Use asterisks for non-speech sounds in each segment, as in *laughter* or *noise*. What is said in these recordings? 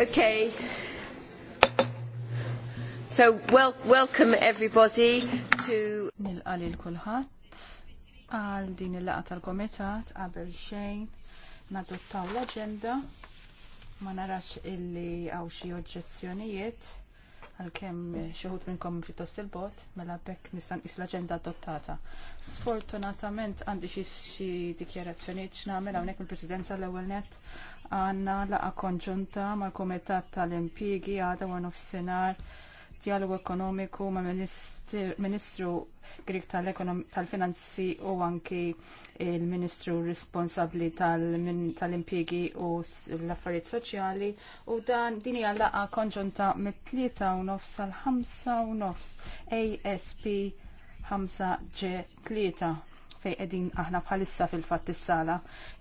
Okay. So well, welcome everybody to Nilqal il kulħadd għal din il laqgħa tal-komitat qabel xejn nadottaw l-aġenda ma narax illi għaw xi oġġezzjonijiet għalkemm xi wħud minnkom pjuttost il-bot mela bekk nista' nqis l-aġenda adottata. Sfortunatament għandi xi dikjarazzjonijiet x'nagħmel hawnhekk mill-Presidenza l-ewwel nett għanna laqa konġunta mal kumitat tal-impjigi għada għan nofsinhar dialogu ekonomiku mal ministru Grik tal-Finanzi u anki il-Ministru responsabli tal-impjigi u l-affarijiet soċjali u dan din hija laqa konġunta mit-3 u nofs għal 5 u nofs ASP 5G 3 fej qegħdin aħna bħalissa fil-fatt is-sala.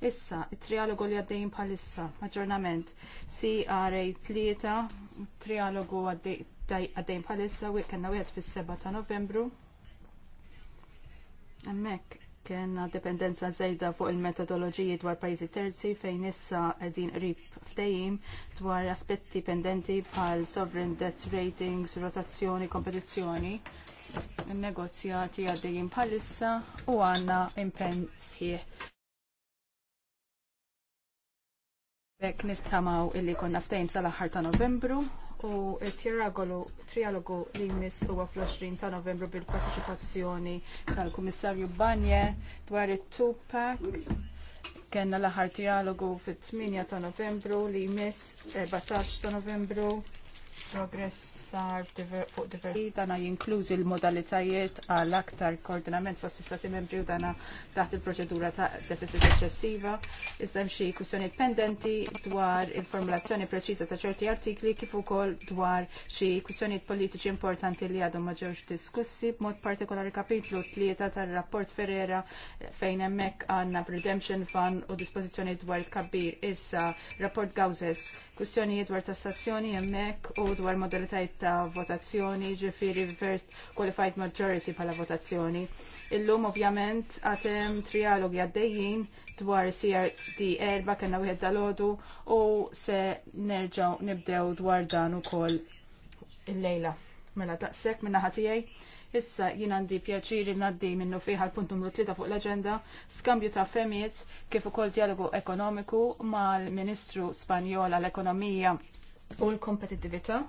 Issa, it-trialogu li għaddejn bħalissa, aġġornament, CRA 3, trialogu għaddejn bħalissa, u kellna għed fis-7 ta' Novembru. Hemmhekk kena dipendenza żejda fuq il-metodoloġiji dwar pajjiżi terzi fejn issa qegħdin qrib ftehim dwar aspetti pendenti bħal sovereign debt ratings, rotazzjoni, kompetizzjoni negozjati għaddejjin bħalissa u għandna impenn sħiħ. Bek nistamaw illi konna ftejn sal-aħħar ta' Novembru u trialogu li jmiss huwa fl-20 ta' Novembru bil-partiċipazzjoni tal-Kummissarju Banje dwar it-Tupac kena l-aħħar trialogu fit-8 ta' Novembru li jmiss 14 ta' Novembru progressar fuq diversi. Dana jinklużi l-modalitajiet għal aktar koordinament fost istati membri u dana taħt il-proċedura ta' deficit eċċessiva. Iżda xi kwistjoni pendenti dwar il-formulazzjoni preċiża ta' ċerti artikli kif ukoll dwar xi kwistjonijiet politiċi importanti li għadhom ma ġewx diskussi b'mod partikolari kapitlu tlieta tar-rapport Ferrera fejn hemmhekk għandna redemption fund u dispożizzjoni dwar il kabbir issa rapport Gawzes kwistjonijiet dwar tassazzjoni hemmhekk u dwar modalitajiet ta' votazzjoni, ġifiri first qualified majority bħala votazzjoni. Illum ovvjament għatem trialogi għaddejjin dwar CRD erba kena wieħed dal-ħodu u se nerġaw nibdew dwar dan ukoll il-lejla. Mela daqshekk naħa tiegħi. Issa jien għandi pjaċiri naddi minnu fiħa l-punt numru 3 fuq l-agenda, skambju ta' femiet kif ukoll dialogu ekonomiku mal-Ministru Spanjol għall-Ekonomija u l kompetitivita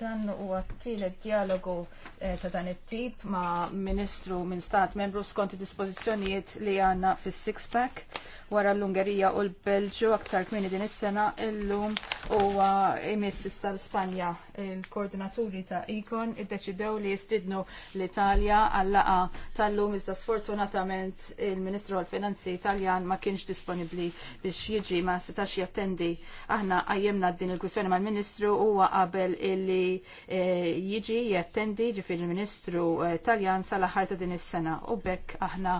Dan huwa t dialogu eh, ta' dan it-tip ma' Ministru minn Stat Membru skont id-dispożizzjonijiet li għandna fis-six pack wara l-Ungerija u l-Belġu aktar kmini din is-sena illum huwa imiss issa l-Spanja. Il-koordinaturi ta' Ikon iddeċidew li jistidnu l-Italja għallaqa tal-lum iżda sfortunatament il-Ministru għal-Finanzi Italjan ma kienx disponibbli biex jiġi ma setax jattendi. Aħna għajjemna din il-kwissjoni mal-Ministru huwa qabel illi eh, jiġi jattendi ġifir il-Ministru eh, Taljan sal ħarta ta' din is-sena u bekk aħna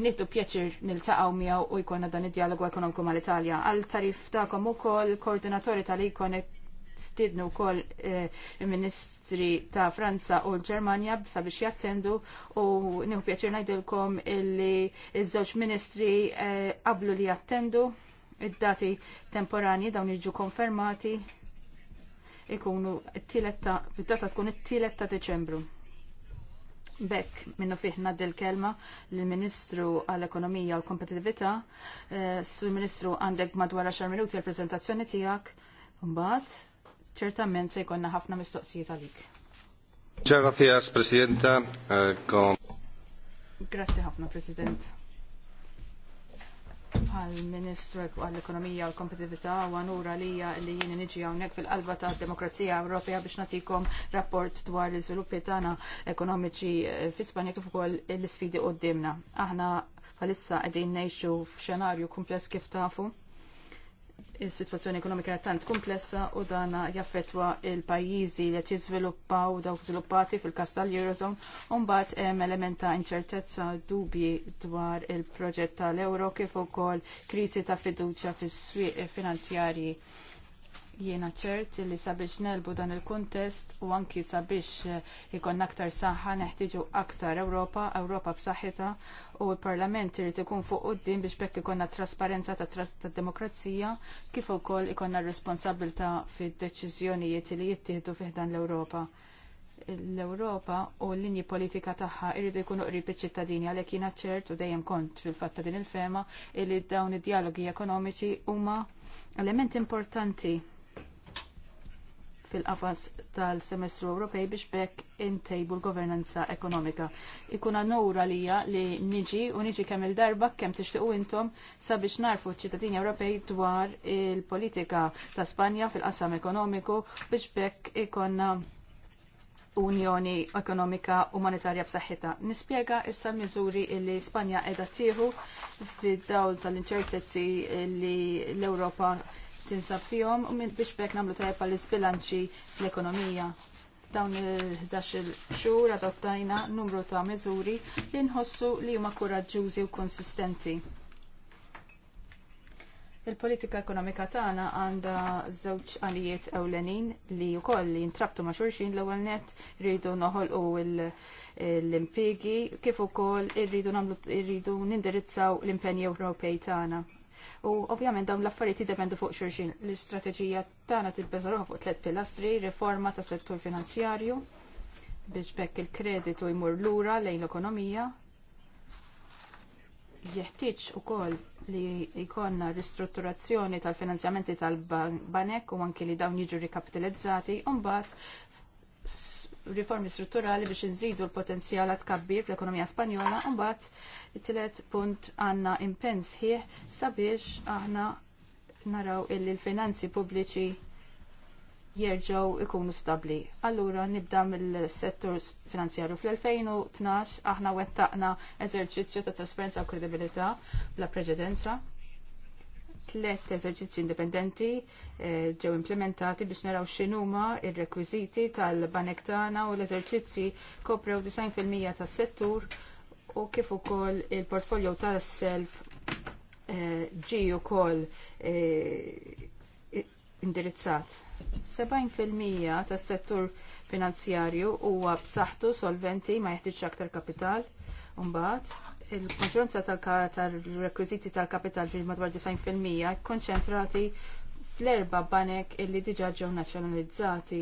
nittu pjaċir niltaqgħu miegħu u jkollna dan id-dialogu ekonomiku mal-Italja. Għal tarif tagħkom ukoll koordinatori tal-ikon stidnu wkoll eh, il-Ministri ta' Franza u l-Ġermanja sabiex jattendu u nieħu pjaċir ngħidilkom illi iż-żewġ ministri eh, qablu li jattendu id-dati temporani dawn jiġu konfermati ikunu t-tiletta, id-data tkun it ta' Deċembru. Bekk minnu fiħna dil-kelma l-Ministru għall-Ekonomija u l-Kompetitività. Eh, s ministru għandek madwar 10 minuti għal-prezentazzjoni tijak. mbaħt, ċertament se jkollna ħafna mistoqsijiet għalik. Muchas Presidenta. Eh, Grazie ħafna, President bħal ministru għall-ekonomija u l-kompetitività u għanura lija li jien niġi hawnhekk fil-qalba ta' demokrazija Ewropea biex natikom rapport dwar l-iżviluppi tagħna ekonomiċi eh, fl-Ispanja kif ukoll l-isfidi qudiemna. Aħna bħalissa qegħdin ngħixu f'xenarju kumpless kif tafu Is-sitwazzjoni ekonomika tant komplessa u dana jaffetwa il-pajjiżi li jiżviluppaw dawk żviluppati fil-każ tal-Eurozone u mbagħad hemm element ta' inċertezza dubji dwar il-proġett tal-Euro kif ukoll kriżi ta' fiduċja fis-swieq finanzjarji Jiena ċert li sabiex nelbu dan il-kuntest u anki sabiex eh, ikon aktar saħħa neħtiġu aktar Ewropa, Ewropa b'saħħitha u l-Parlament irid ikun fuq quddiem biex bekk ikonna trasparenza ta' tras ta' demokrazija kif ukoll ikonna responsabilta fid-deċiżjonijiet li jittieħdu fih dan l-Ewropa l-Ewropa u l-linji politika tagħha jridu jkunu qrib iċ-ċittadini għalhekk jiena ċert u dejjem kont fil-fatt ta' din il-fema li dawn id-dialogi ekonomiċi huma element importanti fil-qafas tal-semestru Ewropej biex bekk intejbu l-governanza ekonomika. Ikuna nura lija li niġi u niġi kemm il-darba kemm tixtiqu intom sabiex narfu ċittadini Ewropej dwar il-politika ta' Spanja fil-qasam ekonomiku biex bekk ikonna Unjoni Ekonomika u Monetarja b'saħħitha. Nispjega issa miżuri li Spanja qiegħda tieħu fid-dawl tal-inċertezzi li l-Ewropa tinsab fihom u minn biex bekk nagħmlu tajjeb l isbilanċi fl-ekonomija dawn il il xhur adottajna numru ta' miżuri li nħossu li huma kuraġġużi u konsistenti. Il-politika ekonomika tagħna għandha żewġ għalijiet ewlenin li wkoll li jintrabtu ma' xulxin l-ewwel nett rridu noħolqu l impigi kif ukoll irridu nagħmlu irridu nindirizzaw l-impenji Ewropej tagħna. U ovvjament dawn l-affarijiet jiddependu fuq xulxin. L-istrateġija tagħna tibbeżaruha fuq tliet pilastri, riforma tas settur finanzjarju biex bekk il-kreditu jmur lura lejn l-ekonomija. Jeħtieġ ukoll li jkollna ristrutturazzjoni tal-finanzjamenti tal-banek u anki li dawn jiġu rikapitalizzati u riformi strutturali biex inżidu l-potenzjal tkabbir fl-ekonomija Spanjola u mbagħad it-tielet punt għandna impens ħieħ sabiex aħna naraw illi l-finanzi pubbliċi jerġgħu ikunu stabbli. Allura nibda mill-settur finanzjarju fl-2012 aħna wettaqna eżerċizzju ta' trasparenza u kredibilità bla preċedenza tlet eżerċizzji indipendenti eh, ġew implementati biex naraw x'inhuma ir-rekwiżiti tal-banek tagħna u l-eżerċizzji koprew 90% tas-settur u kif ukoll il-portfolio tas-self eh, ġi wkoll eh, indirizzat. 70% tas-settur finanzjarju huwa b'saħħtu solventi ma jeħtieġ aktar kapital. Mbagħad il-maġġoranza tal-rekwiżiti tal-kapital fil madwar 90% konċentrati fl-erba banek illi diġà ġew nazzjonalizzati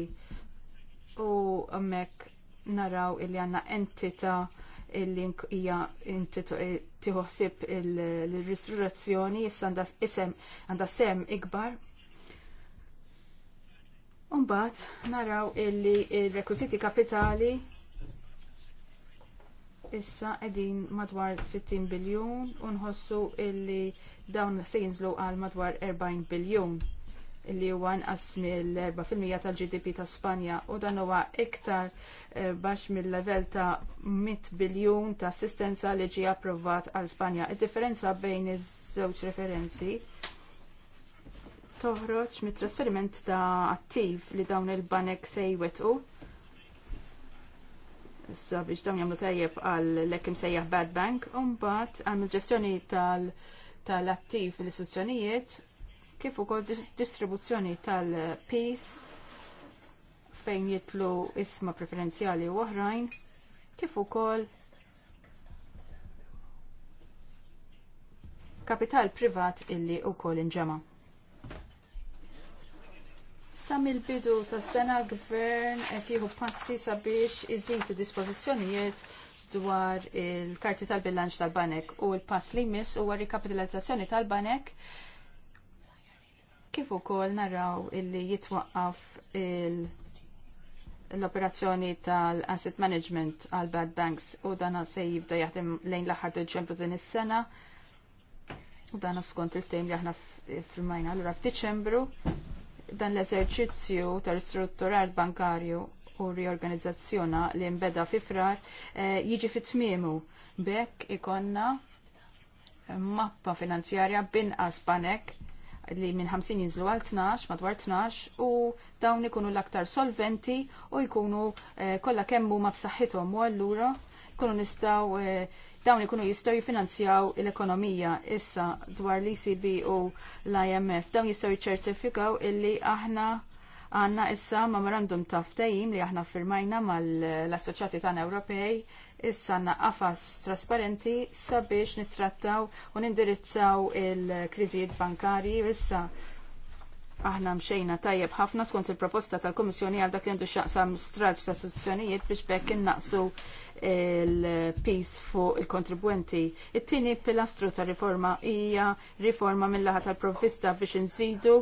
u hemmhekk naraw illi għandna entita' illi hija tiħossib il ristrurazzjoni issa isem għandha sem ikbar Umbat, naraw illi il-rekwiziti kapitali issa edin madwar 60 biljun unħossu illi dawn se jinżlu għal madwar 40 biljun illi huwa nqas mill-4% tal-GDP ta' Spanja u dan huwa iktar eh, baxx mill-level ta' 100 biljun ta' assistenza li ġie approvat għal Spanja. Id-differenza bejn iż-żewġ referenzi toħroġ mit-trasferiment ta' attiv li dawn il-banek se jwetqu. Issa biex dawn jagħmlu tajjeb għal lekkim sejjaħ Bad Bank, u mbagħad għamlu ġestjoni tal-attiv tal l-istituzzjonijiet kif ukoll distribuzzjoni tal-PIS fejn jitlu isma preferenzjali u oħrajn, kif ukoll kapital privat illi wkoll inġema'. Sa mill-bidu tas sena gvern qed jieħu passi sabiex iżid dispożizzjonijiet dwar il-karti tal-bilanċ tal-banek u l-pass li jmiss huwa rikapitalizzazzjoni tal-banek kif ukoll naraw illi jitwaqqaf il l-operazzjoni tal-asset management għal bad banks u dan se jibda jaħdem lejn l-aħħar Deċembru din is-sena u dan skont il-ftehim li aħna firmajna lura f'Diċembru dan l-eżerċizzju tal strutturat bankarju u riorganizzazzjona li mbeda fi frar eh, jiġi fit tmiemu bekk ikonna mappa finanzjarja binqas banek li minn 50 jinżlu għal 12, madwar 12, u dawn ikunu l-aktar solventi u jkunu eh, kollha kemm huma b'saħħithom u allura jkunu nistgħu eh, dawn ikunu jistgħu jifinanzjaw l-ekonomija issa dwar l-ECB u l-IMF. Dawn jistgħu jċertifikaw illi aħna għanna issa memorandum ta' ftejim li aħna firmajna mal-Assoċjati tan Ewropej issa għanna qafas trasparenti sabiex nittrattaw u nindirizzaw il-kriżijiet bankarji issa aħna mxejna tajjeb ħafna skont il-proposta tal-Komissjoni għal dak li għandu xaqsam straġ ta' istituzzjonijiet biex bekk innaqsu il-pis fuq il-kontribwenti. It-tieni pilastru ta' riforma hija riforma mill-laħa tal-provvista biex inżidu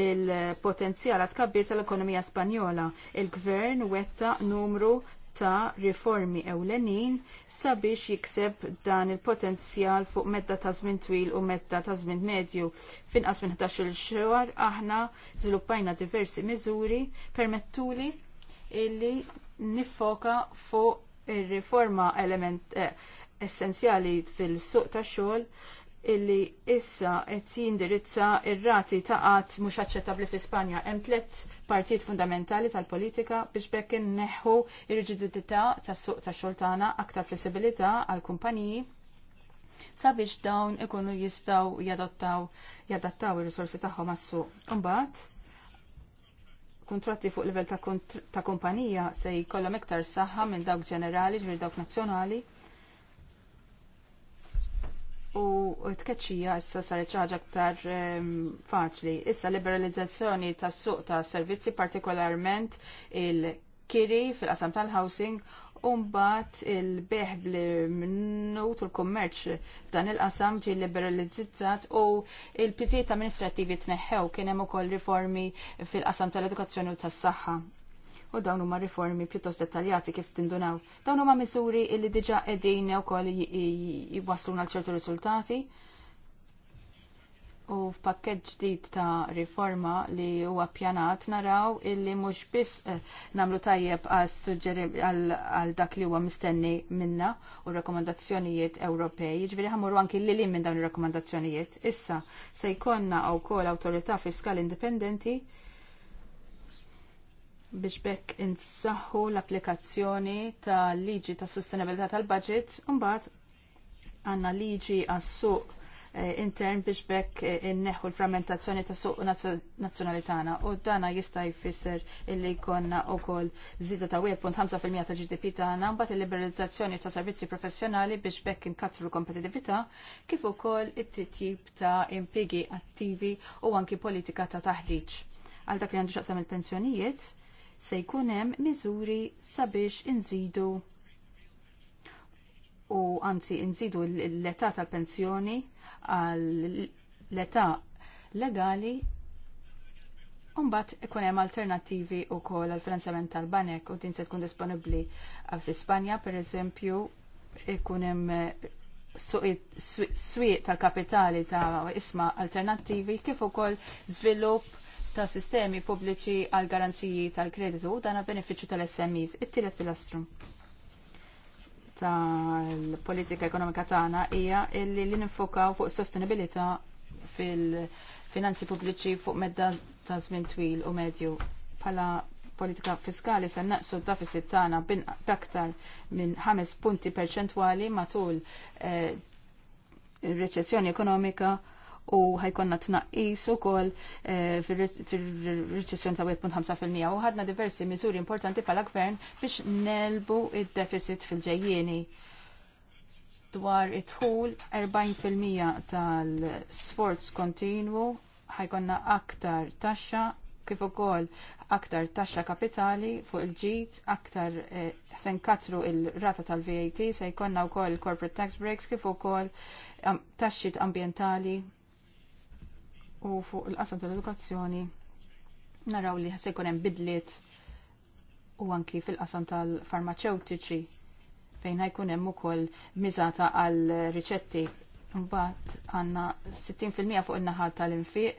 il-potenzjal għat kabbir tal-ekonomija Spanjola. Il-gvern wetta numru ta' riformi ewlenin sabiex jikseb dan il-potenzjal fuq medda ta' żmien twil u medda ta' żmien medju. Finqas minn 11-il xewar aħna żviluppajna diversi miżuri permettuli illi niffoka fuq ir-riforma element eh, essenzjali fil-suq tax xogħol illi issa qed jindirizza ir-rati ta' qatt mhux aċċettabbli fi Spanja. Hemm tliet partijiet fundamentali tal-politika biex bekk neħu ir-riġidità tas-suq tax-xogħol aktar flessibilità għall kumpaniji sabiex dawn ikunu jistgħu jadattaw jadattaw ir-risorsi tagħhom għas-suq. Imbagħad kontratti fuq livell ta', kumpanija se jkollhom iktar saħħa minn dawk ġenerali ġmir dawk nazzjonali u tkeċċija issa saret ħaġa aktar ehm, faċli. Issa liberalizzazzjoni tas suq ta' servizzi partikolarment il-kiri fil-qasam tal-housing u mbagħad il-beħ bl-minut u l-kummerċ dan il-qasam ġie liberalizzat u l piżijiet amministrattivi tneħħew kien hemm ukoll riformi fil-qasam tal-edukazzjoni u tas-saħħa u dawn huma riformi pjuttost dettaljati kif tindunaw. Dawn huma miżuri li diġa qegħdin ukoll jwassluna għal ċertu riżultati. U f'pakkett ġdid ta' riforma li huwa pjanat naraw illi mhux biss eh, nagħmlu tajjeb għal dak li huwa mistenni minna u rekomandazzjonijiet Ewropej. jiġri ħamurru anki lim minn dawn ir-rekomandazzjonijiet. Issa se jkollna wkoll awtorità fiskali indipendenti biex bekk insaħħu l-applikazzjoni ta' liġi ta' sustenabilità tal-budget, mbagħad għandna liġi għas-suq eh, intern biex bekk eh, inneħħu l-frammentazzjoni ta' suq nazzjonali tagħna u dana jista' jfisser illi jkollna wkoll żieda ta' 1.5% ta' GDP tagħna mbagħad il-liberalizzazzjoni ta' servizzi professjonali biex bekk inkattru l-kompetitività kif ukoll it-titjib ta' impjiegi attivi u anki politika ta' taħriġ għal dak li għandu xaqsam il-pensjonijiet se jkun hemm miżuri sabiex inżidu u anzi inżidu l-età tal-pensjoni għal l-età legali Umbat ikun hemm alternattivi wkoll għall finanzjament tal-banek u din se tkun disponibbli fl-Ispanja pereżempju ikun hemm swieq tal-kapitali ta' isma alternattivi kif ukoll żvilupp ta' sistemi pubbliċi għal garanziji tal-kreditu dan benefiċċju tal-SMEs. It-tielet pilastru tal-politika ekonomika tagħna hija li li nifokaw fuq sostenibilità fil-finanzi pubbliċi fuq medda ta' żmien twil u medju Pala politika fiskali se naqsu d-deficit tagħna b'aktar minn 5 punti perċentwali matul il eh, reċessjoni ekonomika u ħajkonna tnaqqis ukoll eh, fir reċessjon ta' 1.5% u ħadna diversi miżuri importanti bħala gvern biex nelbu id-deficit fil-ġejjieni dwar it-tħul 40% tal-sforz kontinwu ħajkonna aktar taxxa kif ukoll aktar taxxa kapitali fuq il-ġid, aktar eh, se nkatru il-rata tal-VAT, se jkollna wkoll corporate tax breaks kif ukoll taxxit ambjentali u fuq il-qasam tal-edukazzjoni naraw li se jkun hemm bidliet u anki fil-qasam tal-farmaceutiċi fejn ħajkun hemm ukoll miżata għal riċetti. Mbagħad għandna 60% fuq in-naħa tal-infiq,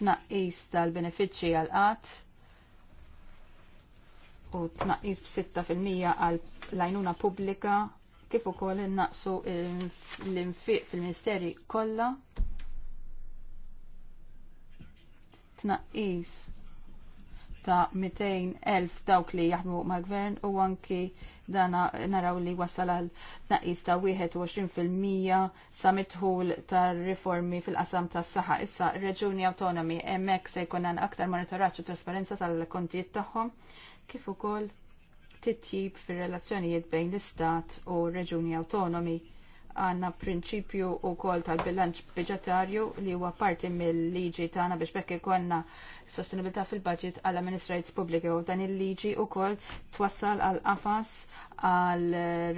tnaqqis tal-benefiċċji għal qatt u tnaqqis b'6% għal lajnuna pubblika kif ukoll innaqsu l-infiq fil-Ministeri kollha tnaqqis ta' 200.000 dawk li jaħdmu mal-gvern u anki dana naraw li wasal għal tnaqqis ta' 21% sa' mitħul tar riformi fil-qasam tas saħħa issa reġuni autonomi hemmhekk se jkun aktar monitoraġġ u trasparenza tal-kontijiet tagħhom kif ukoll titjib fir-relazzjonijiet bejn l-istat u reġuni autonomi għanna prinċipju u kol tal-bilanċ budgetarju li huwa parti mill-liġi tagħna biex bekk ikonna sostenibilità fil-budget għall amministrajt pubbliki u dan il-liġi u kol twassal għal qafas għal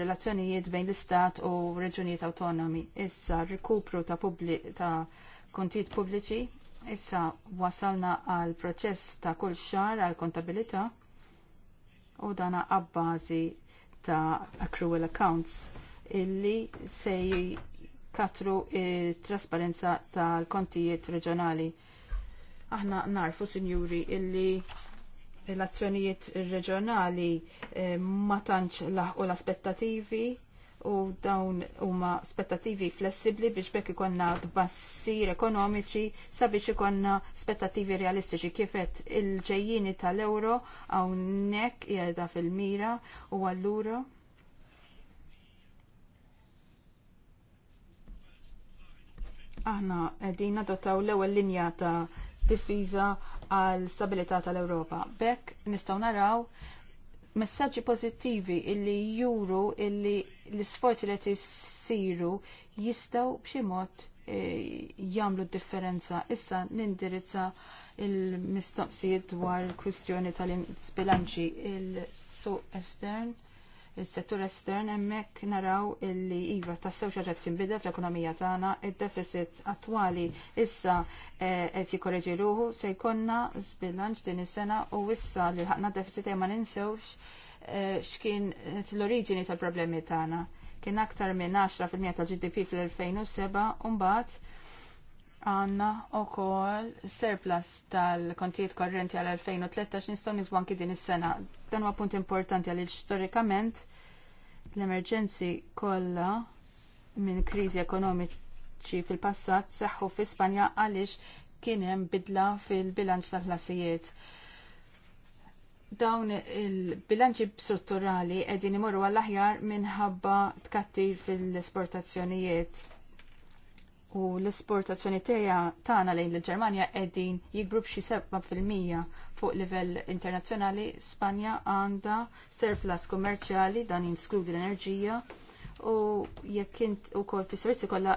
relazzjonijiet bejn l-istat u reġunijiet autonomi. Issa rikupru ta' publi, ta' kontijiet pubbliċi issa wasalna għal proċess ta' kull xar għal kontabilità u dana għabbażi ta' accrual accounts illi se katru trasparenza tal-kontijiet reġjonali. Aħna narfu, sinjuri, illi l-azzjonijiet reġjonali eh, ma tantx laħqu l-aspettativi u dawn huma aspettativi flessibbli biex bekk ikonna d-bassir ekonomiċi sabiex ikonna aspettativi realistiċi kifet il-ġejjini tal ewro hawnhekk qiegħda fil-mira u għallura. Aħna qegħdin adottaw l-ewwel linja ta' diffiża għal stabilità tal-Ewropa. Bekk nistgħu naraw messaġġi pożittivi illi juru illi l-isforzi li qed isiru jistgħu b'xi mod e, jagħmlu differenza. Issa nindirizza il-mistoqsijiet dwar kwistjoni tal-bilanċi il-suq -so estern il-settur estern hemmhekk naraw illi iva tassew xi ħaġa tinbidel fl-ekonomija tagħna, id-deficit attwali issa eh, qed jikkoreġi ruħu se jkollna żbilanċ din is-sena u issa li ħaqna deficit e ma ninsewx eh, x'kien eh, l-oriġini tal-problemi tagħna. Kien aktar minn 10% fil-meta tal-GDP fl-2007 u mbagħad Għanna u kol surplus tal-kontijiet korrenti għal-2013 nistaw nizbu anki din is-sena. Dan huwa punt importanti għal storikament l-emerġenzi kollha minn kriżi ekonomiċi fil-passat seħħu fi Spanja għaliex kien hemm bidla fil-bilanċ tal-ħlasijiet dawn il-bilanċi strutturali qegħdin imorru għall-aħjar minħabba tkattir fil-esportazzjonijiet u l-esportazzjoni tagħna lejn l-Ġermanja qegħdin jikbru b'xi 7% fuq livell internazzjonali, Spanja għandha surplus kummerċjali dan jinskludi l-enerġija u jekk int ukoll fis-servizzi kollha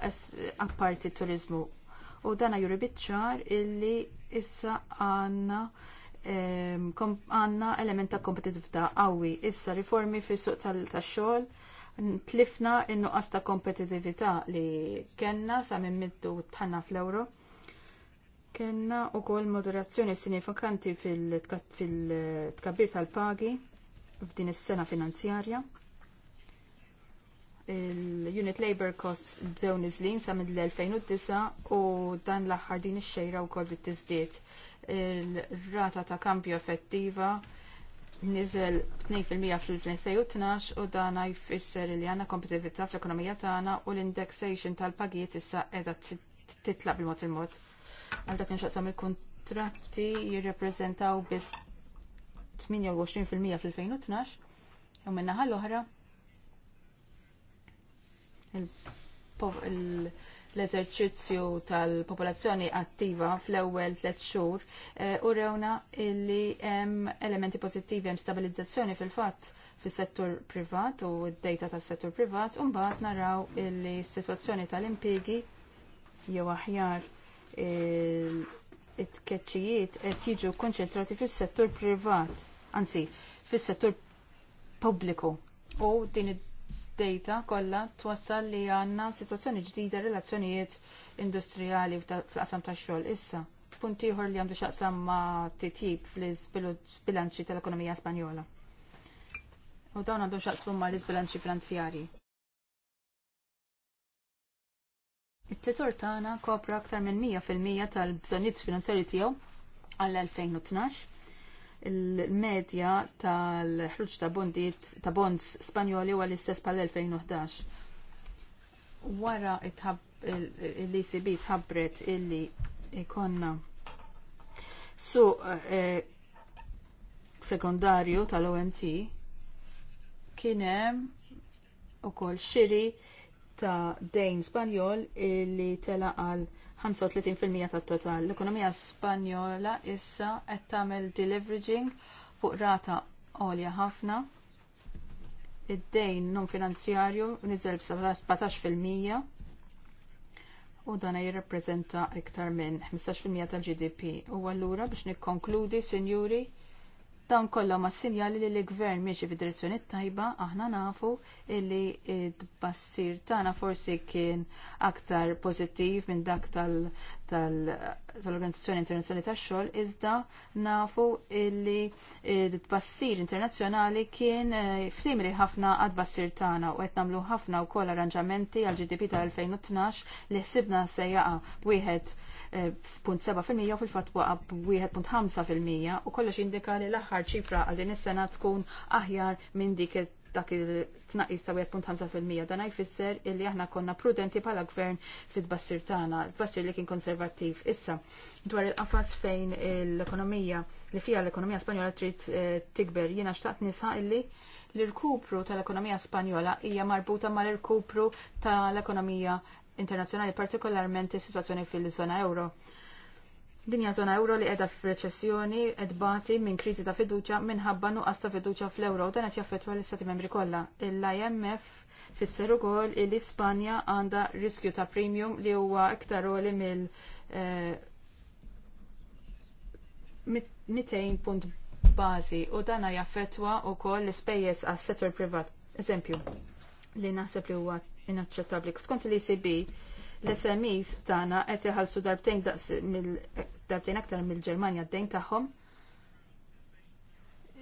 apparti t-turiżmu. U dan juri biċ-ċar illi issa għandna għanna element ta' kompetitività qawwi. Issa riformi fis-suq tax-xogħol tlifna in-nuqqas ta' kompetitività li kellna sa' minn middu tħanna fl-euro. Kenna u kol moderazzjoni sinifikanti fil-tkabbir tal-pagi f'din is-sena finanzjarja. Il-Unit Labor Cost bdew niżlin sa' mill-2009 u dan l-aħħar din ix-xejra wkoll li tizdiet il-rata ta' kampju effettiva niżel 2% fl-2012 u dana jfisser li għandna kompetitività fl-ekonomija tagħna u l-indexation tal-pagijiet issa qiegħda titlaq bil-mod il-mod. Għal dak inxaqsam il-kontratti jirrepreżentaw biss 28% fl-2012 u minnaħal l-oħra il l-eżerċizzju tal-popolazzjoni attiva fl-ewwel tliet xhur eh, u rewna illi hemm elementi pożittivi hemm stabilizzazzjoni fil-fatt fis-settur privat u d-dejta tas-settur privat u mbagħad naraw illi s-sitwazzjoni tal-impjiegi jew aħjar it-tkeċċijiet qed jiġu konċentrati fis-settur privat, anzi fis-settur pubbliku. U din id data kollha twassal li għandna sitwazzjoni ġdida relazzjonijiet industrijali fl-qasam tax-xogħol issa. Punt ieħor li għandu x'aqsam ma' titjib fl-bilanċi tal-ekonomija Spanjola. U dawn għandhom x'aqsmu ma' l-isbilanċi finanzjarji. It-tesor tagħna kopra aktar minn 100% tal-bżonnijiet finanzjarji tiegħu għall-2012 il-medja tal-ħruġ ta' bondiet ta' bonds Spanjoli huwa l-istess pal-2011. Wara l-ECB tħabbret illi ikonna su eh, sekondarju tal-OMT kienem u kol xiri ta' dejn Spanjol illi telaqal. għal 35% tat-total. L-ekonomija Spanjola issa qed tagħmel deleveraging fuq rata għolja ħafna. Id-dejn non finanzjarju niżel b'17% u dan jirrappreżenta iktar minn 15% tal-GDP. U allura biex nikkonkludi, sinjuri, Dawn kollha ma sinjali li l-gvern miexi fid-direzzjoni tajba, aħna nafu li d-bassir tagħna forsi kien aktar pożittiv minn dak tal-Organizzazzjoni Internazzjonali tax-xogħol, iżda nafu li d-bassir internazzjonali kien eh, simili ħafna għad bassir tagħna u qed nagħmlu ħafna wkoll arranġamenti għal GDP ta' 2012 li ħsibna se jaqa' wieħed fil u fil-fatt waqab b-1.5% u kollox indika li l-aħħar ċifra għal din is-sena tkun aħjar minn dik dak il-tnaqis ta' 1.5% dan jfisser illi aħna konna prudenti bħala gvern fit-bassir tagħna, l-bassir li kien konservattiv. Issa, dwar il-qafas fejn l-ekonomija li fija l-ekonomija Spanjola trid eh, tikber, jiena xtaqt nisa illi l-irkupru tal-ekonomija Spanjola hija marbuta mal-irkupru tal-ekonomija internazzjonali, partikolarment is-sitwazzjoni fil-żona euro. Dinja żona euro li qiegħda f'reċessjoni qed bati minn kriżi ta' fiduċja minħabba nuqqas ta' fiduċja fl-euro dan qed jaffettwa l-istati membri kollha. Il-IMF fisser ukoll li l-Ispanja għandha riskju ta' premium li huwa iktar għoli mill 200 eh, punt bażi u dana jaffettwa wkoll l-ispejjeż għas-settur privat. Eżempju, li naħseb li huwa inaċċettabbli. Skont li CB, l-SMEs tagħna qed iħallsu darbtejn darbtejn aktar mill-Ġermanja d-dejn tagħhom.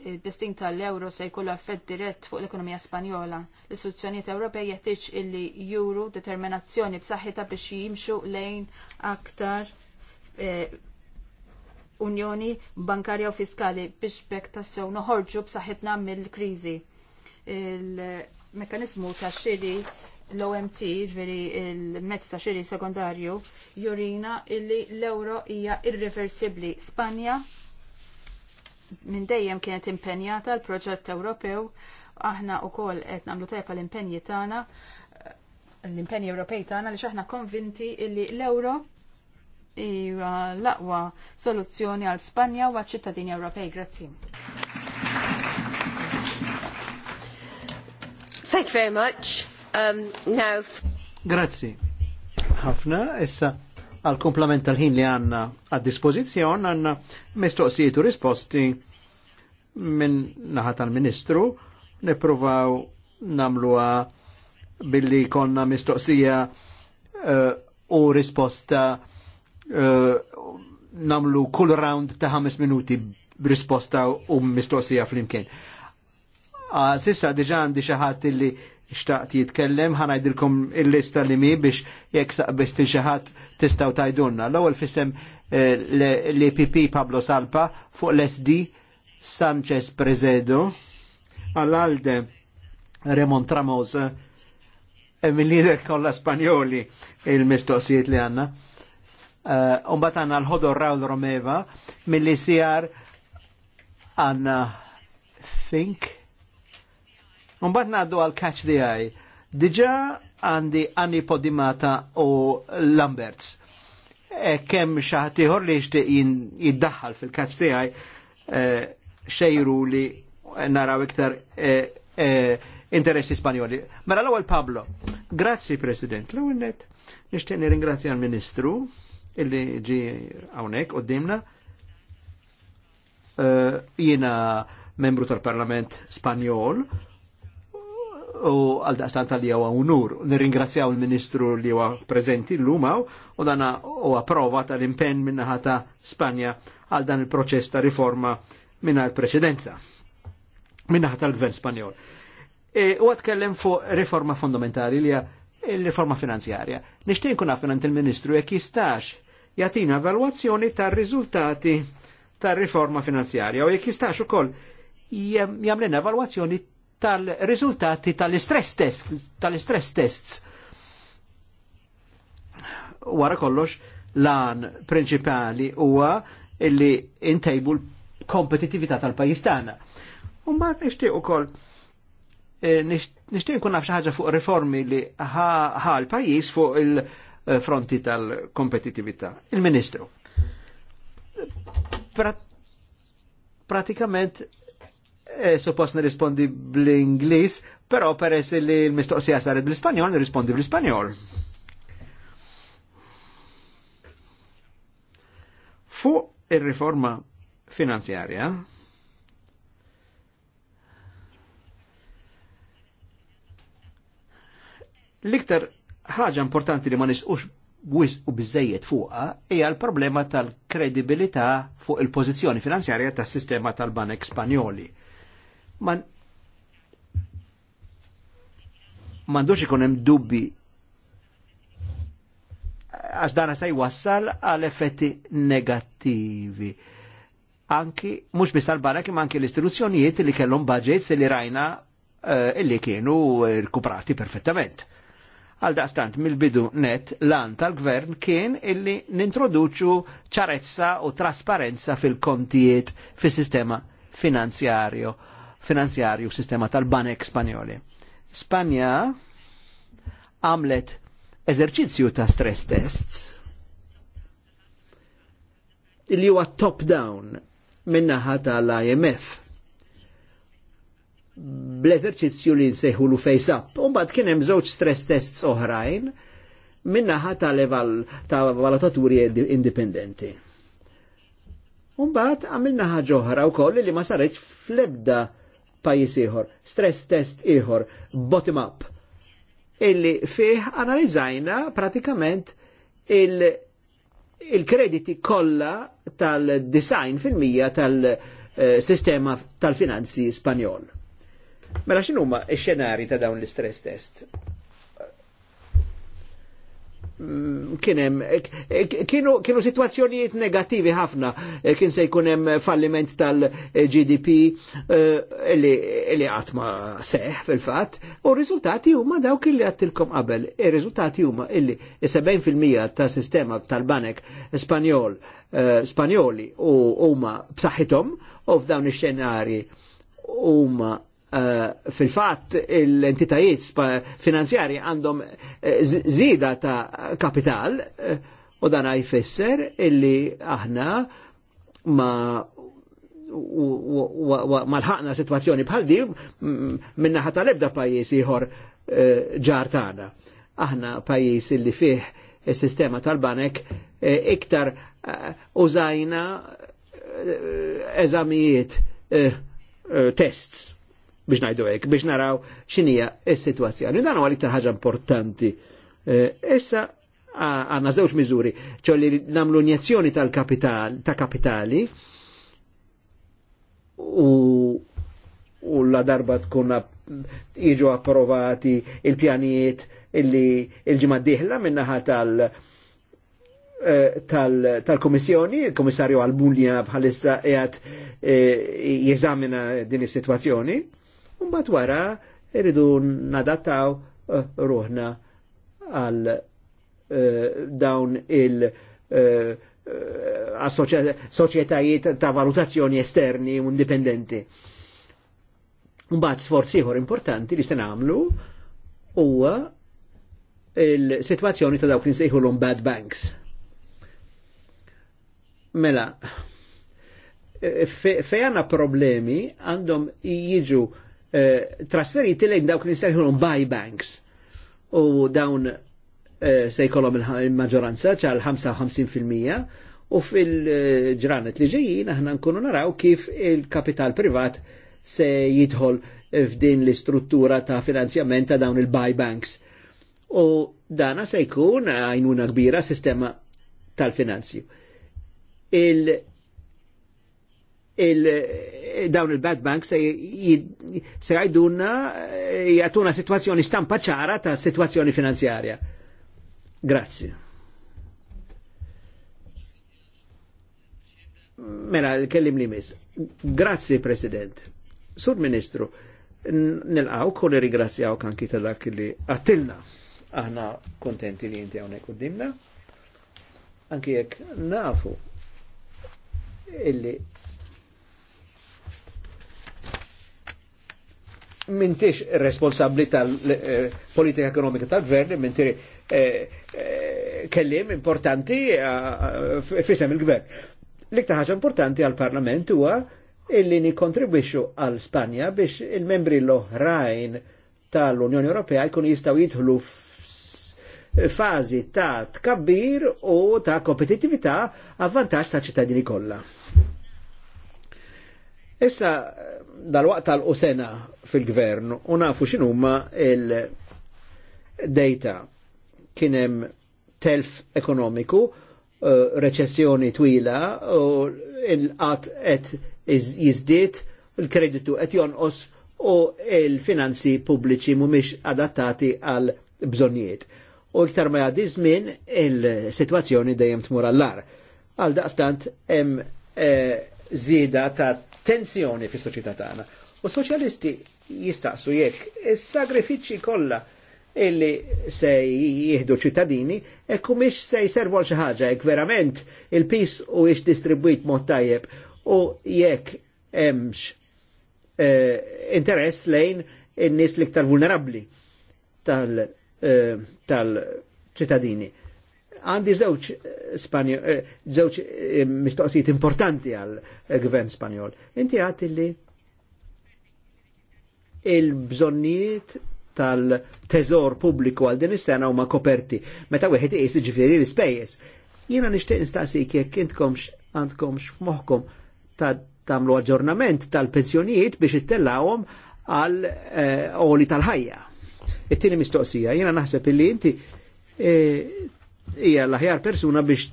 Id-destin tal-euro se jkollu effett dirett fuq l-ekonomija Spanjola. L-istituzzjonijiet Ewropej jeħtieġ illi juru determinazzjoni b'saħħitha biex jimxu lejn aktar e, unjoni bankarja u fiskali biex bekk tassew noħorġu b'saħħitna mill-kriżi. Il-mekanizmu ta' xiri l-OMT, ġveri il-mezz ta' xiri sekundarju, jurina illi l-euro hija irreversibli. Spanja minn dejjem kienet impenjata l-proġett Ewropew, aħna u kol qed nagħmlu tajpa l-impenji tagħna, l-impenji Ewropej tagħna li aħna konvinti illi l-euro hija l-aqwa soluzzjoni għal Spanja u għal-ċittadini Ewropej. Grazzi. Thank you very much. Um, Grazzi. Ħafna, issa għal komplement tal-ħin li għanna għad dispożizzjon għanna mistoqsijiet u risposti minn naħat tal-Ministru nipruvaw namluha billi konna mistoqsija uh, u risposta uh, namlu kull round ta' 5 minuti risposta u mistoqsija fl-imkien. Ah, sissa diġa għandi xaħat xtaqt jitkellem, ħana ħanajdilkom il-lista li mi biex jek saqbist xaħat tistaw tajdunna. L-ewel fissem eh, l-EPP Pablo Salpa fuq l-SD Sanchez Prezedo, għall-alde Remon Tramos, eh, mill-lider kolla Spanjoli il-mistoqsijiet li għanna. Eh, Umbat għanna l-ħodor Raul Romeva, mill-li sijar għanna Fink, Mbagħad ngħaddu għal catch the eye. Diġà għandi Anni Podimata u Lamberts. E kemm xaħat ieħor li jixtieq jiddaħħal fil-catch the eye e, xejru li naraw iktar e, e, interessi spanjoli. Mela l-ewwel Pablo. Grazzi President. L-ewwel net nixtieq nirringrazzja l-Ministru illi ġi hawnhekk qudiemna. jiena membru tal-Parlament Spanjol u għal daqstan tal huwa unur. Nirringrazzjaw il-Ministru li huwa prezenti l-lumaw u dana u approva tal-impenn minnaħa ħata Spanja għal dan il-proċess ta' riforma minna l-preċedenza minnaħa tal-Gvern Spanjol. E, u għatkellem fuq riforma fondamentali li il-riforma finanzjarja. Nishtin kuna finant il-Ministru jek jistax jatina evalwazzjoni tar riżultati tar riforma finanzjarja u jek jistax ukoll jamlina evalwazzjoni tal-riżultati tal stress test, tal stress tests. Wara kollox, lan prinċipali huwa illi intejbu l-kompetitività tal-pajis tagħna. U ma nixtieq ukoll eh, nixtieq nkun ħaġa fuq reformi li ħa l-pajjiż fuq il-fronti tal-kompetitività. Il-Ministru. Pratikament Eh, suppost nirrispondi bl-Inglis, però peress li l-mistoqsija saret bl-Ispanjol, nirrispondi bl-Ispanjol. Fuq il riforma finanzjarja, L-iktar ħaġa importanti li ma nisqux wis u bizzejiet fuqa hija l-problema tal-kredibilità fuq il-pożizzjoni finanzjarja tas-sistema tal-banek Spanjoli. Man mandux ikun hemm dubbi għax dana se jwassal għal effetti negattivi. Anki, mhux biss tal-barra kim anki l-istituzzjonijiet li kellhom se li rajna uh, eh, li kienu rkuprati perfettament. Għal daqstant mill-bidu net lan tal-gvern kien illi nintroduċu ċarezza u trasparenza fil-kontijiet fis-sistema finanzjarju finanzjarju sistema tal-banek spanjoli. Spanja għamlet eżerċizzju ta' stress tests li huwa top-down minnaħa tal-IMF bl-eżerċizzju li nsejħu l face up. Umbad kien hemm żewġ stress tests oħrajn minnaħa tal-eval ta' valutaturi indipendenti. Umbad għamilna ħaġa oħra wkoll li ma saretx fl-ebda pajjiż ieħor, stress test ieħor, bottom up, illi fih analizzajna pratikament il- il-krediti kollha tal-design fil-mija tal-sistema tal-finanzi Spanjol. Mela xinuma x-xenari ta' dawn l stress test? Mm, kienem, kienu, kienu situazzjonijiet negativi ħafna, eh, kien se jkunem falliment tal-GDP eh, li għatma seħ fil-fat, u rizultati huma dawk li għattilkom qabel, il-rizultati huma illi 70% ta' sistema tal-banek spanjol, eh, spanjoli u huma b'saħħithom u f'dawn ix-xenari huma Eh, fil-fatt l-entitajiet finanzjari għandhom eh, zida ta' kapital eh, u dan jfisser illi aħna ma malħaqna situazzjoni bħal di mm, minna tal-ebda pajis ieħor ġartana. Aħna pajis illi fih il-sistema tal-banek iktar użajna eżamijiet tests biex najdu hekk, biex naraw xinija s-sitwazzjoni. Dan huwa l-iktar ħaġa importanti. Eh, issa għandna żewġ miżuri, ċolli nagħmlu injezzjoni tal-kapital ta' kapitali u u la darba tkun jiġu approvati il-pjanijiet illi il-ġimma diħla minnaħa tal- tal-komissjoni, eh, tal il-komissarju għal-Bunja bħalissa jgħat eh, jeżamina din is-situazzjoni. Mbagħad wara irridu nadattaw eh, ruħna għal eh, dawn il- eh, soċjetajiet ta' valutazzjoni esterni u indipendenti. Mbagħad sforziħor importanti li se nagħmlu huwa il-sitwazzjoni ta' dawk li nsejħulhom bad banks. Mela, fejn problemi għandhom jiġu Eh, trasferiti lejn dawk li nistajħulhom buy banks u dawn eh, se jkollhom il-maġġoranza ċal 55% u fil-ġranet li ġejjin aħna nkunu naraw kif il-kapital privat se jidħol f'din l-istruttura ta' finanzjament ta' dawn il-buy banks. U dana se jkun għajnuna kbira sistema tal-finanzju il dawn il-bad banks se għajdunna eh, jgħatuna situazzjoni stampa ċara ta' situazzjoni finanzjarja. Grazie. Mela, kellim li mis. Grazzi, President. Sur Ministru, nil nilqaw kun rigrazzjaw kanki ta' dak li għattilna. Aħna kontenti li jinti għonek u dimna. Anki jek nafu illi mintix responsabli tal-politika eh, ekonomika tal-gvern, minti eh, eh, kellim importanti fisem il-gvern. L-iktar ħaġa importanti għal-parlament huwa illi nikontribwixxu għal Spanja biex il-membri l-oħrajn tal-Unjoni Ewropea jkun jistgħu jidħlu fazi ta' tkabbir u ta' kompetittività avvantaġġ ta' ċittadini kollha. Issa dal-waqt tal-qusena fil-gvern u nafu x'inhuma il-data kien hemm telf ekonomiku, eh, reċessjoni twila u il qat qed jizdiet, il-kreditu qed jonqos u il-finanzi pubbliċi mhumiex adattati għal bżonnijiet. U iktar ma jgħaddi żmien il-sitwazzjoni dejjem tmur għall-ar. Għal daqstant hemm eh, zida ta' tensjoni fis soċjetà tagħna. U soċjalisti jistaqsu jekk is-sagrifiċċji kollha illi se jihdu ċittadini hekk miex se jservu għal xi ħaġa jekk verament il-pis u jiex distribwit mod tajjeb u jekk hemmx eh, interess lejn in-nies l-iktar vulnerabbli eh, tal-ċittadini. Eh, tal għandi żewġ eh, eh, żewġ eh, mistoqsijiet importanti għal gvern Spanjol. Inti għati li il-bżonnijiet tal-teżor pubbliku għal din is-sena huma koperti. Meta wieħed iqis ġifieri l-ispejjeż. Jiena nixtieq nistaqsik jekk intkomx għandkomx f'moħħkom ta' tagħmlu aġġornament tal-pensjonijiet biex ittellawhom għal oli tal-ħajja. It-tieni mistoqsija, jiena naħseb illi inti hija l-aħjar persuna biex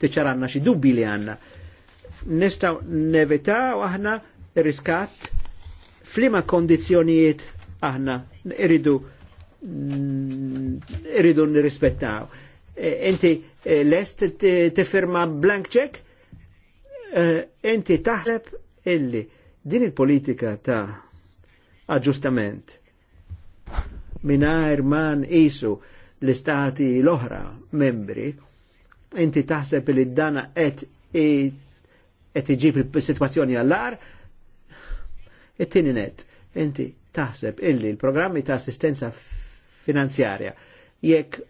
tiċaranna xi dubbi li għandna. Nistgħu nevitaw aħna riskat flima kondizjonijiet aħna irridu mm, irridu nirrispettaw. E, inti e, lest tifirma blank check, e, inti taħseb illi din il-politika ta' aġġustament minar man isu l-istati l-oħra membri, inti taħseb li dana qed et iġib situazzjoni għall-ar, it-tieni net, inti taħseb illi l-programmi ta' assistenza finanzjarja jekk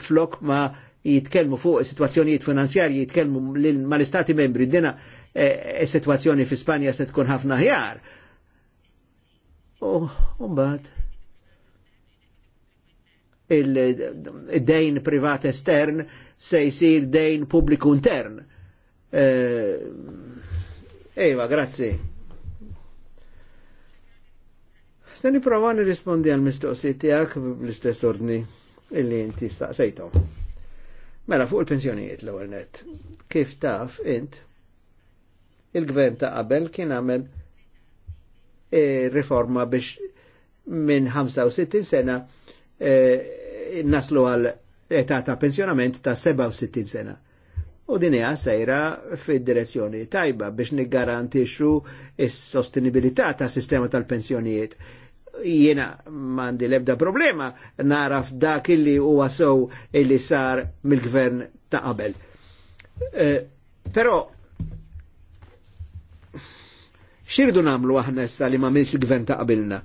flok ma jitkelmu fuq situazzjonijiet finanzjarji jitkelmu ma l-istati membri dina e, situazzjoni fi Spanja se tkun ħafna ħjar. Oh, U mbagħad il-dejn privat estern se jisir dejn pubbliku intern. Ejwa, eh, grazzi. Stani provani nirrispondi għal mistoqsi tiegħek bl-istess ordni illi inti sejtom. Mela fuq il-pensjonijiet l-ewwel net. Kif taf int il-gvern ta' qabel kien għamel e riforma biex minn 65 sena Eh, naslu għal età ta' pensjonament ta' 67 sena. U din hija sejra fid-direzzjoni tajba biex niggarantixxu s-sostenibilità ta' sistema tal-pensjonijiet. Jiena m'għandi l-ebda problema naraf dak illi huwa sew illi sar mill-gvern ta' qabel. Eh, però xirdu namlu aħna issa li ma minx il-gvern ta' qabilna.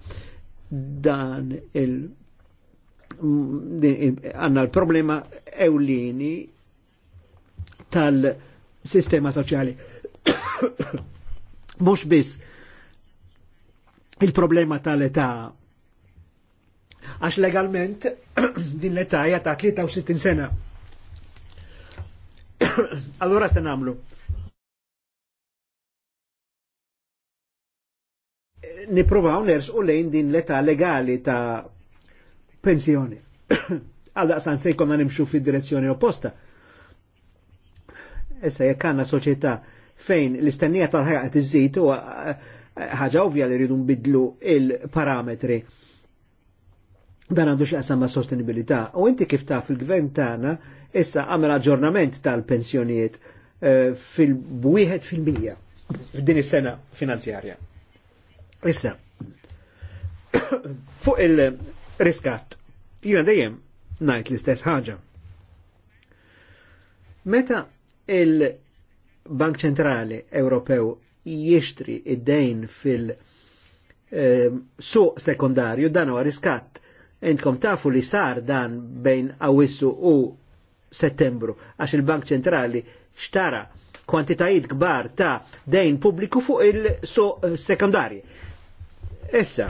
Dan il- għanna l-problema ewlini tal-sistema soċjali. *coughs* Mux biss il-problema tal-età. Għax legalment *coughs* din l-età hija ta' 63 sena. *coughs* allora se namlu. Niprovaw nersqu lejn din l-età legali ta' pensjoni. *coughs* għalda daqsan se jkonna nimxu fid direzzjoni opposta. Issa jekk għandna soċjetà fejn l-istennija tal-ħajja qed iżżid huwa eh, ħaġa ovvja li rridu nbidlu il-parametri dan għandu xaqsam ma' sostenibilità. U inti kif ta' fil-gvern tagħna issa għamel aġġornament tal-pensjonijiet eh, fil-bwieħed fil-mija f'din is-sena finanzjarja. Issa, *coughs* fuq il- Riskat. Jien dejjem ngħid l-istess ħaġa. Meta il-Bank Ċentrali Ewropew jixtri id-dejn fil-suq ehm, sekundarju dan huwa riskat, Entkom tafu li sar dan bejn awissu u settembru għax il-Bank Ċentrali xtara kwantitajiet kbar ta' dejn pubbliku fuq il-suq sekundarji. Issa,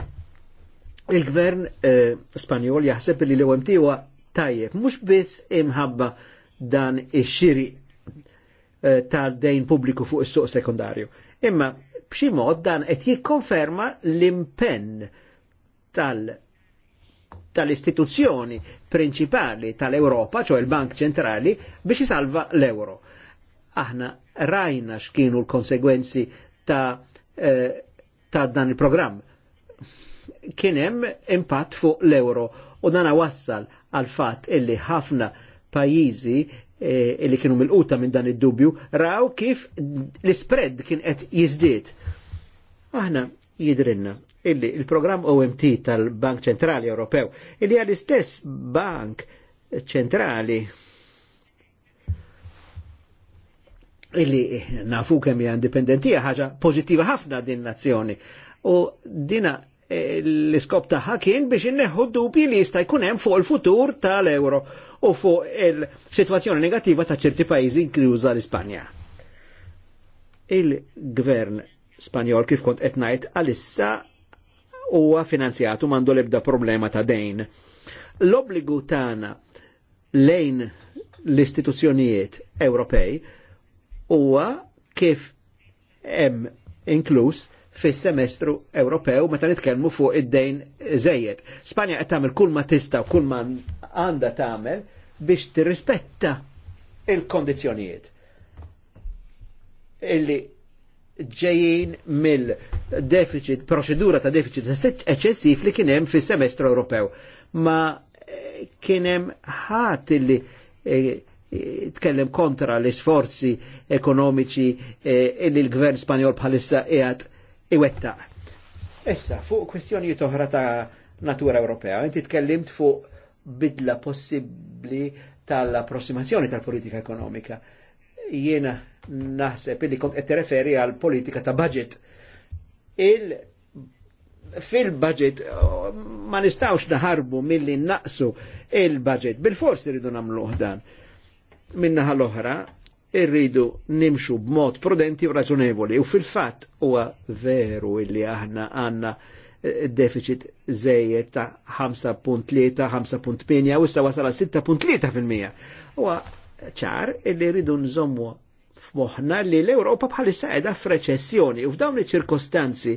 il-gvern eh, Spanjol jaħseb li l-OMT huwa tajjeb, mhux biss imħabba dan ix-xiri eh, tal-dejn pubbliku fuq is-suq sekundarju. Imma b'xi mod dan qed jikkonferma l-impenn tal- tal-istituzzjoni principali tal-Europa, ċo il-Bank ċentrali, biex jisalva l-euro. Aħna rajna x'kienu l-konsegwenzi ta', eh, ta dan il-programm kienem impatt fuq l-euro u dana wassal għal fatt illi ħafna pajizi eh, illi kienu mil-quta minn dan id-dubju raw kif l-spread kien qed jiżdied. Aħna jidrinna illi il-programm OMT tal-Bank Ċentrali Ewropew illi għal istess Bank Ċentrali illi nafu kemm hija indipendentija ħaġa pożittiva ħafna din nazzjoni. U dina l-iskop taħħa kien biex inneħħu dubi li jista' jkun hemm fuq il-futur tal-euro u fuq il-sitwazzjoni negattiva ta' ċerti pajjiżi inkluża l-Ispanja. Il-gvern Spanjol kif kont qed ngħid għalissa huwa finanzjatu m'għandu l-ebda problema ta' dejn. L-obbligu tagħna lejn l-istituzzjonijiet Ewropej huwa kif hemm inkluż fis-semestru Ewropew meta nitkellmu fuq id-dejn żejjed. Spanja qed tagħmel kull ma tista' u kull ma għandha tagħmel biex tirrispetta il-kondizzjonijiet illi ġejjin mill-deficit, proċedura ta' deficit eċessiv li kien hemm fis-semestru Ewropew. Ma eh, kien hemm ħadd illi eh, tkellem kontra l-isforzi ekonomiċi eh, illi l-gvern Spanjol bħalissa qiegħed Iwetta'. Issa, fuq kwestjonijiet oħra ta' natura Ewropea, inti tkellimt fuq bidla possibbli tal-approssimazzjoni tal-politika ekonomika. Jiena naħseb illi kont qed referi għal politika ta' budget. Il fil-budget ma nistawx naħarbu milli naqsu il-budget. Bil-forsi rridu nagħmluh dan. Minnaħa l-oħra, irridu nimxu b'mod prudenti u raġunevoli. U fil-fatt huwa veru illi aħna għanna eh, deficit zejiet ta' 5.3, 5.8 u issa wasala 6.3%. Huwa ċar illi rridu nżommu f'moħħna li l-Ewropa bħalissa qiegħda f'reċessjoni u f'dawn iċ-ċirkostanzi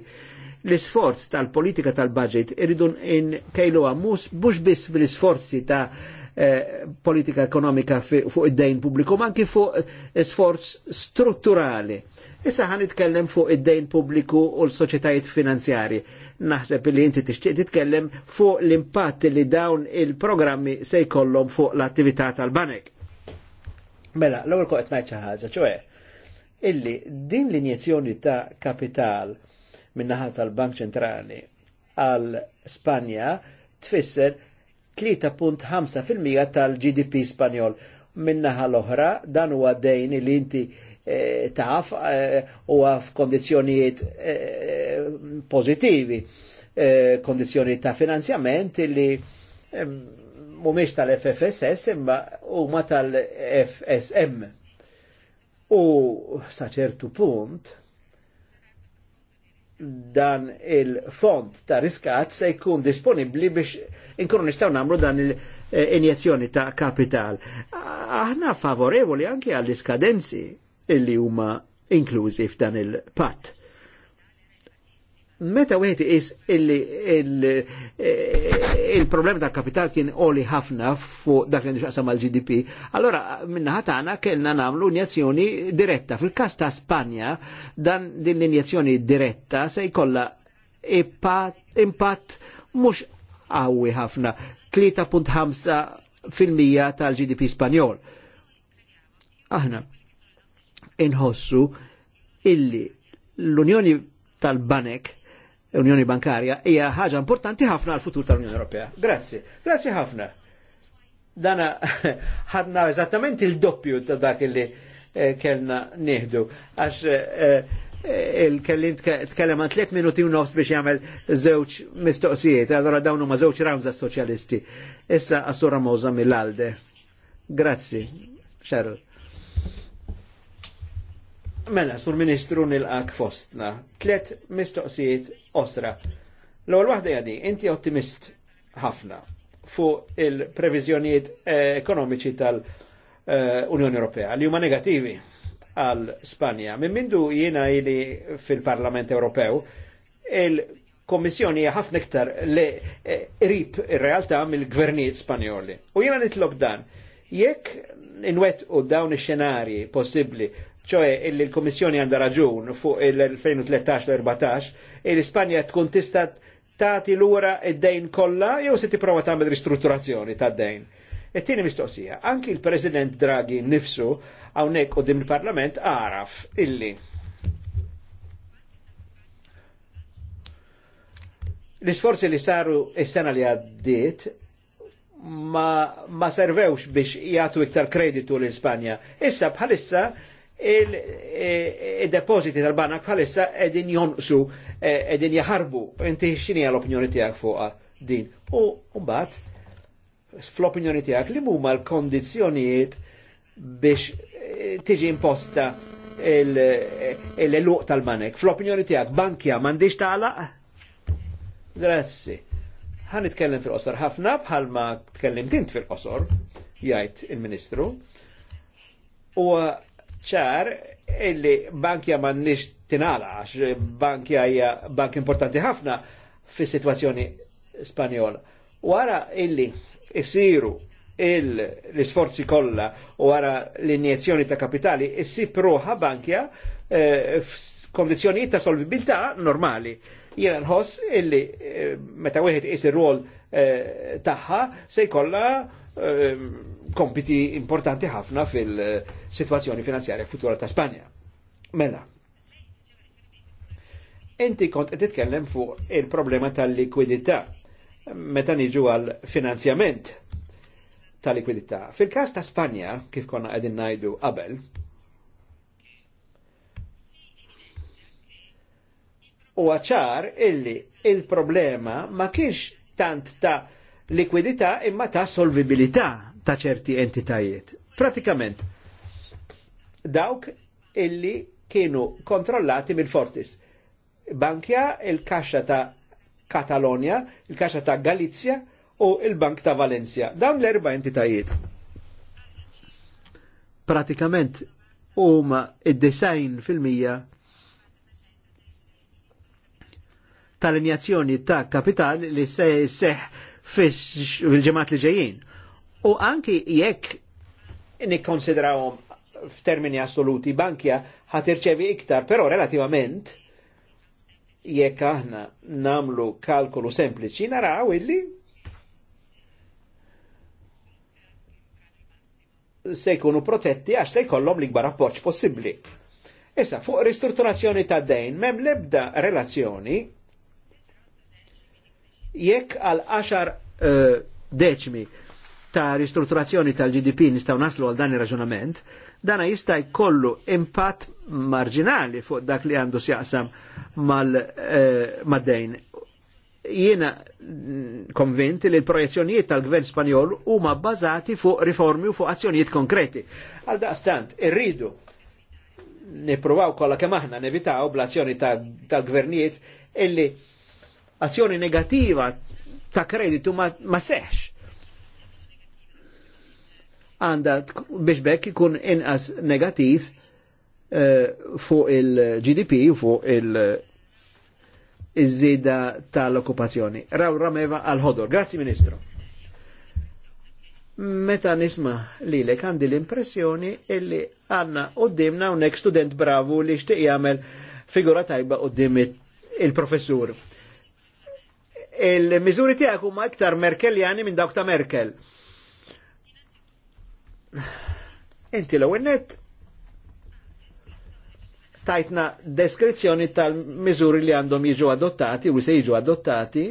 l-isforz tal-politika tal-budget irridu nkejluha mhux biss bil isforzi ta' Eh, politika ekonomika fuq id-dejn pubbliku, ma anki fuq sforz strutturali. Issa ħan nitkellem fuq id-dejn pubbliku u l-soċetajiet finanzjari. Naħseb li inti tixtieq titkellem fuq l-impatt li dawn il-programmi se jkollhom fuq l-attività tal-banek. Mela, l-ewwel koqgħod ngħid xi ħaġa, ċoe, illi din l-injezzjoni ta' kapital min-naħa tal-Bank Ċentrali għal Spanja tfisser 3.5% tal-GDP Spanjol. Minnaħa l-oħra, dan huwa dejn li inti eh, taf u għaf f'kondizjonijiet eh, pozitivi, eh, eh kondizjonijiet ta' finanzjament li eh, mumiex tal-FFSS imma huma tal-FSM. U saċertu punt, dan il-fond ta' riskat se jkun disponibli biex inkunu nistaw namlu dan il-injezzjoni eh, ta' kapital. Aħna favorevoli anki għall-iskadenzi illi huma inklużi f'dan il-patt meta wieħed is illi eh, il-problema tal kapital kien oli ħafna fuq dak li nixaqsam għal gdp allora minna tagħna kellna nagħmlu injazzjoni diretta. Fil-każ ta' Spanja dan din l-injazzjoni diretta se jkollha impatt mhux qawwi ħafna 3.5 tal-GDP Spanjol. Aħna inħossu illi l-Unjoni tal-Banek Unjoni Bankarja hija ħaġa importanti ħafna għal futur tal-Unjoni Ewropea. Grazzi, grazzi ħafna. Dana *laughs* ħadna eżattament il-doppju ta' dak li eh, kellna nieħdu. Għax eh, eh, il-kellim tkellem għan 3 minuti u nofs biex jagħmel żewġ mistoqsijiet, allora dawn huma żewġ ramza soċjalisti. Issa assura Moza mill-Alde. Grazzi, Cheryl. Mela, sur ministru nil-għak fostna. Tlet mistoqsijiet osra. l għol waħda jadi, inti ottimist ħafna fuq il-previżjonijiet eh, ekonomiċi tal-Unjoni Ewropea li huma negattivi għal Spanja. Minn mindu jiena ili fil-Parlament Ewropew, il-Kommissjoni ħafna iktar li eh, rib ir-realtà mill-gvernijiet Spanjoli. U jiena nitlob dan, jekk inwet u dawn ix-xenarji possibbli ċoħe il komissjoni għanda raġun fuq il-2013-14, il-Ispanja tkun tista tati l-ura id-dejn kolla jew se tipprova tagħmel ristrutturazzjoni ta' dejn. It-tieni mistoqsija, anki l-President Draghi nifsu hawnhekk dim il-Parlament araf illi l-isforzi li saru is-sena li għaddiet ma, ma servewx biex jgħatu iktar kreditu l-Ispanja. Issa bħalissa il-depositi e- e- tal banna bħalissa edin jonqsu, edin jaharbu. Inti xini l-opinjoni tijak fuqa din. U mbagħad fl-opinjoni tijak li mumma l-kondizjonijiet biex e, tiġi imposta l-eluq tal-banek. Fl-opinjoni tijak, bankja mandiġ taqlaq? Grazzi. Għan itkellem fil-qosor ħafna bħalma tkellim tint fil-qosor, jgħajt il-ministru. U ċar illi bankja man nix tinala, għax bankja hija bank importanti ħafna fis situazzjoni Spanjola. Wara illi isiru l-isforzi kollha u wara l-injezzjoni ta' kapitali issib proħa bankja eh, f'kondizjonijiet ta' solvibilità normali. Jena nħoss illi eh, meta wieħed isir rol eh, tagħha se jkollha Ehm, kompiti importanti ħafna fil-situazzjoni finanzjarja futura ta' Spanja. Mela, inti kont qed titkellem fuq il-problema tal-likwidità meta niġu għal finanzjament tal-likwidità. Fil-każ ta' Spanja, kif konna qegħdin ngħidu qabel, u ċar illi il-problema ma kienx tant ta' likwidità imma ta' solvibilità ta' ċerti entitajiet. Pratikament, dawk illi kienu kontrollati mill Fortis. Bankja il-kaxxa ta' Katalonja, il-kaxxa ta' Galizja u il-Bank ta' Valencia. Dawn l-erba entitajiet. Pratikament huma id-design fil-mija tal-injazzjoni ta' kapital li se seħ fil-ġemat li ġejjin. U anki jekk nikkonsidrawhom f'termini assoluti bankja irċevi iktar, però relativament jekk aħna namlu kalkolu sempliċi naraw illi se jkunu protetti għax se jkollhom l-ikbar appoġġ possibbli. Issa, fuq ristrutturazzjoni ta' dejn, mem lebda relazzjoni Jekk għal 10 eh, deċmi ta' ristrutturazzjoni tal-GDP nistaw naslu għal dan ir-raġunament, dana jista' jkollu impatt marġinali fuq dak li għandu sjaqsam mal-dejn. Eh, Jiena mm, konvinti li l-projezzjonijiet tal-gvern Spanjol huma bbażati fuq riformi u fuq azzjonijiet konkreti. Għal daqstant, irridu nippruvaw kollha kemm aħna nevitaw bl-azzjoni tal-gvernijiet illi azzjoni negativa ta' kreditu ma, ma seħx. Għanda biex bekk ikun inqas negativ uh, fuq il-GDP u fuq il-żida tal-okkupazzjoni. Raw Rameva għal-ħodor. Grazzi, Ministru. Meta nisma li lek għandi l-impressjoni illi għanna u dimna unek student bravu li xtiq jagħmel figura tajba u il-professur il-miżuri tijak huma iktar Merkeljani minn dawk ta' Merkel. Inti l net tajtna deskrizzjoni tal mizuri li għandhom jiġu adottati u se jiġu adottati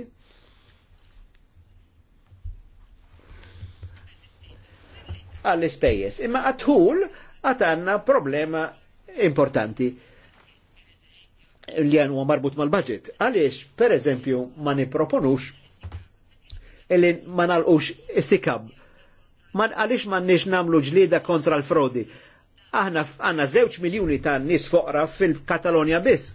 għall-ispejjeż. Imma għatħul għatanna problema importanti li għan huwa marbut mal-budget. Għaliex, per eżempju, ma niproponux illi ma nalqux sikab. Man għaliex ma nix namlu ġlida kontra l-frodi. Aħna għanna zewċ miljoni ta' nis foqra fil-Katalonja biss.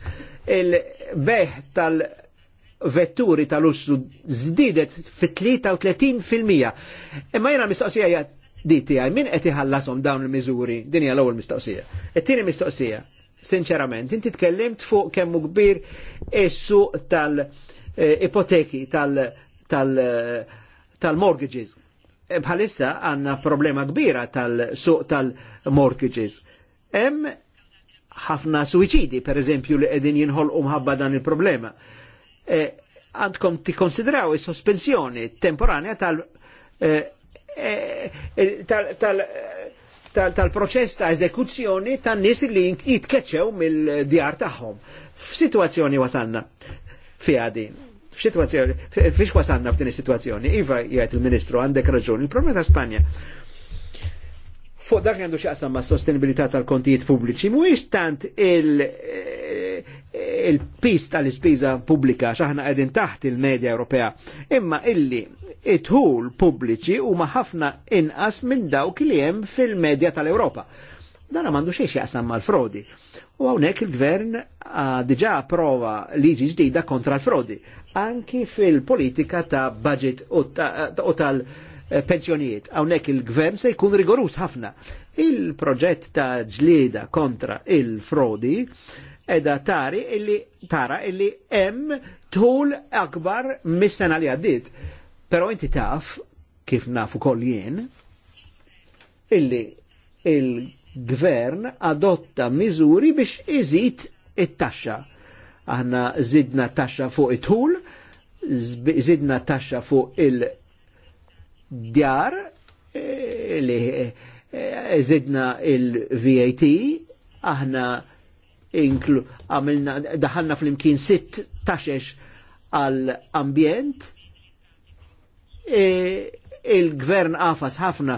Il-beħ tal-vetturi tal-ussu zdidet fit-33%. Imma jena mistoqsija di tiegħi min qed iħallasom dawn il-miżuri? Din hija l-ewwel mistoqsija. It-tieni mistoqsija sinċerament. Inti tkellimt fuq kemmu kbir essu tal-ipoteki, eh, tal-mortgages. Tal, eh, Bħalissa għanna problema kbira tal-suq tal-mortgages. Hemm ħafna suicidi, per eżempju, li qegħdin jinħolqu umħabba dan il-problema. Eh, għandkom ti tikkonsidraw il sospensjoni temporanja tal- e, e, tal, tal tal-proċess ta' eżekuzzjoni tan nies li jitkeċew mill-djar tagħhom. F'sitwazzjoni wasanna fiha din. F'sitwazzjoni, fiex wasanna f'din is-sitwazzjoni, iva jgħid il-Ministru għandek raġun. Il-problema ta' Spanja fuq dak għandu xaqsam ma' sostenibilità tal-kontijiet pubbliċi, mhuwiex tant il-pis eh, tal-ispiża pubblika x'aħna qegħdin taħt il-medja Ewropea, imma illi it-ħul pubbliċi huma ħafna inqas minn dawk li hemm fil-medja tal-Ewropa. Dan m'għandu xejn jaqsam mal-frodi. U hawnhekk il-gvern ah, diġà approva liġi ġdida kontra l-frodi, anki fil-politika ta' budget u tal ta, Eh, pensjonijiet. Hawnhekk il-gvern se jkun rigorus ħafna. Il-proġett ta' ġlieda kontra il-frodi edha tari illi tara illi hemm tul akbar mis-sena li għaddit. Però inti taf kif nafu koll jien illi il-gvern adotta miżuri biex iżid it-taxxa. Aħna zidna taxxa fuq it-tul, zidna taxxa fuq il- djar eh, li zidna eh, il-VAT, aħna inklu għamilna daħalna fl-imkien sitt taxex għal-ambjent, e, il-gvern għafas ħafna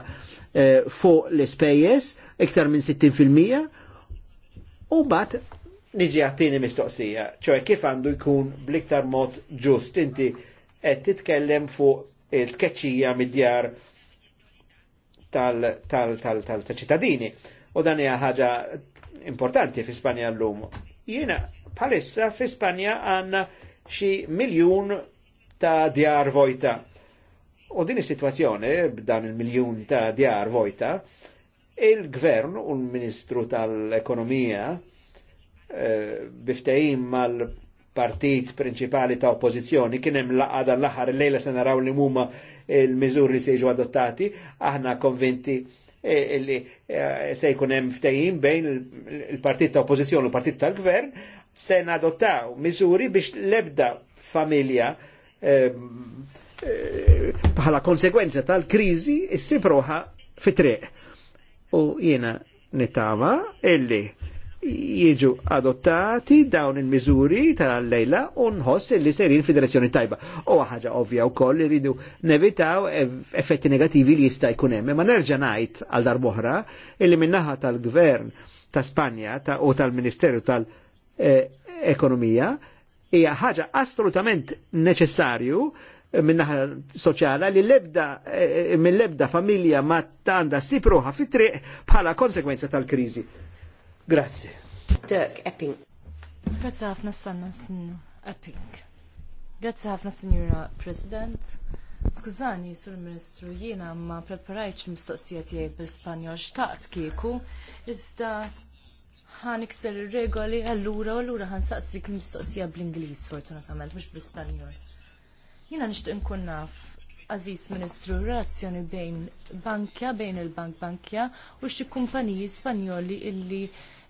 eh, fuq l-spejjes, iktar minn 60%, u bat niġi għattini mistoqsija, ċoħe kif għandu jkun bliktar mod ġust, inti għed titkellem fuq il-tkeċċija mid-djar tal-ċittadini. U dan hija ħaġa importanti fi Spanja l-lum. Jiena palissa fi Spanja għanna xi miljun ta' djar vojta. U din is-sitwazzjoni b'dan il-miljun ta' djar vojta, il-gvern u l-Ministru tal-Ekonomija eh, biftehim biftejim mal partit principali ta' oppozizjoni, kien hemm laqgħa dan l-aħħar lejla se naraw li huma l-miżuri li se jiġu adottati, aħna konvinti eh, li eh, se jkun hemm ftehim bejn il-partit ta' oppożizzjoni u partit tal-gvern se nadottaw miżuri biex l-ebda familja eh, bħala konsekwenza tal-kriżi issibruha fit-triq. U jiena nittama illi jiġu adottati dawn il-miżuri tal-lejla u nħoss li serin federazzjoni tajba. U ħaġa ovvja u koll rridu nevitaw effetti negativi li jista' jkun hemm. Ma nerġa' ngħid għal darboħra illi minnaħa tal-Gvern ta' Spanja ta u tal-Ministeru tal-Ekonomija hija ħaġa assolutament neċessarju minnaħa soċjala li lebda eh, eh, mill-lebda familja ma tanda sipruħa fit-triq bħala konsekwenza tal-kriżi Grazie. Dirk Epping. Grazzi ħafna s-sanna s-sinnu Epping. Grazzi ħafna s signora President. Skużani, sur Ministru, jiena ma preparajċ mistoqsija tiegħi bil-Spanjol xtaqt kieku, iżda ħan ikser regoli allura u allura ħan saqsik mistoqsija bl-Ingliż fortunatament mhux bil Spanjol. Jiena nixtieq nkun naf Aziz Ministru, relazzjoni bejn bankja, bejn il-bank bankja u xi kumpaniji Spanjoli illi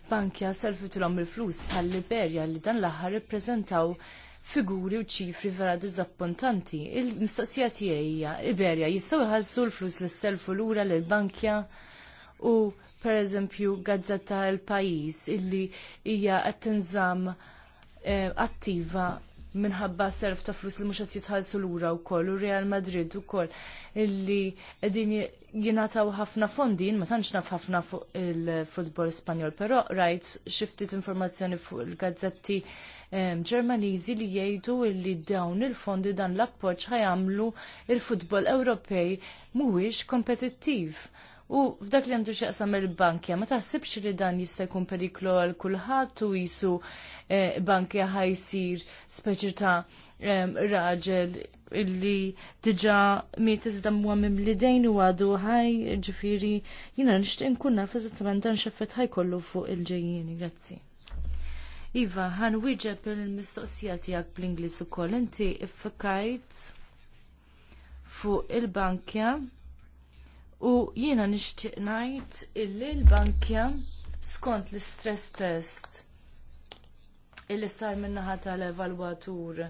il-bankja selfitulhom il-flus bħal liberja li dan l-aħħar rippreżentaw figuri u ċifri vera diżappuntanti. Il-mistoqsija tiegħi hija Iberja jistgħu jħassu l-flus li selfu lura lill-bankja u pereżempju gazzetta l-pajjiż illi hija qed tinżamm eh, attiva minħabba self ta' flus li mhux qed jitħallsu lura wkoll u Real Madrid ukoll illi qegħdin jingħataw ħafna fondi, ma tantx naf ħafna fuq il-futbol Spanjol, però rajt xi ftit informazzjoni fuq il-gazzetti ehm, Ġermaniżi li jgħidu li dawn il-fondi dan l-appoġġ ħajamlu il-futbol Ewropej mhuwiex kompetittiv. U f'dak li għandu xaqsam il-bankja, ma taħsibx li dan jista' jkun periklu għal kulħadd u jisu eh, bankja ħajsir speċi ta' raġel illi diġa miet iżda li dejn u għadu ħaj ġifiri jina nishtin kunna naf eżattament dan xeffet ħaj kollu fuq il-ġejjini, grazzi. Iva, ħan wieġeb il-mistoqsija tiegħek bl-Ingliż ukoll inti iffikajt fuq il-bankja U jiena nixtieq ngħid illi l-bankja skont l-istress test illi sar min-naħa tal-evalwatur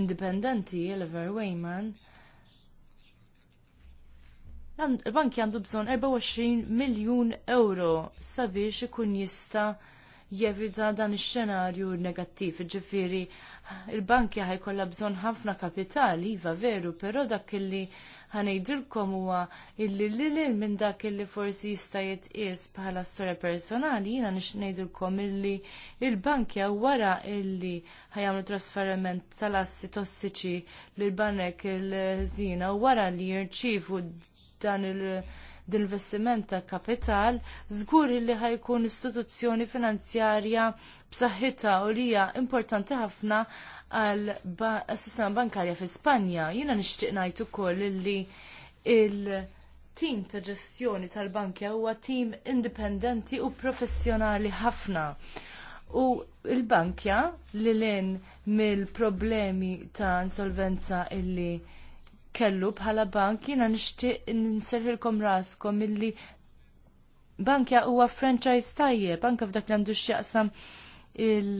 indipendenti, Oliver Wayman, il bank għandu bżonn 24 miljun euro sabiex ikun jista jevita dan ix-xenarju negattiv. Ġifieri il bankja ħajkollha bżonn ħafna kapitali, iva veru, però dak li ħanejdilkom huwa illi lilil minn dak illi forsi jista' jitqies bħala storja personali jiena nix ngħidilkom illi il-bankja wara illi ħajamlu trasferiment tal-assi tossiċi lil banek il-ħżina wara li jirċievu dan il- d-investiment ta' kapital, żgur li ħajkun istituzzjoni finanzjarja b'saħħitha u li hija importanti ħafna għal sistema bankarja fi Spanja. Jiena nixtieq ngħid ukoll li il-tim ta' ġestjoni tal-bankja huwa tim indipendenti u professjonali ħafna. U l bankja li l mill-problemi ta' insolvenza illi kellu bħala bank jiena nixtieq ninserħilkom raskom milli bankja huwa franchise tajjeb anke f'dak li għandu x'jaqsam il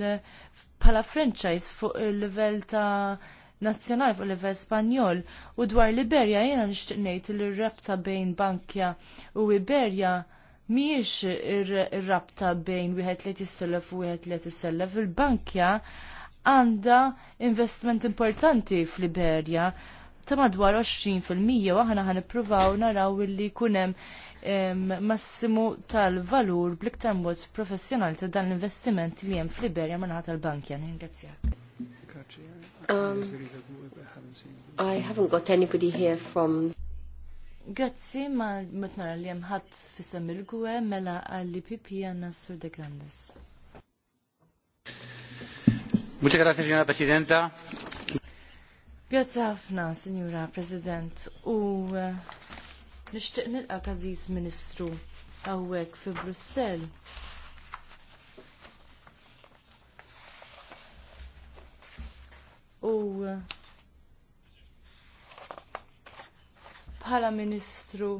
bħala franchise fuq il-livell ta' nazzjonali fuq il il-level Spanjol u dwar l-Iberja jiena nixtieq ngħid li r-rabta bejn Bankja u Iberja mhijiex ir-rabta bejn wieħed li jtissellef u wieħed li jtissellef il-Bankja għandha investiment importanti fl-Iberja ta' madwar 20% u aħna ħan naraw illi kunem massimu tal-valur bl-iktar mod professjonali ta' dan l-investiment li hemm fl-Iberja naħat tal-bankja. Ringrazzjak. Um, I haven't got anybody here from Grazzi ma mutnara li jemħat fissam il-gwe mela għalli pipi għanna sur de grandis. Muchas gracias, señora presidenta. Grazzi ħafna, Signora President, u eh, nixtieq nilqa Aziz Ministru għawek fi Brussell. U eh, bħala Ministru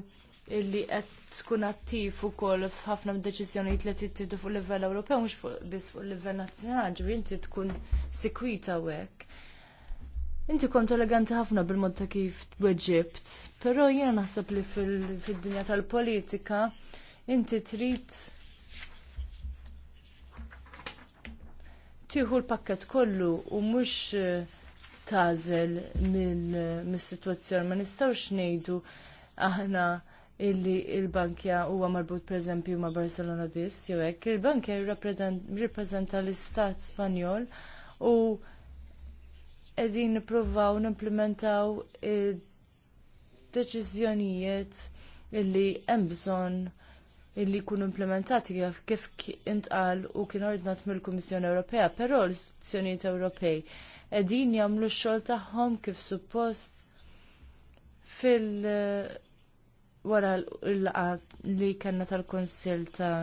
illi qed tkun attiv ukoll f'ħafna deċiżjonijiet li tittieħdu fuq livell Ewropew mhux biss fuq livell nazzjonali, ġifieri inti tkun sikwita hekk. Inti kont eleganti ħafna bil-mod ta' kif tweġġibt, però jiena naħseb li fid-dinja tal-politika inti trid tieħu l-pakket kollu u mhux eh, tażel eh, mis-sitwazzjoni ma nistgħux ngħidu aħna illi il-bankja huwa marbut pereżempju ma' Barcelona biss jew hekk, il-bankja jirrappreżenta l-istat Spanjol u qegħdin nippruvaw nimplementaw id-deċiżjonijiet illi hemm bżonn illi jkunu implementati kif intqal u kien ordnat mill-Kummissjoni Ewropea, però l-istituzzjonijiet Ewropej qegħdin jagħmlu x-xogħol tagħhom kif suppost fil- wara l-laqa li kellna tal-Kunsill ta'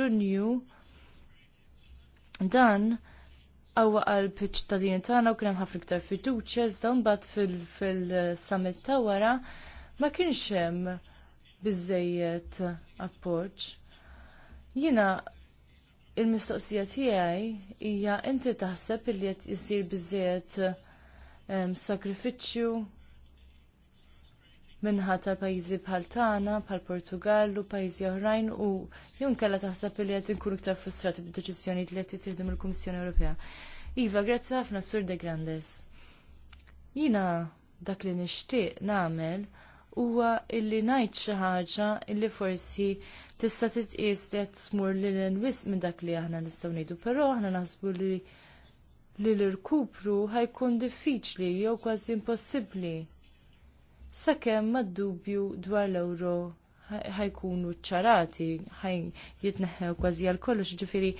Ġunju dan għawa għal pitch ta' din tagħna u kien hemm ħafna iktar fiduċja iżda mbagħad fil-summit ta' wara ma kienx hemm biżejjed appoġġ. Jiena il-mistoqsija tiegħi hija inti taħseb li qed isir biżejjed sakrifiċċju minħa ta' pajjiżi bħal tagħna, bħal Portugal u pajjiżi oħrajn u jew kella taħseb li qed inkunu iktar frustrati bid-deċiżjoni li qed jitildu mill-Kummissjoni Ewropea. Iva, grazzi ħafna Sur De Grandes. Jina dak li nixtieq nagħmel huwa illi ngħid xi ħaġa illi forsi tista' titqies li qed tmur lil nwis minn dak li aħna nistgħu ngħidu, però aħna naħsbu li li l-irkupru ħajkun diffiċli jew kważi impossibbli. Sakemm mad-dubju dwar l-ewro ħajkunu ċarati, ħaj jitneħew kważi għal kollu ġifiri,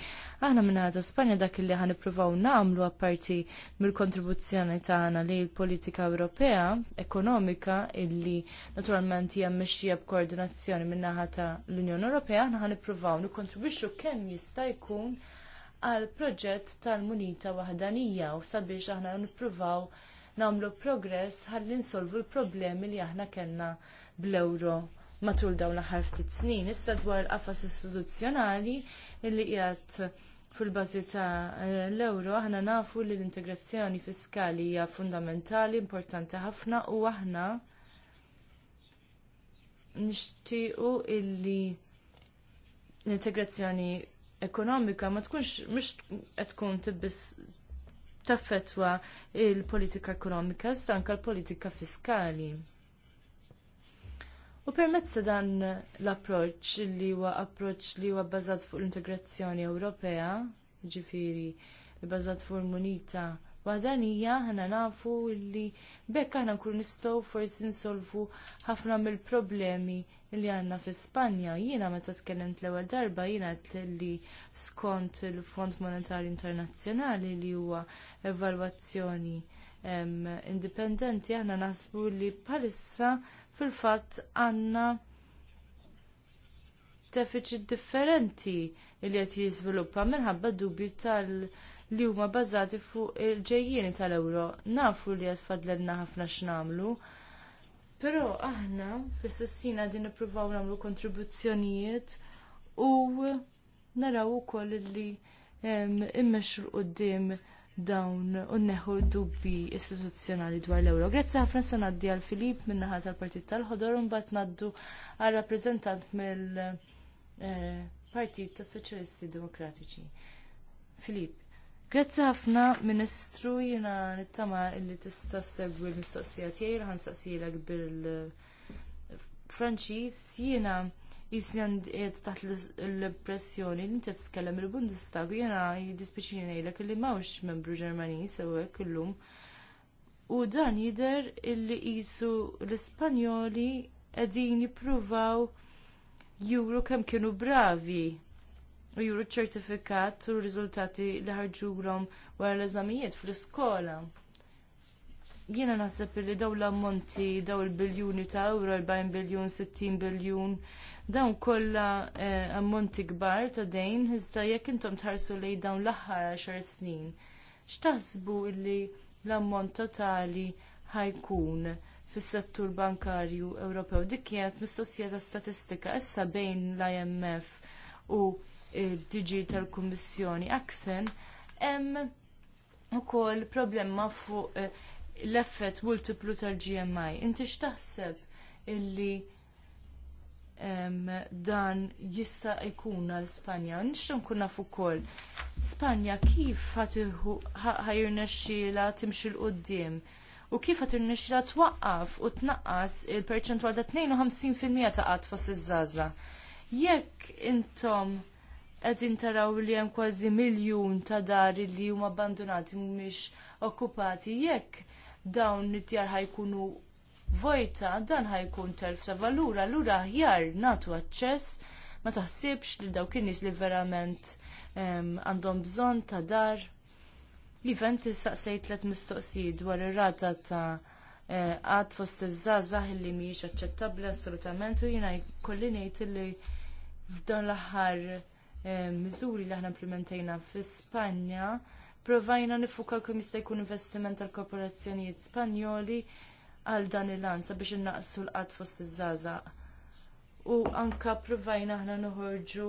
aħna minna għada Spanja dak li ħan iprufaw namlu apparti mill-kontribuzzjoni tagħna li l-politika Ewropea ekonomika illi naturalment hija meċċija b'koordinazzjoni min-naħa ħata l-Unjoni Ewropea, aħna ħan iprufaw nikkontribwixxu kemm jista' jkun għal proġett tal-munita wahdanija u sabiex aħna nippruvaw nagħmlu progress ħalli nsolvu l-problemi li aħna kellna bl-euro matul dawn l-aħħar ftit snin. Issa dwar qafas istituzzjonali li qiegħed fil-bażi ta' l-euro aħna nafu li l-integrazzjoni fiskali hija fundamentali, importanti ħafna u aħna nixtiequ illi l-integrazzjoni ekonomika ma tkunx mhux qed tkun tibbis taffetwa l politika ekonomika, iżda anke l-politika fiskali. U permezz ta' dan l-approċ li huwa approċ li huwa bbażat fuq l-integrazzjoni Ewropea, ġifiri li bbażat fuq l-munita waħdanija ħana nafu li bekk aħna nkunu nistgħu forsi nsolvu ħafna mill-problemi li għandna fi Spanja. Jiena meta tkellimt l-ewwel darba jiena li skont il-Fond Monetarju Internazzjonali li huwa evalwazzjoni indipendenti aħna naħsbu li bħalissa fil-fatt għandna deficit differenti li qed jiżviluppa minħabba dubju tal- li huma bbażati fuq il-ġejjieni tal-ewro. Nafu li qed fadlenna ħafna x'namlu. Però aħna fis-sessina din nippruvaw nagħmlu kontribuzzjonijiet u naraw ukoll li immexxu l qudiem dawn unneħu dubbi istituzzjonali dwar l-euro. Grazzi ħafna sa naddi għal Filip minnaħa tal-Partit tal-ħodor un bat naddu għal rappresentant mill-Partit eh, tas Soċjalisti Demokratiċi. Filip, grazzi ħafna Ministru jina nittama illi tista segwi l-mistoqsija tiegħi ħansaqsilek bil-Franċiż jiena jisjand qiegħed taħt l-impressjoni li inti tkellem il-Bundestag jiena jiddispiċini ngħidlek li m'hawnx membru Ġermaniż hekk illum. U dan jidher illi qisu l-Ispanjoli qegħdin jippruvaw juru kemm kienu bravi u juru ċertifikat u r-riżultati li ħarġulhom wara l-eżamijiet fl-iskola. Jiena naħseb li dawn l-ammonti, dawn il-biljuni ta' euro, 40 biljun, 60 biljun Dawn kollha eh, ammonti kbar ta' dejn iżda jekk intom tħarsu lejn dawn l-aħħar għaxar snin. X'taħsbu li l-ammont totali ħajkun fis-settur bankarju Ewropew dik kienet mistoqsija ta' statistika issa bejn l-IMF u d-DG tal-Kummissjoni akfen hemm ukoll problema fuq eh, l-effett multiplu tal-GMI. Inti x'taħseb illi dan jista' jkun għal Spanja. Nixtru nkun naf ukoll Spanja kif ħajrna xila timxi l qoddim u kif ħat irnexxila twaqqaf u tnaqqas il-perċentwal ta' 52% ta' qatt s iż Jekk intom għedin taraw li hemm kważi miljun ta' dari li huma abbandonati mhumiex okkupati, jekk dawn it-tjar ħajkunu vojta dan ħajkun telf ta' valur, allura aħjar nagħtu aċċess ma taħsibx li dawk in-nies li verament għandhom bżonn ta' dar. Li vent saqsejt tliet mistoqsijiet dwar ir-rata ta' eh, għad fost iż-żazah li mhijiex aċċettabbli assolutament u jiena jkolli ngħid li f'dan l-aħħar miżuri li aħna implementejna fi Spanja provajna nifuka kemm jista' jkun investiment tal-korporazzjonijiet Spanjoli għal dan il-ansa biex innaqsu l qatt fost iż-żazaq. U anka provajna aħna noħorġu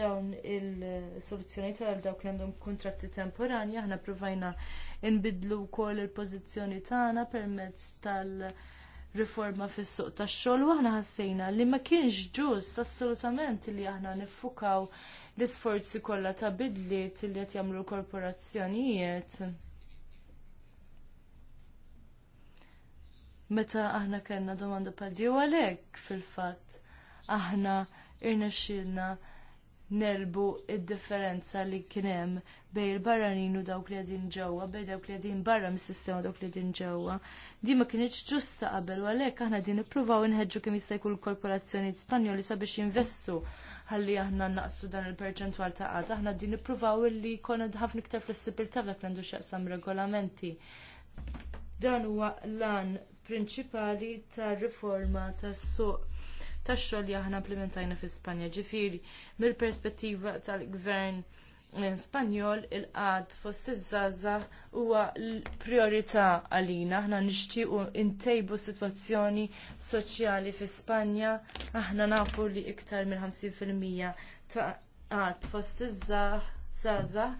dawn il-soluzzjoni tal dawk li għandhom kuntratti temporani, aħna provajna nbidlu wkoll il-pożizzjoni tagħna permezz tal- riforma fis-suq tax-xogħol u aħna ħassejna li ma kienx ġust assolutament li aħna niffukaw l-isforzi kollha ta' bidliet li qed jagħmlu l-korporazzjonijiet meta aħna kellna domanda pal-di għalek għalhekk fil-fatt aħna irnexxielna nelbu id-differenza li kien hemm bejn il-barranin u dawk li għadin ġewwa, bej dawk li għadin barra mis-sistema dawk li għadin ġewwa. Di ma kienieċ ġusta qabel u għalhekk aħna din ippruvaw inħeġġu kemm jista' jkun il-korporazzjonijiet Spanjoli sabiex jinvestu ħalli aħna naqsu dan il-perċentwal ta' għad. Aħna din ippruvaw li jkollna ħafna iktar flessibilità f'dak li għandu x'jaqsam regolamenti. Dan huwa lan prinċipali tar riforma tas-suq tax-xogħol li aħna implementajna fi Spanja. Ġifieri mill-perspettiva tal-gvern eh, Spanjol il-qad fost iż-żaza huwa l-priorità għalina. Aħna nixtiequ ntejbu sitwazzjoni soċjali fi Spanja. Aħna nafu li iktar minn 50% ta' qad fost iż-żaza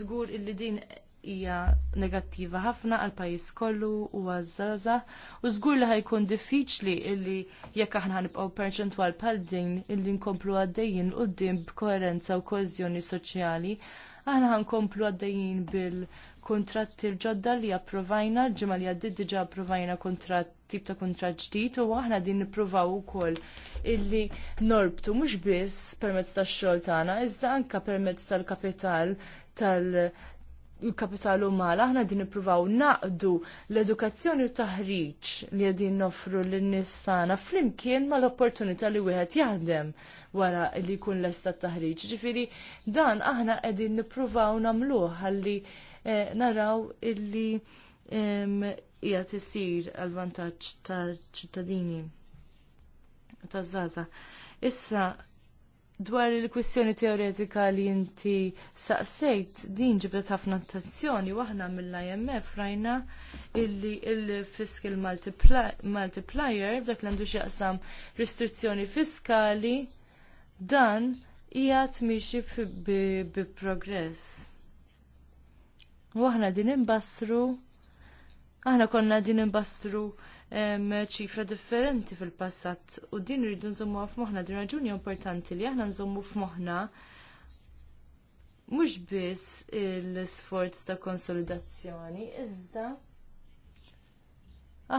żgur illi din hija negattiva ħafna għal pajjiż kollu u għażaża u żgur li ħajkun diffiċli illi jekk aħna ħanibqgħu perċentwal bħal din illi nkomplu għaddejjin quddiem b'koerenza u koeżjoni soċjali. Aħna ħankomplu għaddejjin bil kontratti l-ġodda li approvajna, ġimma li għaddit diġa approvajna kuntratt tip ta' kontrat ġdid u aħna din nippruvaw ukoll illi norbtu mhux biss permezz tax xogħol tagħna, iżda anke permezz tal-kapital tal il-kapital umal, aħna din nippruvaw naqdu l-edukazzjoni u taħriġ li għedin nofru l-nis sana flimkien mal opportunità li wieħed jaħdem wara li jkun lesta taħriġ. Ġifieri dan aħna qegħdin nippruvaw għalli eh, naraw illi qiegħed isir għal vantaġġ tal-ċittadini taż zaza. Issa Dwar il-kwistjoni teoretika li inti saqsejt, din ġibet ħafna attenzjoni waħna mill-IMF rajna illi il-fiscal multiplier f'dak li għandu x'jaqsam restrizzjoni fiskali dan hija miexi bi progress. Waħna din imbastru aħna konna din imbastru ċifra differenti fil-passat u din rridu nżommu f'moħħna din raġuni importanti li aħna nżommu f'moħħna mhux biss l-isforz ta' konsolidazzjoni, iżda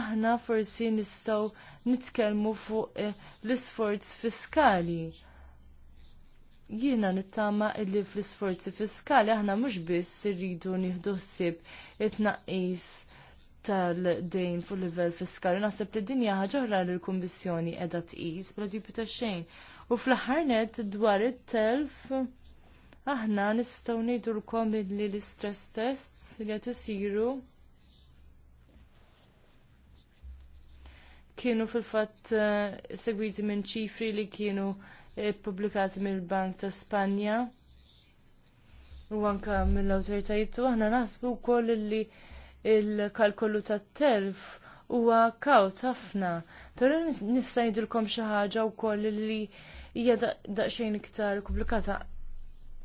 aħna forsi nistgħu nitkellmu fuq eh, l-isforz fiskali jiena nittama illi fl isforzi fiskali aħna mhux biss irridu nieħdu ħsieb it-tnaqqis tal-dejn fuq livell fiskali. Naħseb li dinja ħaġa li l-Kummissjoni qiegħda tqis bla dubju ta' xejn. U fl-aħħar nett dwar it-telf aħna nistgħu ngħidulkom li l-istress tests li qed isiru kienu fil-fatt eh, segwiti minn ċifri li kienu ppubblikati eh, mill-Bank ta' Spanja u anke mill-awtoritajiet u aħna naħsbu wkoll li il-kalkolu tat-telf huwa kawt ħafna. Però nista' ngħidilkom xi ħaġa wkoll li hija daqsxejn iktar komplikata.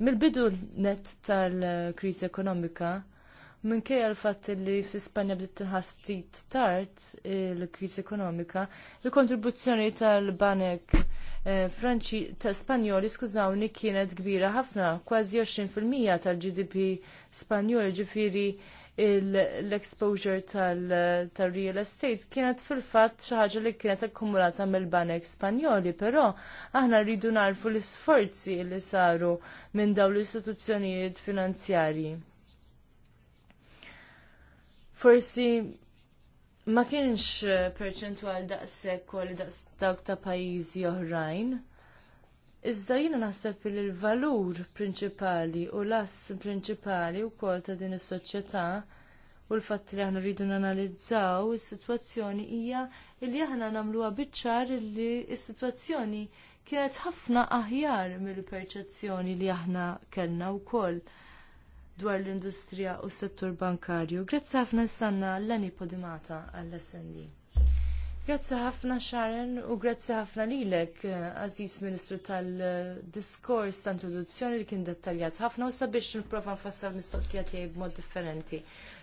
Mill-bidu net tal-kriżi ekonomika, minkejja l-fatt li fl-Ispanja bdiet tinħas ftit tard il-kriżi ekonomika, il-kontribuzzjoni tal-banek eh, Franċi ta' Spanjoli skużawni kienet kbira ħafna, kważi 20% tal-GDP Spanjoli ġifiri l-exposure tal-real estate kienet fil-fatt xi ħaġa li kienet akkumulata mill-banek Spanjoli, però aħna rridu narfu l-isforzi li saru minn dawn l-istituzzjonijiet finanzjarji. Forsi ma kienx perċentwal daqshekk u daqs dawk ta' pajjiżi oħrajn. Iżda jiena naħseb li l-valur prinċipali u l-ass prinċipali wkoll ta' din is-soċjetà u l-fatt li aħna rridu nanalizzaw is-sitwazzjoni hija li aħna nagħmluha biċ-ċar li s-sitwazzjoni kienet ħafna aħjar mill-perċezzjoni li aħna kellna wkoll dwar l-industrija u s-settur bankarju. Grazzi ħafna s-sanna l-lani podimata għall-SND. Grazzi ħafna Sharon u grazzi ħafna lilek, Aziz Ministru tal-Diskors ta' introduzzjoni li kien dettaljat ħafna u sabiex nipprova nfassar mistoqsija tiegħi b'mod differenti.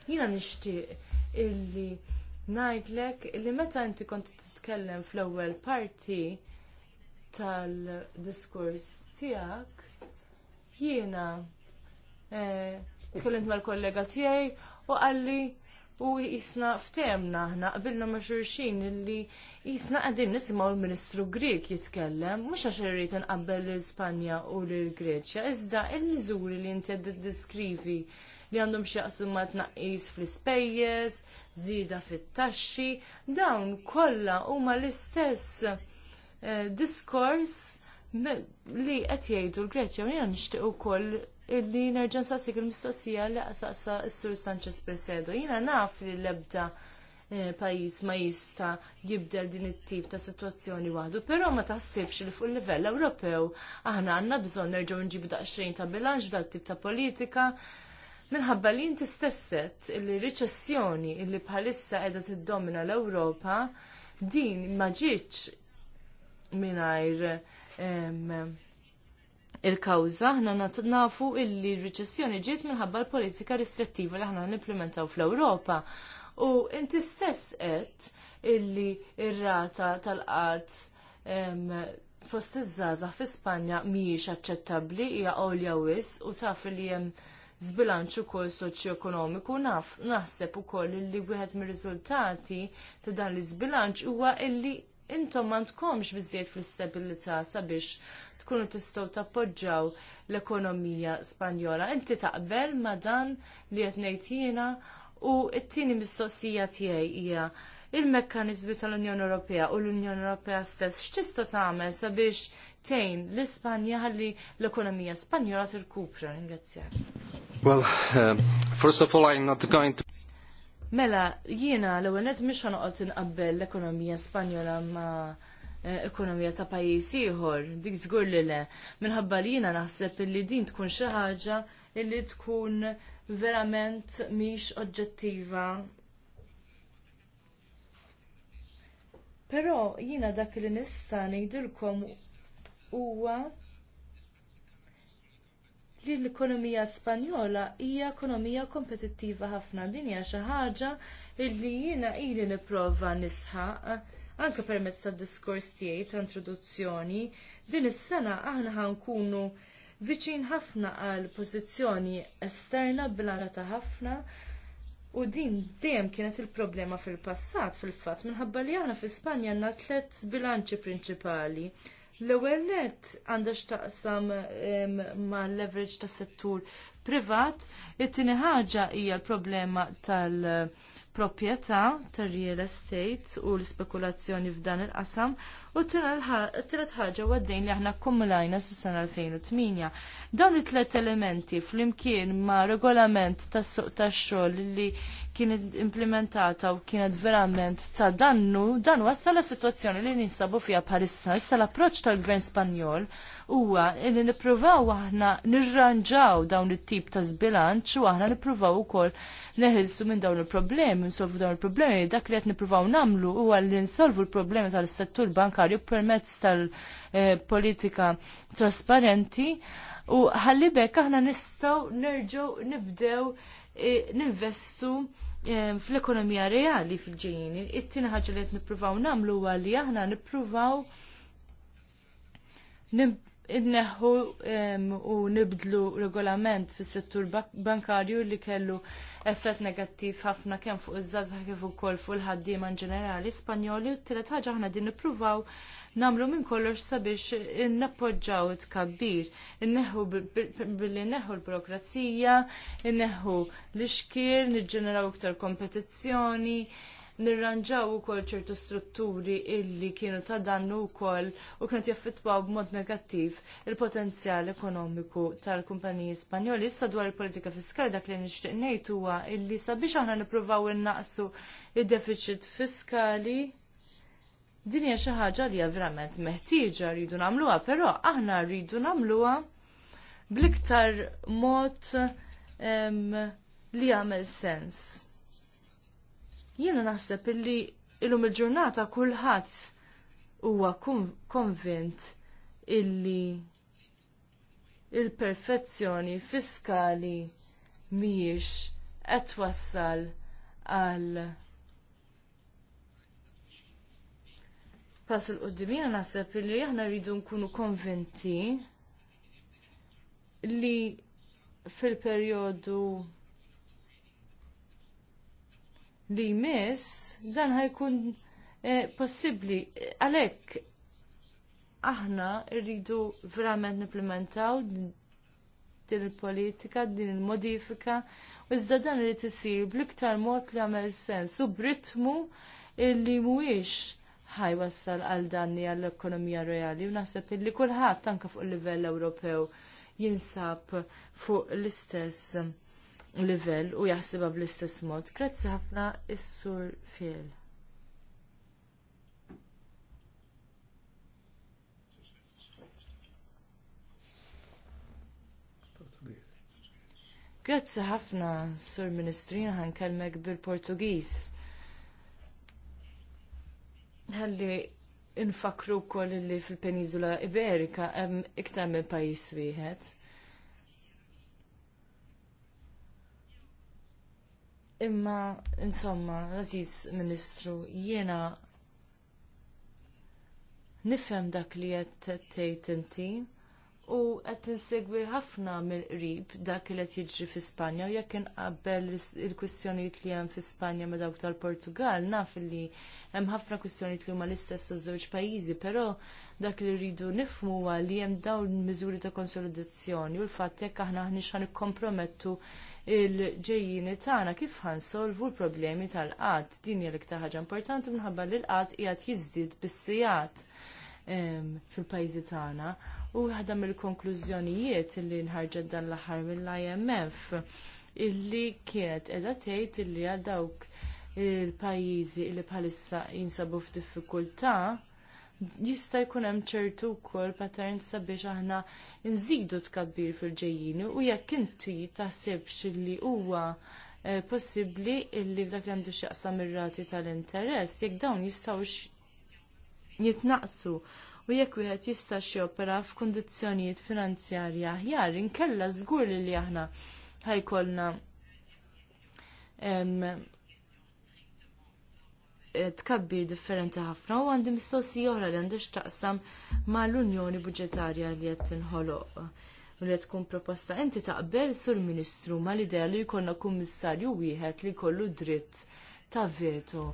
Jiena nixtieq illi ngħidlek li meta inti kont titkellem fl-ewwel parti tal-diskors tiegħek jiena eh, tkellimt mal-kollega tiegħi u qalli u jisna ftemna ħna qbilna ma' xurxin illi jisna għadim nisimgħu l-Ministru Grek jitkellem, mhux għax irrid inqabbel l-Ispanja u l-Greċja, iżda il-miżuri li inti diskrivi li għandhom xaqsu ma tnaqqis fl-ispejjeż, żieda fit-taxxi, dawn kollha huma l-istess eh, diskors li qed jgħidu l-Greċja u jiena nixtieq ukoll illi nerġan saqsik il-mistoqsija li qasaqsa s-Sur Sanchez Presedo. Jina naf li l-ebda eh, pajis ma jista jibdel din it-tip ta' situazzjoni waħdu, però ma taħsibx li fuq il-livell Ewropew aħna għandna bżonn nerġgħu nġibu daqsxejn ta' bilanċ dal tip ta' politika minħabba li inti stesset il-riċessjoni illi bħalissa qiegħda tiddomina l-Ewropa din ma ġietx mingħajr il-kawza ħna nafu illi r-reċessjoni ġiet minħabba l-politika restrittiva li ħna nimplementaw fl-Ewropa. U inti stess qed illi ir-rata tal qat fost iż-żgħażagħ fi Spanja mhijiex aċċettabbli hija għolja wis u taf li hemm zbilanċ ukoll soċjoekonomiku naf naħseb ukoll li wieħed mir-riżultati ta' dan l-iżbilanċ huwa illi intom m'għandkomx biżżejjed flessibilità sabiex tkunu tistgħu tappoġġjaw l-ekonomija Spanjola. Inti taqbel ma dan li qed ngħid jiena u t-tieni mistoqsija tiegħi hija il-mekkanizmi tal-Unjoni Ewropea u l-Unjoni Ewropea stess x'tista' tagħmel sabiex tgħin l-Ispanja ħalli l-ekonomija Spanjola tirkupra. Ringrazzjak. Well, um, first of all, I'm not going to Mela, jiena l-ewwel net mhix ħanoqgħod inqabbel l-ekonomija Spanjola ma' eh, ekonomija ta' pajjiż ieħor, dik żgur li le. Minħabba li jiena naħseb illi din tkun xi ħaġa illi tkun verament mhix oġġettiva. Però jiena dak li nista' ngħidilkom huwa li l-ekonomija Spanjola hija ekonomija kompetittiva ħafna. Din hija xi ħaġa li jiena ili nipprova nisħaq eh, anke permezz tad-diskors tiegħi ta' introduzzjoni. Din is-sena aħna ħankunu viċin ħafna għal pożizzjoni esterna bilara ta' ħafna U din dejjem kienet il-problema fil-passat fil-fatt minħabba li aħna fi Spanja għandna tliet bilanċi prinċipali L-ewwel net għandha x'taqsam mal leverage tas settur privat, it-tieni ħaġa hija l-problema tal-proprjetà tar-real estate u l-spekulazzjoni f'dan il-qasam U t-tret ħagġa għaddejn li aħna kumulajna s-sena 2008. Dawn it tlet elementi flimkien ma regolament tas suq tax xogħol li kienet implementata u kienet verament ta' dannu, dan għassa la situazzjoni li ninsabu fija bħalissa. Issa l-approċ tal-Gvern Spanjol huwa li nippruvaw aħna nirranġaw dawn it-tip ta' zbilanċ u aħna nippruvaw ukoll neħilsu minn dawn il-problemi, nsolvu dawn il-problemi, dak li qed nippruvaw nagħmlu huwa li nsolvu l-problemi tal-settur bankar finanzjarju permezz tal-politika trasparenti u ħallibek aħna nistgħu nerġgħu nibdew eh, ninvestu eh, fl-ekonomija reali fil-ġejjin. It-tieni ħaġa li qed nippruvaw nagħmlu huwa li aħna nippruvaw inneħu u nibdlu regolament fis settur bankarju li kellu effett negattiv ħafna kemm fuq iż-żazħa kif ukoll fuq il-ħaddiema ġenerali Spanjoli u t-tielet ħaġa aħna din nippruvaw namlu minn kollox sabiex nappoġġaw it-kabbir, inneħu billi neħu l-burokrazija, inneħu l-ixkir, niġġeneraw iktar kompetizzjoni, nirranġaw ukoll ċertu strutturi illi kienu ta' dannu wkoll u kienet jaffitwaw b'mod negattiv il-potenzjal ekonomiku tal-kumpaniji Spanjoli. Issa dwar il-politika fiskali dak li nixtieq ngħid huwa illi sabiex aħna nippruvaw innaqsu il deficit fiskali din hija xi ħaġa li hija verament meħtieġa rridu nagħmluha, però aħna rridu nagħmluha bl-iktar mod li għamil sens. Jiena naħseb illi illum il-ġurnata kulħadd huwa konvint illi il-perfezzjoni fiskali mhijiex qed wassal għal pass il-qoddim jiena naħseb illi aħna rridu nkunu konvinti li fil-perjodu li jmiss dan ħajkun eh, possibbli. Għalhekk aħna rridu verament nipplementaw din il-politika, din il-modifika, u iżda dan irid isir bl-iktar mod li għamel sens u b'ritmu illi mhuwiex wassal għal danni għall ekonomija reali u naħseb illi kulħadd anke fuq il livell Ewropew jinsab fuq l-istess livell u jaħsibha bl-istess mod. Grazzi ħafna is-sur Fiel. Grazzi ħafna, Sur Ministri, ħankelmek bil-Portugiż. Ħalli infakru wkoll li fil-Peniżola Iberika hemm iktar minn pajjiż wieħed. Imma, insomma, Aziz Ministru, jiena nifhem dak li qed tgħid inti u qed insegwi ħafna mill-qrib dak li qed jiġri fi Spanja u jekk inqabbel il-kwistjonijiet li hemm fi Spanja ma' dawk tal-Portugal naf li hemm ħafna kwistjonijiet li huma l-istess taż-żewġ pajjiżi, però dak li rridu nifhmu huwa li hemm dawn miżuri ta' konsolidazzjoni u l-fatt jekk aħna ħniex ħan ikkompromettu il-ġejjini tagħna kif ħansolvu l-problemi tal-qatt. Din hija l-iktar ħaġa importanti minħabba li l-qatt qiegħed jiżdied bis-sigħat ehm, fil-pajjiżi tagħna u waħda mill-konklużjonijiet li nħarġet dan l-aħħar mill-IMF illi kienet qiegħda tgħid illi għal dawk il-pajjiżi li bħalissa jinsabu f'diffikultà jista' jkun hemm ċertu wkoll patterns sabiex aħna nżidu tkabbir fil-ġejjini u jekk inti taħsibx li huwa eh, possibbli li f'dak li għandu x'jaqsam ir-rati tal-interess jekk dawn jistgħux jitnaqsu u jekk wieħed jista' opera f'kundizzjonijiet finanzjarji aħjar, inkella żgur li aħna ħajkolna eh, tkabbir differenti ħafna u għandi mistoqsija oħra li għandix taqsam ma l-Unjoni Budġetarja li qed tinħoloq u li tkun proposta. Inti taqbel sur Ministru ma l-idea li jkollna kummissarju wieħed li jkollu dritt ta' veto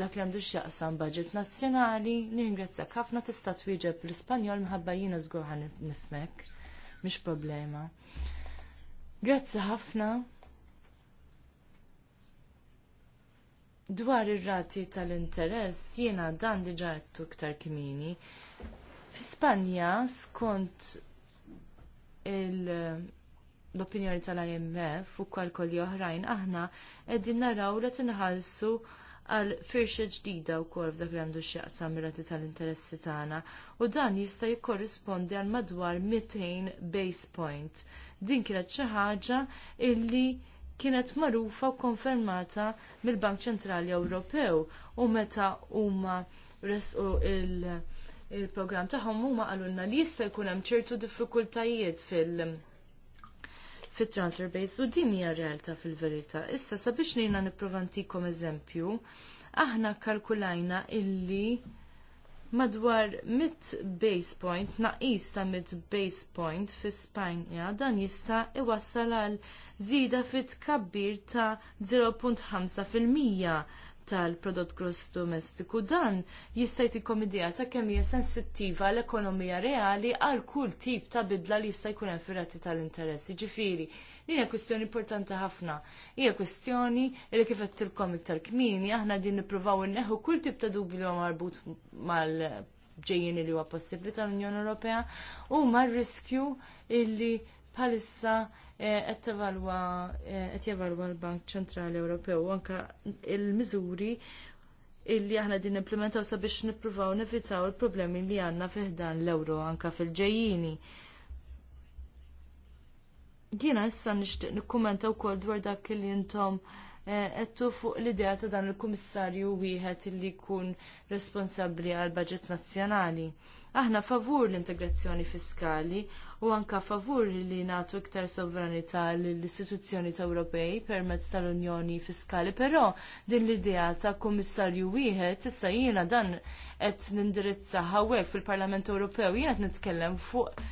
dak li għandu x'jaqsam budget nazzjonali, ningrazzjak ħafna tista' twieġeb l-Ispanjol minħabba jiena żgur nifmek, mhix problema. Grazzi ħafna. Dwar ir-rati tal-interess jiena dan diġà għedtu iktar kmini. Fi Spanja, skont l-opinjoni tal-IMF u kolli oħrajn, aħna qegħdin naraw li tinħallsu għal firxa ġdida wkoll f'dak li għandu x'jaqsam mirati tal-interessi tagħna u dan jista' jikkorrispondi għal madwar 200 base point. Din kienet xi ħaġa illi kienet magħrufa u konfermata mill-Bank Ċentrali Ewropew u meta huma resqu il-programm tagħhom huma qalulna li jista' jkun hemm ċertu diffikultajiet fil- fit-transfer base u din hija realtà fil-verità. Issa sabiex nejna nipprovantikom eżempju, aħna kalkulajna illi madwar 100 base point, naqis ta' 100 base point fi Spanja, dan jista' iwassal għal żieda fit tkabbir ta' 0.5% fil-mija tal-prodott gross domestiku dan jista' jtikom idea ta' kemm hija sensittiva l-ekonomija reali għal kull tip ta' bidla li jista' jkun hemm fir-rati tal-interessi. Ġifieri, din hija kwistjoni importanti ħafna. Hija kwistjoni li kif qed tilkom iktar kmini aħna din nippruvaw inneħu kull tip ta' dubju li huwa marbut mal ġejjin li huwa possibbli tal-Unjoni Ewropea u mar-riskju illi bħalissa Eh, eh, qed jevalwa l-Bank Ċentrali Ewropew anke il-miżuri illi aħna din implementaw sabiex nippruvaw nevitaw il-problemi li għandna fiħdan l-euro anke fil-ġejjini. Jiena issa nixtieq nikkumenta wkoll dwar dak li intom eh, għettu fuq l-idea ta' dan il-kummissarju wieħed li jkun responsabbli għall budget nazzjonali. Aħna favur l-integrazzjoni fiskali u anka favur li nagħtu iktar sovranità lill-istituzzjoni ta' Ewropej permezz tal-Unjoni Fiskali, però din l-idea ta' kummissarju wieħed issa jiena dan qed nindirizza hawnhekk fil-Parlament Ewropew jiena qed nitkellem fuq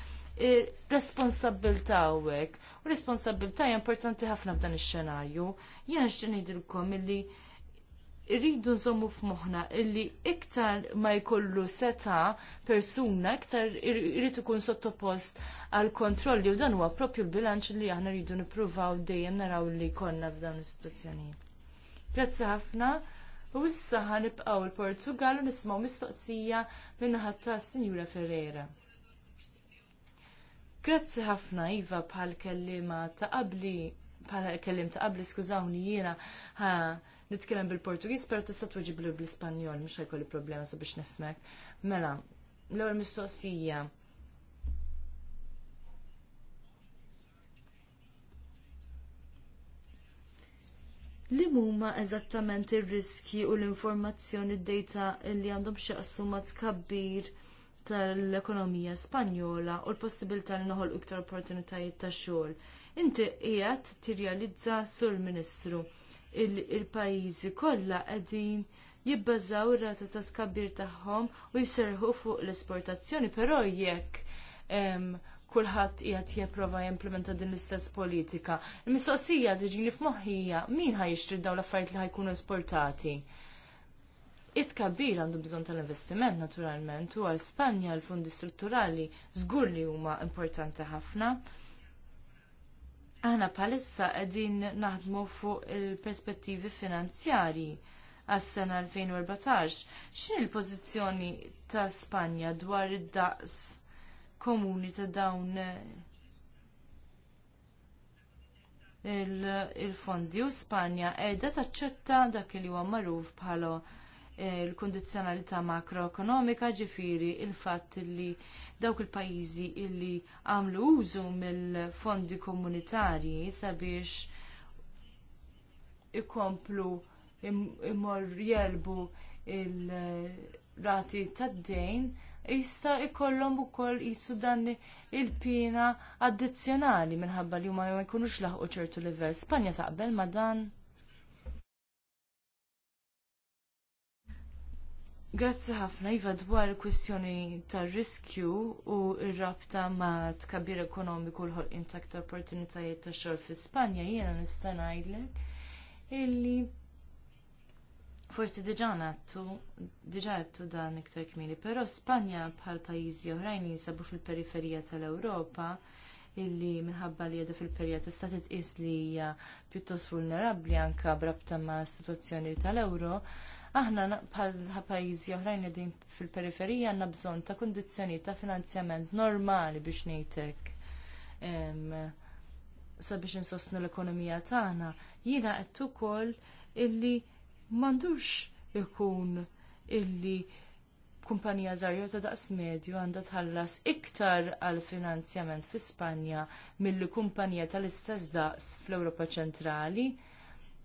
responsabilta hawnhekk. U responsabilta hija importanti ħafna f'dan ix-xenarju. Jiena nixtieq ngħidilkom illi irridu nżommu f'moħħna illi iktar ma jkollu seta persuna, iktar irrid ikun sottopost għal kontrolli u dan huwa propju l-bilanċ li aħna rridu nippruvaw dejjem naraw li jkollna f'dawn l istituzzjoni Grazzi ħafna. U issa ħanibqgħu l-Portugal u nismgħu mistoqsija minn ta' Sinjura Ferreira. Grazzi ħafna Iva bħal kellima ta' qabli bħal kellim ta' qabli skużawni jiena ha' nitkellem bil-Portugiż, però tista' tweġib bl-Ispanjol mhux ħajkolli problema sabiex nifhmek. Mela, l-ewwel mistoqsija. Li huma eżattament ir-riski u l-informazzjoni d dejta li għandhom xi ma tkabbir tal-ekonomija Spanjola u l-possibilità li noħol iktar opportunitajiet ta' xogħol. Inti qiegħed tirrealizza sur Ministru il-pajjiżi kollha qegħdin jibbażaw ir-rata ta' tkabbir tagħhom u jserħu fuq l-esportazzjoni, però jekk kulħadd qiegħed jipprova jimplementa din l-istess politika. Il-mistoqsija tiġini f'moħħija min ħajjixtri dawn l-affarijiet li ħajkunu esportati. It-kabbir għandu bżonn tal-investiment naturalment u għal Spanja l-fondi strutturali żgur li huma importanti ħafna. Aħna bħalissa għedin naħdmu fuq il-perspettivi finanzjarji għas-sena 2014. X'in il-pożizzjoni ta' Spanja dwar id-daqs komuni ta' dawn il-fondi u Spanja qiegħda taċċetta dak li huwa magħruf bħala l-kondizjonalità makroekonomika ġifiri il-fatt li dawk il-pajjiżi illi għamlu użu mill-fondi komunitarji sabiex ikomplu imor jelbu il-rati tad-dejn jista jkollhom ukoll jisu dan il-pina addizzjonali minħabba li huma ma jkunux laħqu ċertu livell. Spanja taqbel ma dan. Grazzi ħafna, Iva, dwar kwestjoni ta' riskju u r-rabta ma' tkabbir ekonomiku l-ħolqin ta' ktar opportunitajiet ta' xogħol fi Spanja, jiena nista' ngħidlek illi forsi diġà għattu, diġà għattu dan iktar kmieni, però Spanja bħal pajjiżi oħrajn jinsabu fil-periferija tal-Ewropa illi minħabba li jada fil-perjat tista' titqis jja hija pjuttost vulnerabbli anke brabta ma' situazzjoni tal-ewro, Aħna bħal pajjiżi oħrajn li din fil-periferija għandna bżonn ta' kundizzjonijiet ta' finanzjament normali biex ngħidlek. Sabiex insostnu l-ekonomija tagħna, jiena qed ukoll illi m'għandux ikun illi kumpanija żgħar ta' daqs medju għandha tħallas iktar għal finanzjament fi Spanja milli kumpanija tal-istess daqs fl-Ewropa ċentrali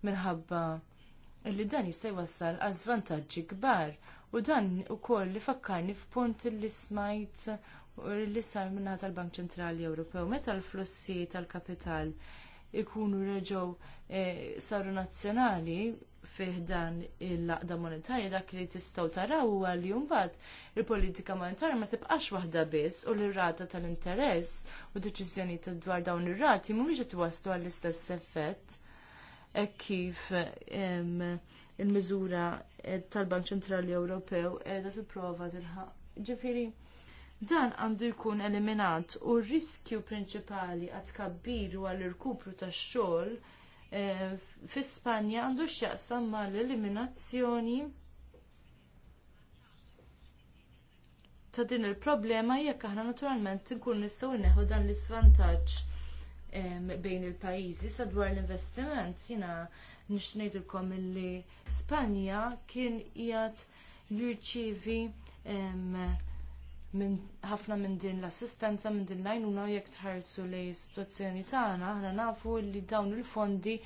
minħabba li dan jista' jwassal għal żvantaġġi kbar u dan ukoll li fakkarni f'punt li smajt li sar minna tal-Bank Ċentrali Ewropew meta l-flussi tal-kapital ikunu reġgħu e, saru nazzjonali fih dan il-laqda monetarja dak li tistgħu taraw huwa li mbagħad il-politika monetarja ma tibqax waħda biss u l-rata tal-interess u deċiżjoni dwar dawn ir-rati mhumiex qed iwasslu għall-istess effett. Ek kif il-miżura eh, tal-Bank Ċentrali Ewropew qiegħda tipprova tilħaq. Ġifieri, dan għandu jkun eliminat u r-riskju prinċipali għad kabbir u għall irkupru tax xogħol eh, fi Spanja għandu x'jaqsam mal eliminazzjoni ta' din il-problema jekk aħna naturalment nkun nistgħu neħu dan l-isvantaġġ bejn il-pajjiżi sa dwar l-investiment jiena nix ngħidilkom Spanja kien qiegħed jirċievi minn ħafna minn din l-assistenza minn din l-għajnuna jekk tħarsu lejn is-sitwazzjoni tagħna aħna nafu li dawn il-fondi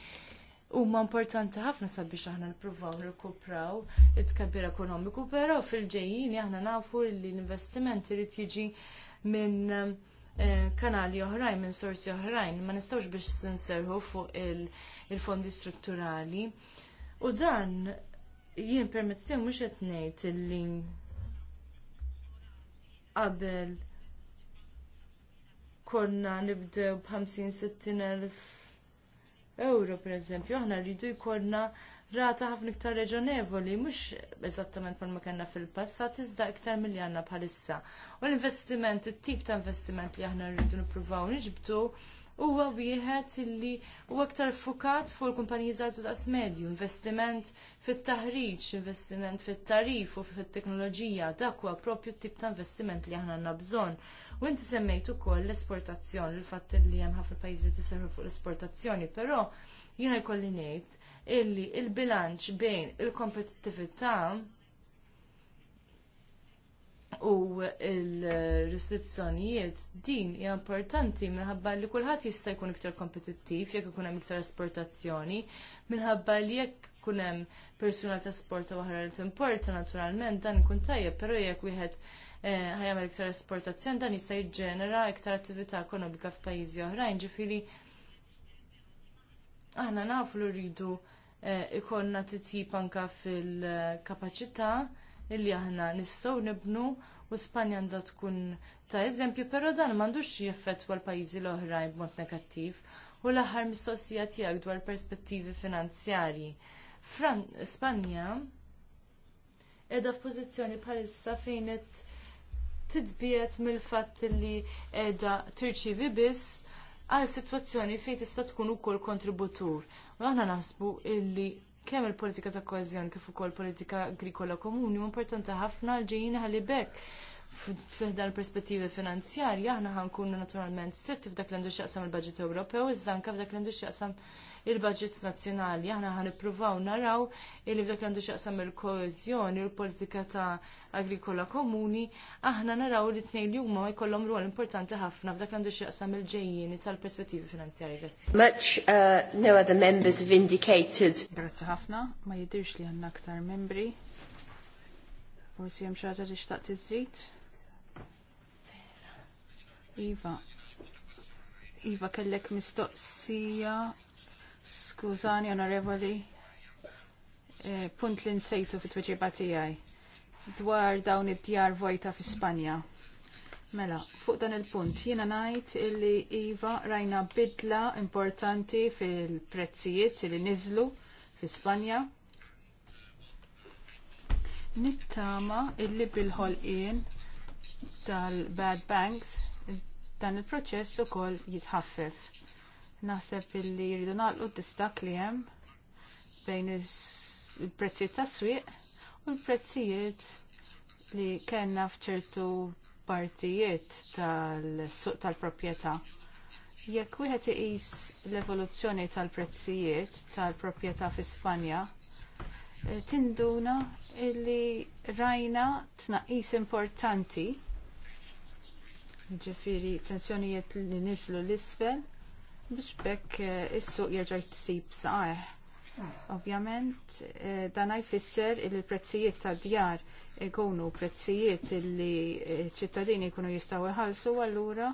Huma importanti ħafna sabiex aħna nippruvaw nirkupraw it tkabbir ekonomiku, però fil-ġejjini aħna nafu li l-investiment irid jiġi minn Eh, kanali oħrajn minn sorsi oħrajn ma nistgħux biex sinserħu fuq il-fondi strutturali. U dan jien permezz mhux qed ngħid illi qabel konna nibdew b'50-60 elf euro pereżempju, aħna rridu jkollna rata ħafna iktar reġonevoli, mhux eżattament ma kellna fil-passat, iżda iktar milli għandna bħalissa. U l-investiment, it-tip ta' investiment li aħna rridu nippruvaw niġbdu huwa wieħed illi huwa aktar fukat fuq il-kumpaniji żgħar daqs medju, investiment fit-taħriġ, investiment fit-tarif u fit-teknoloġija, dak huwa proprju tip ta' investiment li aħna għandna bżonn. U inti semmejt ukoll l-esportazzjoni, il fatt li hemm ħafna pajjiżi tiserħu fuq l-esportazzjoni, però Jiena jkolli ngħid illi l il bilanċ bejn il-kompetittività u l restrizzjonijiet din hija importanti minħabba li kulħadd jista' jkun iktar kompetittiv jekk ikun hemm iktar esportazzjoni minħabba li jekk ikun hemm persuna ta' sport oħra li timporta naturalment dan ikun tajjeb, però jekk wieħed eh, ħajamel iktar esportazzjoni dan jista' jiġġenera iktar attività ekonomika f'pajjiżi oħrajn, ġifieri aħna nafu li rridu eh, ikonna titjib anka fil-kapacità illi aħna nistgħu nibnu u Spanja għandha tkun ta' eżempju, però dan m'għandux effett l-pajjiżi l-oħrajn b'mod negattiv u l-aħħar mistoqsija tiegħek dwar perspettivi finanzjarji. Fran Spanja qiegħda f'pożizzjoni bħalissa fejn qed titbiet mill-fatt li qiegħda tirċievi biss għal sitwazzjoni fejn tista' tkun ukoll kontributur. U aħna naħsbu illi kemm il-politika ta' koeżjoni kif ukoll politika agrikola komuni importanti ħafna l ġejjin ħalli bekk fiħda l-perspettivi finanzjarja aħna ħankunu naturalment stretti f'dak l-għandu xaqsam il-budget Ewropew, iżda anke f'dak l-għandu xaqsam il-budgets nazzjonali. Aħna ħan ippruvaw naraw illi f'dak għandu xaqsam il-koezjoni, il-politika ta' agrikola komuni, aħna naraw li t-nej li huma jkollhom rwol importanti ħafna f'dak għandu xaqsam il-ġejjieni tal-perspettivi finanzjari. Grazie. Much uh, no other members have indicated. Grazzi ħafna, ma jidirx li għandna aktar membri. Forsi hemm xi ħaġa li xtaqt iżżid. Iva, Iva kellek mistoqsija Skużani, onorevoli, eh, punt li nsejtu fit tweġiba tiegħi dwar dawn id-djar vojta fi Spanja. Mela, fuq dan il-punt, jiena ngħid illi Iva rajna bidla importanti fil-prezzijiet li niżlu fi Spanja. Nittama illi bil-ħolqien tal-bad banks dan il-proċess ukoll jitħaffef Naħseb illi jridu nagħlqu d-distak li hemm bejn il-prezzijiet tas-swieq u l-prezzijiet li kellna f'ċertu partijiet tal-suq tal-proprjetà. Jekk wieħed iqis l-evoluzzjoni tal-prezzijiet tal-proprjetà fi Spanja, eh, tinduna illi rajna tnaqis importanti ġifiri tensjonijiet li nislu l-isfel biex bekk eh, is-suq t-sib saqajh. Ovvjament, eh, dan jfisser il prezzijiet ta' djar ikunu prezzijiet li eh, ċittadini jkunu jistgħu jħallsu allura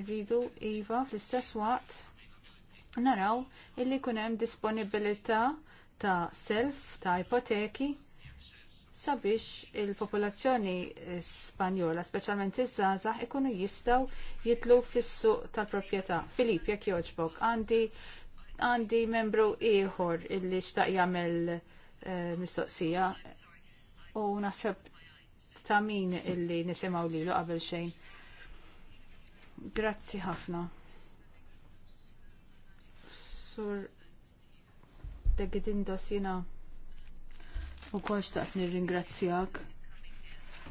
rridu iva fl-istess waqt naraw illi jkun hemm disponibilità ta' self ta' ipoteki sabiex il-popolazzjoni spanjola, specialment iż-żgħażagħ, ikunu jistgħu jitlu fis-suq tal-proprjetà. Filip, jekk jogħġbok, għandi għandi membru ieħor illi xtaq jagħmel eh, mistoqsija u naħseb ta' min illi nisimgħu lilu qabel xejn. Grazzi ħafna. Sur Degidindos You know. U kol xtaqt nir-ringrazzjak.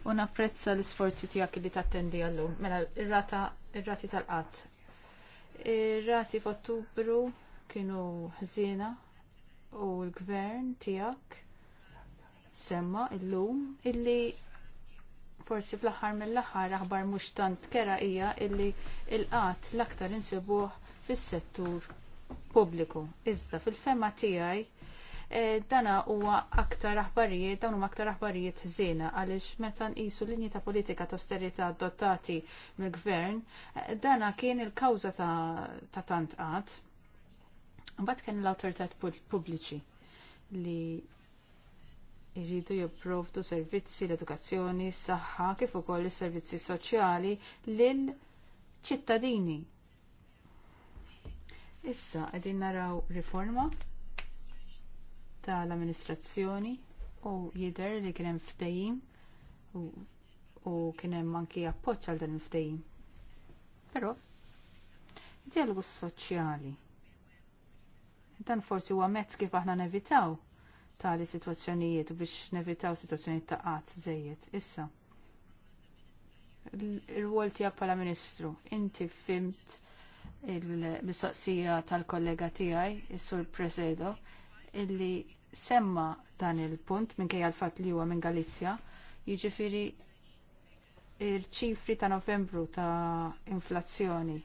U napprezza l-isforzi tijak li tattendi għallu. Mela, il-rati tal-qat. Il-rati f'ottubru kienu ħżina u l-gvern tijak semma illum illi forsi fl-aħħar mill-aħħar aħbar mhux tant kera hija illi il qat l-aktar insibuh fis-settur pubbliku. Iżda fil-fema tiegħi E, dana huwa aktar aħbarijiet, dawn huma aktar aħbarijiet żiena għaliex meta nqisu linji ta' politika ta' austerità adottati mill-gvern, e, dana kien il-kawża ta' tant qatt. Mbagħad kien l-awtoritajiet pubbliċi li jridu jipprovdu servizzi l-edukazzjoni, s-saħħa, kif ukoll is-servizzi soċjali lil ċittadini. Issa qegħdin naraw riforma tal-amministrazzjoni u jidher li kien hemm ftehim u, u kien hemm anki appoġġ għal dan il-ftehim. Però dialogu soċjali dan forsi huwa mezz kif aħna nevitaw tali sitwazzjonijiet biex nevitaw sitwazzjonijiet ta' qatt żejjed. Issa, il-rwol tiegħek bħala Ministru, inti fimt il-mistoqsija tal-kollega tiegħi, is-Sur Presedo, illi semma dan il-punt minkejja l-fatt li huwa minn Galizja, jiġifieri il-ċifri ta' novembru ta' inflazzjoni.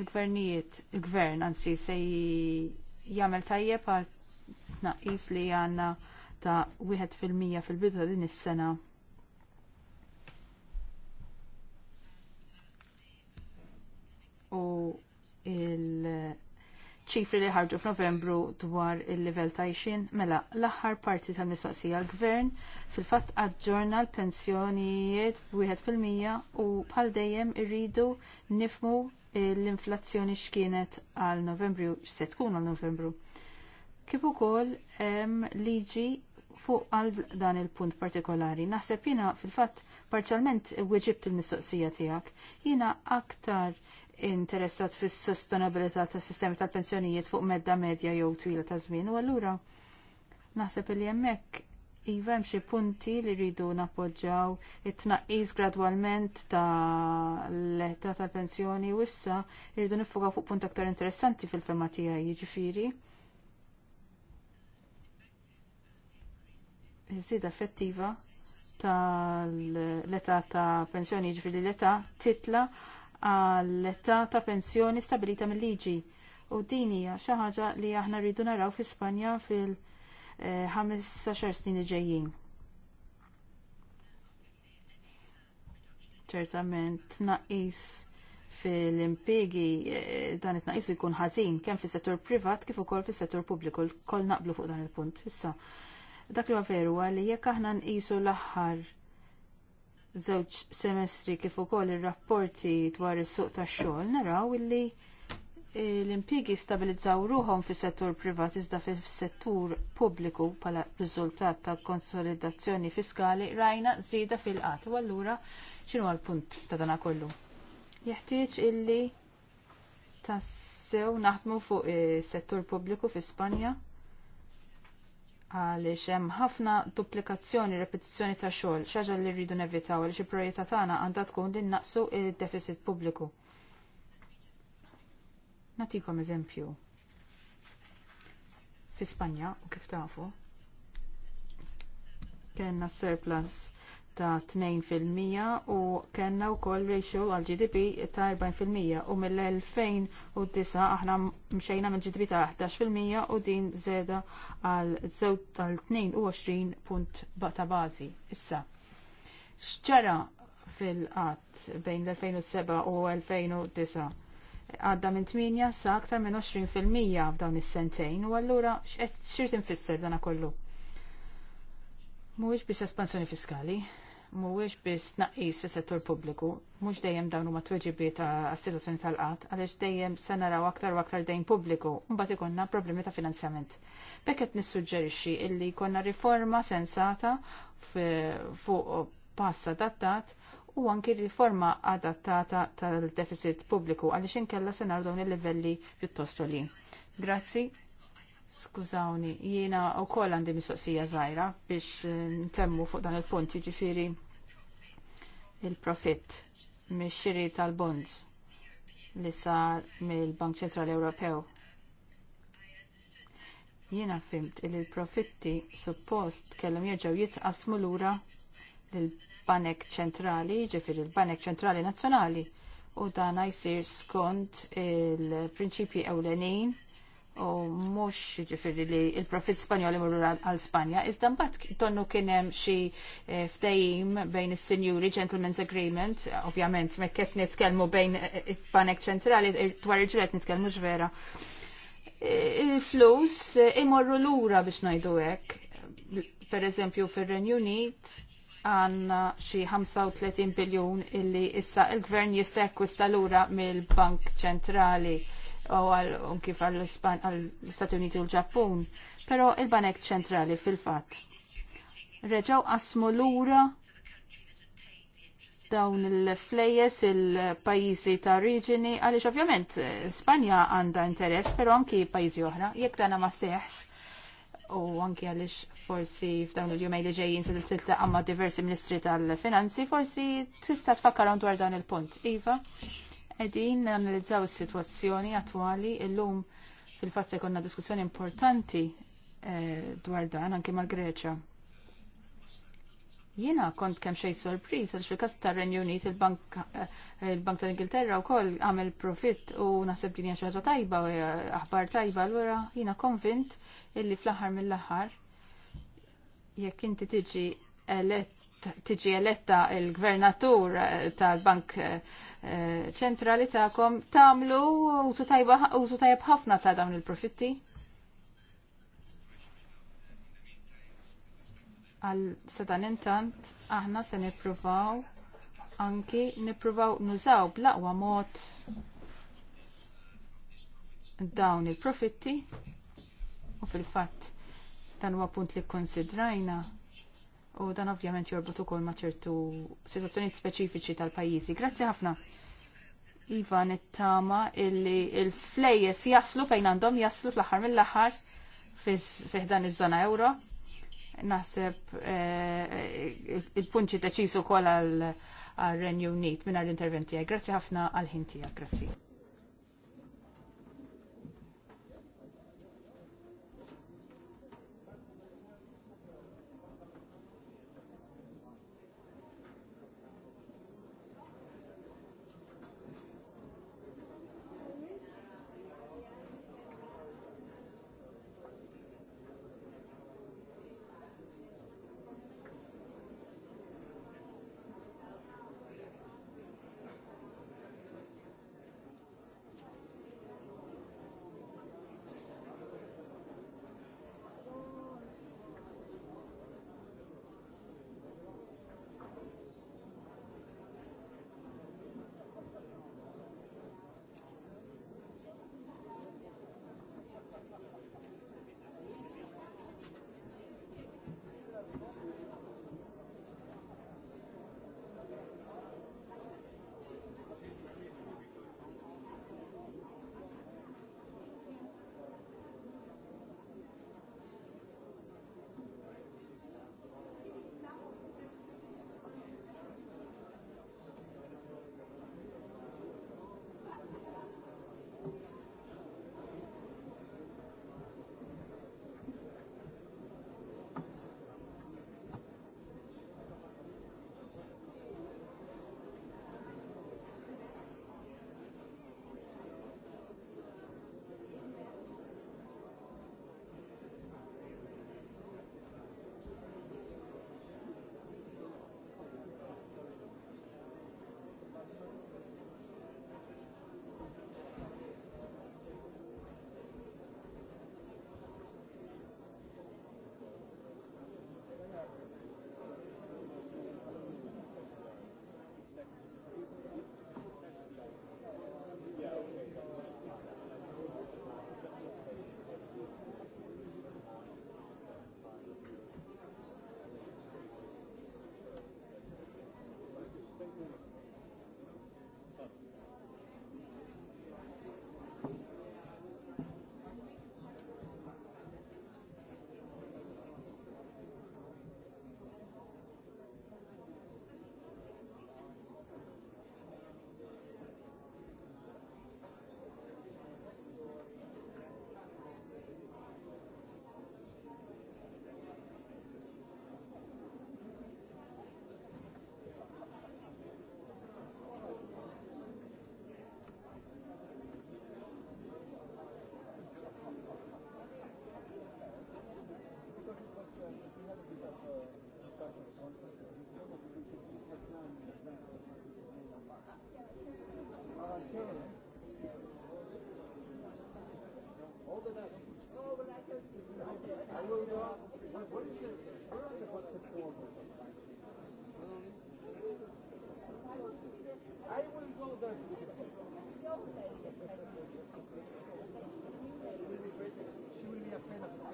Il-gvernijiet, il-gvern anzi se jagħmel tajjeb għal tnaqqis li għandna ta' wieħed fil-mija fil-bidu din is-sena. U il- ċifri li ħarġu f'Novembru dwar il-livell ta' ixin mela l-aħħar parti tal-mistoqsija l-gvern fil-fatt aġġorna l-pensjonijiet b'1% u bħal dejjem irridu nifmu l-inflazzjoni x'kienet għal Novembru se tkun għal Novembru. Kif ukoll hemm liġi fuq għal dan il-punt partikolari. Naħseb jina fil-fatt parzialment weġibt il-mistoqsija tiegħek. Jina aktar interessat fis sostenabilità tas sistemi tal-pensjonijiet fuq medda medja jew twila ta' żmien u allura naħseb li hemmhekk iva hemm xi punti li rridu nappoġġjaw it-tnaqqis gradwalment ta' l-età tal-pensjoni u issa rridu nifukaw fuq punt aktar interessanti fil-fema tiegħi jiġifieri. iż effettiva tal-età ta' pensjoni jiġifieri l-età titla għall-età ta' pensjoni stabilita mill-liġi. U din hija xi ħaġa li aħna rridu naraw fi Spanja fil-15 snin ġejjin. Ċertament, tnaqqis fil-impiegi eh, dan it-naqis ikun ħażin kemm fis-settur privat kif ukoll fis-settur pubbliku Lkoll naqblu fuq dan il-punt. Issa, dak li veru li jekk aħna nqisu l-aħħar żewġ semestri kif ukoll ir-rapporti dwar is-suq tax-xogħol naraw illi eh, l-impjiegi stabilizzaw ruħhom fis-settur privat iżda fis-settur pubbliku bħala riżultat ta' konsolidazzjoni fiskali rajna żieda fil-qatt. U allura x'inhu l-punt ta' dan kollu? Jeħtieġ illi tassew naħdmu fuq is-settur eh, pubbliku fi Spanja għaliex hemm ħafna duplikazzjoni repetizzjoni ta' xogħol, xaġa li rridu nevitaw għaliex il-priorità tagħna għandha tkun li naqsu id deficit pubbliku. Natikom eżempju. Fi Spanja, u kif tafu, kellna surplus ta' 2% u kellna wkoll ratio għal GDP ta' 40% u mill-2009 aħna mxejna mill GDP ta' 11% u din zeda għal 22 punt ta' bażi. Issa, xċara fil qat bejn l-2007 u 2009 għadda minn 8 sa' aktar minn 20% f'dawn is-sentejn u allura x'qed xirt infisser dana kollu? Mhuwiex biss espansjoni fiskali, mhuwiex biss tnaqqis fis-settur pubbliku, mhux dejjem dawn huma tweġibiet għas-sitwazzjoni tal-qatt, għaliex dejjem se naraw aktar u aktar dejn pubbliku, mbagħad ikonna problemi ta' finanzjament. Bekk qed nissuġġerixxi illi jkollna riforma sensata fuq pass adattat u anki riforma adattata tal-deficit pubbliku għaliex inkella se naraw dawn il-livelli pjuttost li. Grazzi, Skużawni, jiena u koll għandi mistoqsija zaħira biex eh, ntemmu fuq dan il-punt, ġifiri il-profit mis-xiri tal-bonds li sar mill-Bank Ċentrali Ewropew. Jiena fimt li l-profitti suppost kellhom jerġgħu jitqasmu lura lill-Banek Ċentrali, ġifir il-Banek Ċentrali Nazzjonali, u dan jsir skont il-prinċipji ewlenin u mhux ġifiri li il-profit Spanjoli imur għal Spanja, iżda mbagħad tonnu kien hemm xi eh, ftehim bejn is-Sinjuri Gentleman's Agreement, ovvjament ma qed nitkellmu bejn eh, il-Banek Ċentrali eh, dwar il-ġret nitkellmu vera. Il-flus imorru lura biex ngħidu hekk. pereżempju fir-Renju Unit għanna xi 35 biljun illi issa il-gvern jista' jakkwista lura mill-Bank Ċentrali u għal kif għal stati Uniti u l-Ġappun, pero il-Banek ċentrali fil-fat. Reġaw qasmu lura dawn il-flejes il-pajjiżi ta' oriġini għaliex ovvjament Spanja għandha interess, pero anki pajjiżi oħra, jekk dana ma seħħ u anki għalix forsi f'dawn il-jumej li ġejjin se tiltaqa' ma' diversi ministri tal-finanzi, forsi tista' tfakkarhom dwar dan il-punt. Iva, Qegħdin analizzaw is-sitwazzjoni attwali illum fil-fatt se jkollna diskussjoni importanti eh, dwar dan anke mal-Greċja. Jiena kont kemm xejn sorpriż għax fil-każ tar-Renju Unit il-Bank ta' eh, tal-Ingilterra wkoll għamel profitt u naħseb din hija xi ħaġa tajba u aħbar tajba allura jiena konvint illi fl-aħħar mill-aħħar jekk inti tiġi tiġi eletta il-gvernatur eh, tal-Bank ċentrali tagħkom tagħmlu użu tajjeb ħafna ta' dawn il-profitti. Għal sedan intant aħna se nippruvaw anki nippruvaw nużaw blaqwa mod dawn il-profitti u fil-fatt dan huwa punt li konsidrajna u dan ovvjament jorbot ukoll ma' ċertu sitwazzjonijiet speċifiċi tal-pajjiżi. Grazzi ħafna. Iva nittama illi il-flejjes jaslu fejn għandhom jaslu fl-aħħar mill-aħħar fih dan iż-żona euro. Naħseb eh, il-punċi deċisu kol għal-Renju Unit mingħajr l interventi Grazzi ħafna għal-ħin tiegħek. Grazzi.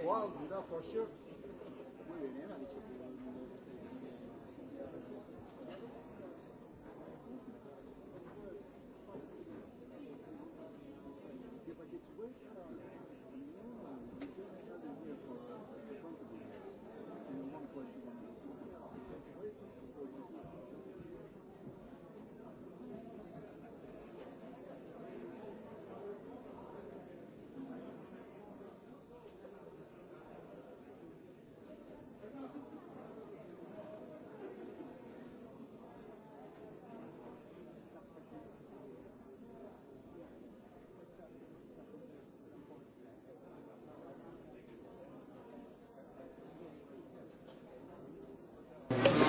Wow, you know, for sure. Muy bien, ¿eh?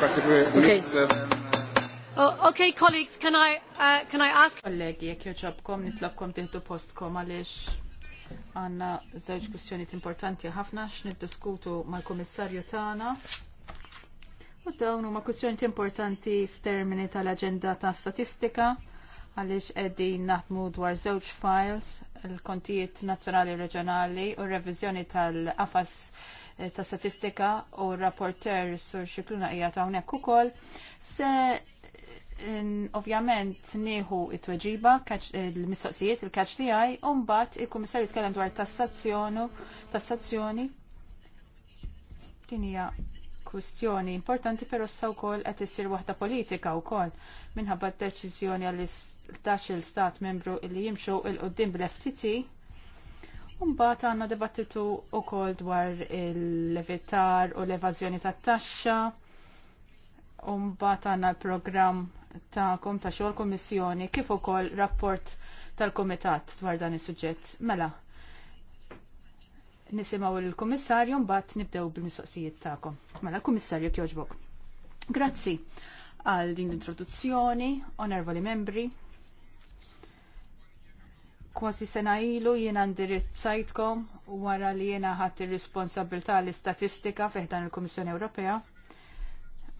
okay. Oh, colleagues, can I, uh, can I ask? Kollegi, jek joġobkom, nitlobkom tiħdu postkom għalix għanna zewġ kustjoniet importanti ħafna x'niddiskutu mal-komissarju tagħna. U dawn huma kwistjonijiet importanti f'termini tal-aġenda ta' statistika għaliex qegħdin naħdmu dwar żewġ files, il-kontijiet nazzjonali regionali, reġjonali u r-reviżjoni tal afas Eh, ta' statistika u rapporter sur xikluna hija ta' hawnhekk ukoll se ovvjament nieħu it-tweġiba il-mistoqsijiet il-kaċ tiegħi u mbagħad il komissar jitkellem dwar tassazzjonu tassazzjoni din hija kwistjoni importanti però u wkoll qed issir waħda politika wkoll minħabba d-deċiżjoni għall għall-tax-il stat membru li jimxu il-qudiem bl-FTT Mbagħad għandna dibattitu wkoll dwar il-levitar u l-evażjoni tat-taxxa. u mbagħad għandna l-programm tagħkom ta' xogħol kummissjoni kif ukoll rapport tal-kumitat dwar dan is-suġġett. Mela, nisimgħu il-kummissarju mbagħad nibdew bil-mistoqsijiet tagħkom. Mela, kummissarju kjoġbok. Grazzi għal din l-introduzzjoni, onervoli membri, kważi sena ilu jiena ndirizzajtkom wara li jiena ħadd ir-responsabilità l-istatistika dan il-Kummissjoni Ewropea.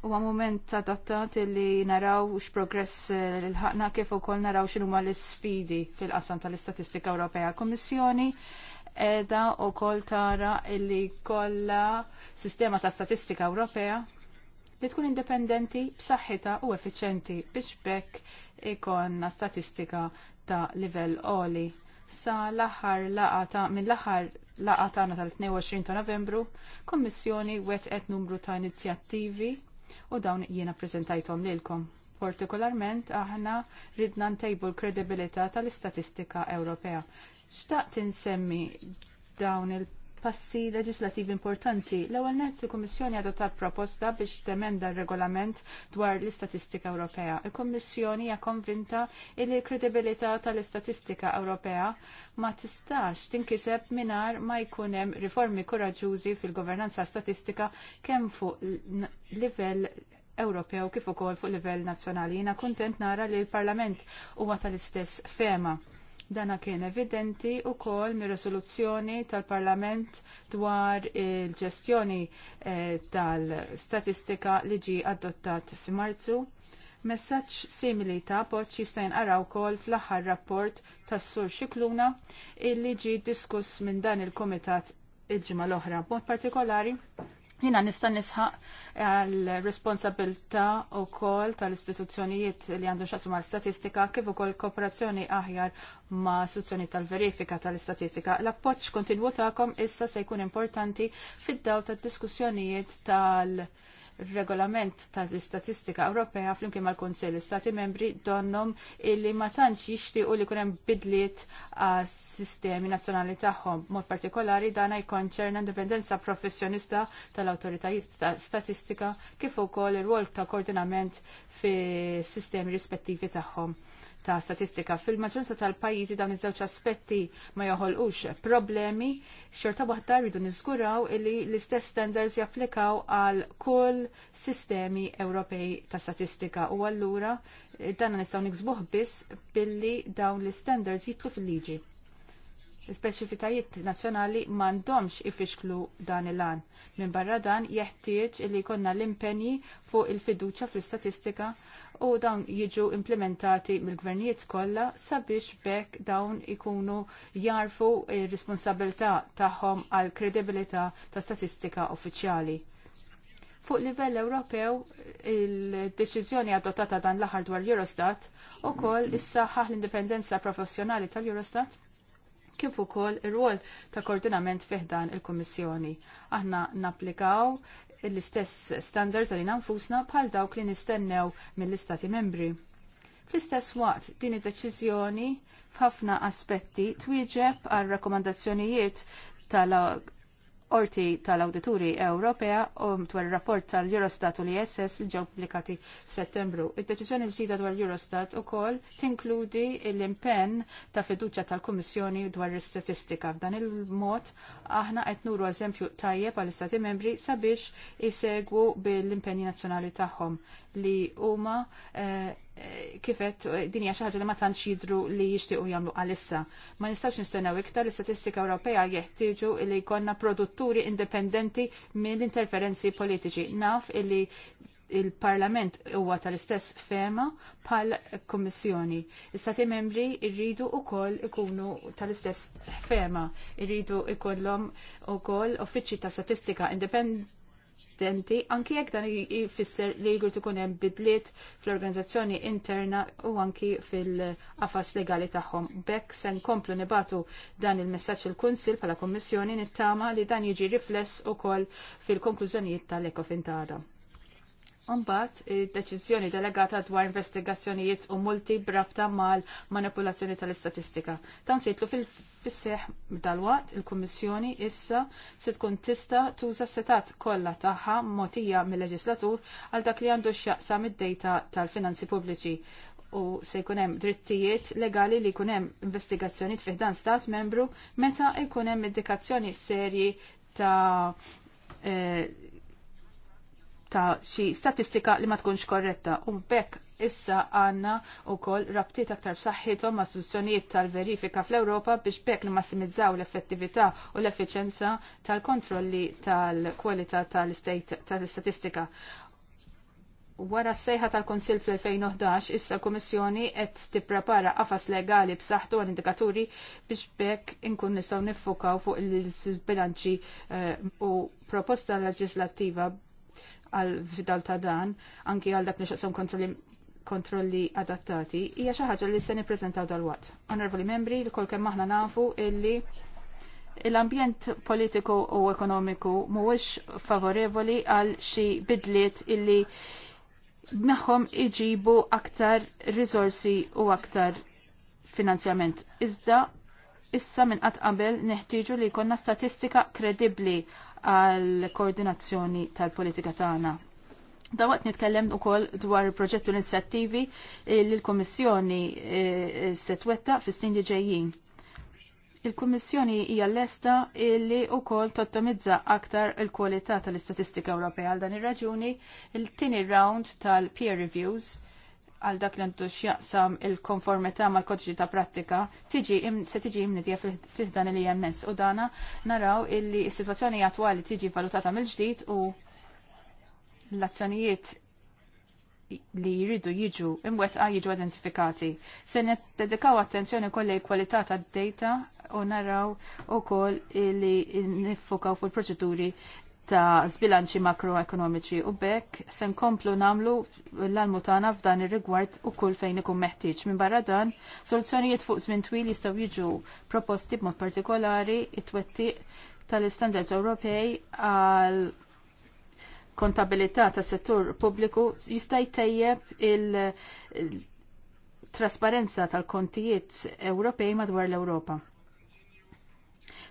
Huwa mument adattat li naraw x'progress l ħakna kif ukoll naraw x'inhuma l-isfidi fil-qasam tal-Istatistika Ewropea. Kummissjoni edha wkoll tara li kolla sistema ta' statistika Ewropea li tkun indipendenti, b'saħħita u effiċjenti biex bekk ikonna statistika ta' livell oli. Sa l-aħħar laqgħa mill-aħħar laqgħa tagħna tal-22 ta' Novembru, Kummissjoni wetqet numru ta' inizjattivi u dawn jiena preżentajthom lilkom. Partikolarment aħna ridna ntejbu l-kredibilità tal-istatistika Ewropea. Xtaqt insemmi dawn il passi leġislativi importanti. L-ewwel nett il-Kummissjoni adottat proposta biex temenda r-regolament dwar l-istatistika Ewropea. Il-Kummissjoni hija konvinta li l-kredibilità tal-istatistika Ewropea ma tistax tinkiseb mingħajr ma jkun hemm riformi koraġużi fil-governanza statistika kemm fuq livell Ewropew kif ukoll fuq livell nazzjonali. Jiena kuntent nara li l-Parlament huwa tal-istess fema Dana kien evidenti u kol mir resoluzzjoni tal-Parlament dwar il-ġestjoni eh, tal-statistika li ġi adottat fi marzu. Messaġġ simili ta' poċ jista' jinqaraw kol fl-aħħar rapport tas-sur Xikluna li ġi diskuss minn dan il-Komitat il-ġimgħa l-oħra. B'mod partikolari, Jina nista nisħaq eh, għal-responsabilta u kol tal-istituzzjonijiet li għandu xasum għal-statistika kif u kol kooperazzjoni aħjar ma istituzzjoni tal-verifika tal-istatistika. L-appoċ kontinwu ta'kom issa se jkun importanti fid-daw tal-diskussjonijiet tal-, -diskussjonijiet tal diskussjonijiet regolament ta' statistika Ewropea flimkien mal-Kunsell Stati membri donnom illi ma tantx jixtiequ li kunem bidliet għas sistemi nazzjonali tagħhom. Mod partikolari dana jkonċerna indipendenza professjonista tal-awtoritajiet ta' statistika kif ukoll ir-rwol ta' koordinament fi sistemi rispettivi tagħhom ta' statistika. Fil-maġġoranza tal-pajjiżi dawn iż-żewġ aspetti ma joħolqux problemi, xorta waħda rridu niżguraw li l-istess standards japplikaw għal kull sistemi Ewropej ta' statistika u allura dan nistgħu niksbuh biss billi dawn l-standards jitlu fil-liġi. Speċifitajiet nazzjonali m'għandhomx ifixklu dan il-għan. Minn barra dan jeħtieġ li jkollna l-impenji fuq il-fiduċja fl-istatistika fil-statistika fl istatistika u dawn jiġu implementati mill-gvernijiet kollha sabiex bekk dawn ikunu jarfu r-responsabilità tagħhom għal kredibilità ta' statistika uffiċjali. Fuq livell Ewropew, il-deċiżjoni adottata dan l-aħħar dwar Eurostat ukoll issaħħaħ l-indipendenza professjonali tal-Eurostat kif ukoll ir-rwol ta' koordinament fih dan il-Kummissjoni. Aħna napplikaw l-istess standards għalina nfusna bħal dawk li nistennew mill-istati membri. Fl-istess waqt, din id-deċiżjoni f'ħafna aspetti twieġeb għal rakkomandazzjonijiet tal Orti tal-Awdituri Ewropea u dwar rapport tal-Eurostat u l-ISS ġew publikati f'Settembru. Id-deċiżjoni ġdida dwar Eurostat ukoll tinkludi l-impenn ta' fiduċja tal-Kummissjoni dwar l-istatistika. F'dan il-mod aħna qed nuru eżempju tajjeb għall istati membri sabiex isegwu bil-impenni nazzjonali tagħhom li huma eh, kifet eh, din hija xi ħaġa li ma tantx jidru li jixtiequ jagħmlu għalissa. Ma nistax nistennew iktar l-istatistika Ewropea jeħtieġu li jkollna produtturi indipendenti minn interferenzi politiċi. Naf illi il-Parlament huwa tal-istess fema pal is stati membri irridu u koll ikunu tal-istess fema, irridu ikollhom u koll uffiċċji ta' statistika independenti evidenti, anki jekk dan jfisser li jgur ikun hemm bidliet fl-organizzazzjoni interna u anki fil-qafas legali tagħhom. Bekk se nkomplu nibatu dan il-messaġġ il-Kunsil bħala Kummissjoni nittama li dan jiġi rifless ukoll fil-konklużjonijiet tal-Ekofin tagħna. id deċizjoni delegata dwar investigazzjonijiet u multi brabta mal manipulazzjoni tal-istatistika. Dan sitlu fil fisseħ dalwaqt il-Kummissjoni issa se tkun tista' tuża setat kollha tagħha mogħtija mill-leġislatur għal dak li għandu x'jaqsam id-dejta tal-finanzi pubbliċi u se jkun hemm drittijiet legali li jkun hemm investigazzjonijiet fih dan stat membru meta jkun hemm indikazzjoni serji ta' eh, ta' xi statistika li ma tkunx korretta u bekk issa għanna u koll rabtiet aktar b'saħħithom ma' istituzzjonijiet tal-verifika fl-Ewropa biex bekk massimizzaw l-effettività u l-effiċenza tal-kontrolli tal-kwalità tal-istatistika. Wara s-sejħa tal-Konsil fl-2011, issa l-Komissjoni qed tipprepara qafas legali b'saħħtu għal indikaturi biex bekk inkun nistgħu niffokaw fuq il-bilanċi eh, u proposta leġislattiva għal fidal ta' dan, anki għal dak nixaqsam kontrolli kontrolli adattati hija xi ħaġa li se nippreżentaw dalwaqt. Onorevoli membri, kol kemm aħna nafu illi l-ambjent politiku u ekonomiku mhuwiex favorevoli għal xi bidliet illi magħhom iġibu aktar risorsi u aktar finanzjament. Iżda issa minn qatt qabel neħtieġu li jkollna statistika kredibbli għall koordinazzjoni tal-politika tagħna waqt nitkellem u koll dwar proġett u l-inizjattivi eh, li l-Komissjoni eh, eh, setwetta fis sin li ġejjin. Il-Kummissjoni hija lesta li wkoll tottomizza aktar il-kwalità tal-istatistika Ewropea għal dan ir-raġuni il-tieni round tal-peer reviews għal dak li għandu x'jaqsam il-konformità mal-kodġi ta' prattika tiġi se tiġi imnidja fil-dan il-IMS u dana naraw li s-sitwazzjoni attwali tiġi valutata mill-ġdid u l-azzjonijiet li jridu jiġu imwetqa jiġu identifikati. Se dedikaw attenzjoni kolli kwalità ta' data u naraw u koll li nifukaw fuq proċeduri ta' zbilanċi makroekonomiċi u bekk se nkomplu namlu l-almutana f'dan ir-rigward u kull fejn ikun meħtieġ. Minn barra dan, soluzzjonijiet fuq żmien twil jistgħu jiġu proposti b'mod partikolari it-twettiq tal-istandards Ewropej għal kontabilità ta' settur pubbliku jista' jtejjeb il-trasparenza tal-kontijiet Ewropej madwar l-Ewropa.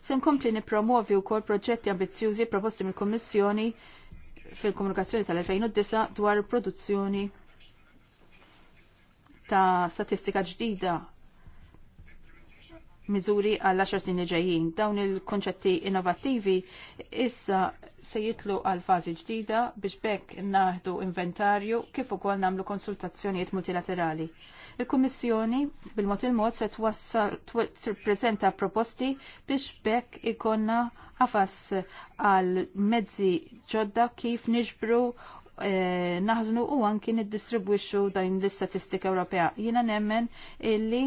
Se nkompli nipromuovi wkoll proġetti ambizjużi proposti mill-Kummissjoni fil-komunikazzjoni tal-2009 dwar produzzjoni ta' statistika ġdida miżuri għall 10 snin ġejjin. Dawn il-konċetti innovattivi issa se jitlu għal fażi ġdida biex bekk naħdu inventarju kif ukoll nagħmlu konsultazzjonijiet multilaterali. Il-Kummissjoni bil-mod il-mod se twassal tippreżenta proposti biex bekk ikonna għafas għal mezzi ġodda kif niġbru eh, naħznu u anki niddistribwixxu dajn l-istatistika Ewropea. Jiena nemmen illi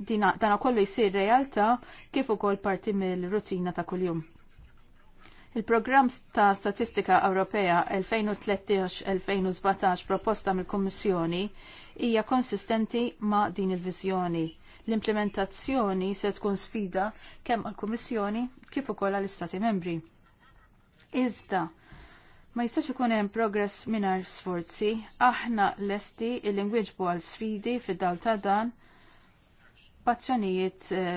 dana kollu jisir realtà kif ukoll parti mill-rutina ta' kuljum. Il-programm ta' Statistika Ewropea 2013-2017 proposta mill-Kummissjoni hija konsistenti ma' din il-viżjoni. L-implementazzjoni se tkun sfida kemm għall-Kummissjoni kif ukoll għall-Istati Membri. Iżda, ma jistax ikun hemm progress mingħajr sforzi, aħna lesti il-lingwiġbu għal sfidi fid-dal ta' dan Pazzjonijiet eh,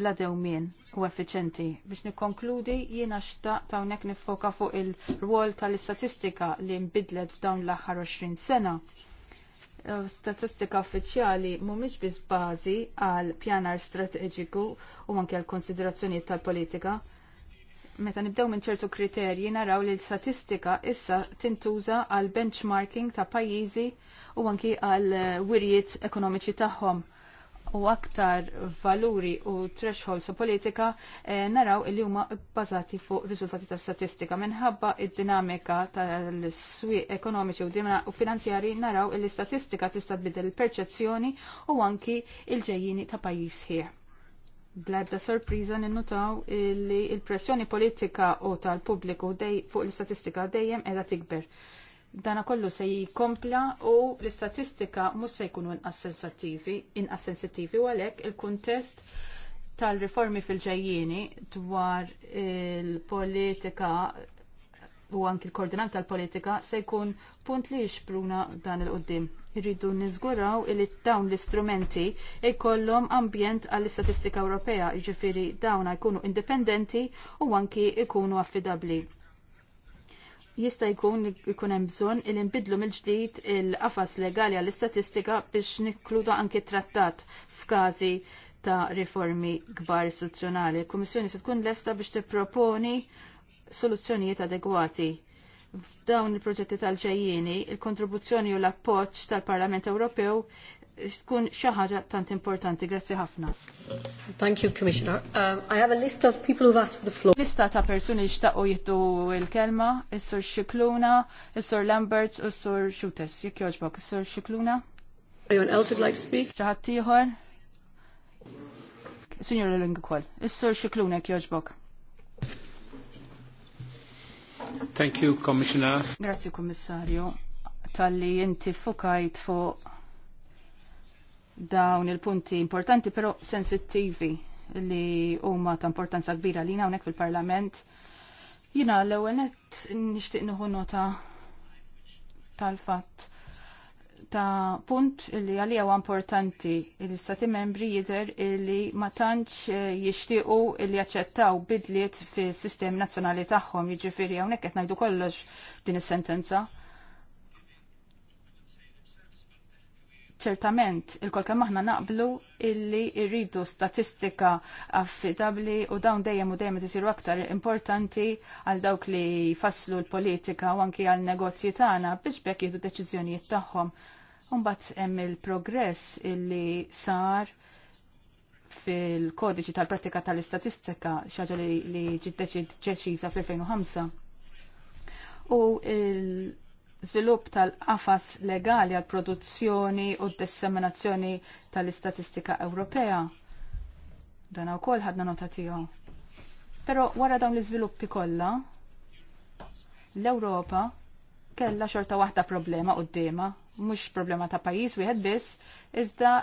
bla dewmien u effiċenti. Biex nikkonkludi jiena ta' hawnhekk nifoka fuq il-rwol tal-istatistika li nbidlet f'dawn l-aħħar 20 sena. Eh, statistika uffiċjali mhumiex biss bażi għal pjanar strateġiku u anke għal konsiderazzjonijiet tal-politika. Meta nibdew minn ċertu kriterji naraw li l-statistika issa tintuża għal benchmarking ta' pajjiżi u anki għal eh, wirjiet ekonomiċi tagħhom u aktar valuri u thresholds u politika eh, naraw li huma bbażati fuq riżultati ta' statistika minħabba id-dinamika tal-swieq ekonomiċi u, u finanzjari naraw li statistika tista' tbidel il-perċezzjoni u anki il-ġejjini ta' pajjiż ħieħ. Blabda sorpriża ninnutaw li l pressjoni politika u tal-pubbliku fuq l-istatistika dejjem qiegħda tikber Dana kollu se jikompla u l-istatistika mhux se jkunu inqas sensattivi, inqas sensittivi u għalhekk il-kuntest tal-riformi fil-ġejjieni dwar il-politika u anki l-koordinat tal-politika se jkun punt li jixpruna dan il-qoddim. Irridu niżguraw li dawn l-istrumenti jkollhom ambjent għall-istatistika Ewropea, jiġifieri dawn jkunu indipendenti u anki jkunu affidabbli jista' jkun ikun hemm bżonn il inbidlu mill-ġdid il-qafas legali għall-istatistika biex nikkluda anki trattat f'każi ta' riformi kbar istituzzjonali. Il-Kummissjoni se tkun lesta biex tipproponi soluzzjonijiet adegwati. F'dawn il-proġetti tal-ġejjieni, il-kontribuzzjoni u l-appoġġ tal-Parlament Ewropew tkun xi ħaġa tant importanti. Grazzi ħafna. Thank you, Commissioner. Um, I have a list of people who've asked for the floor. Lista ta' persuni xtaqgħu jittu il-kelma, is-sur Xikluna, is-sur Lamberts u s-sur Xutes. Jekk jogħġbok, is-sur Xikluna. Anyone else would like to speak? Xi ħadd ieħor? Signor Luling ukoll. Is-sur Xikluna jekk jogħġbok. Thank you, Commissioner. Grazie, Commissario. tal-li jinti fukajt fuq dawn il-punti importanti pero sensittivi li huma ta' importanza kbira li hawnhekk fil-Parlament. Jina l-ewwel nett nixtieq nieħu nota tal-fatt ta' punt li għalija huwa importanti l-istati membri jidher li ma tantx eh, jixtiequ li jaċċettaw bidliet fis-sistemi nazzjonali tagħhom, jiġifieri hawnhekk qed ngħidu kollox din is-sentenza. ċertament il-kol kemm aħna naqblu illi irridu statistika affidabli u dawn dejjem u dejjem isiru aktar importanti għal dawk li jfasslu l-politika u anki għal negozji tagħna biex bekk jieħdu deċiżjonijiet tagħhom. Imbagħad hemm il-progress illi sar fil-kodiċi tal-prattika tal-istatistika xaġa li ġiddeċi ġeċiża fl-2005. U il- żvilupp tal-qafas legali għall produzzjoni u d-disseminazzjoni tal-istatistika Ewropea. Dan wkoll ħadna nota tiegħu. Però wara dawn l-iżviluppi kollha, l-Ewropa kellha xorta waħda problema qudiema, mhux problema ta' pajjiż wieħed biss, iżda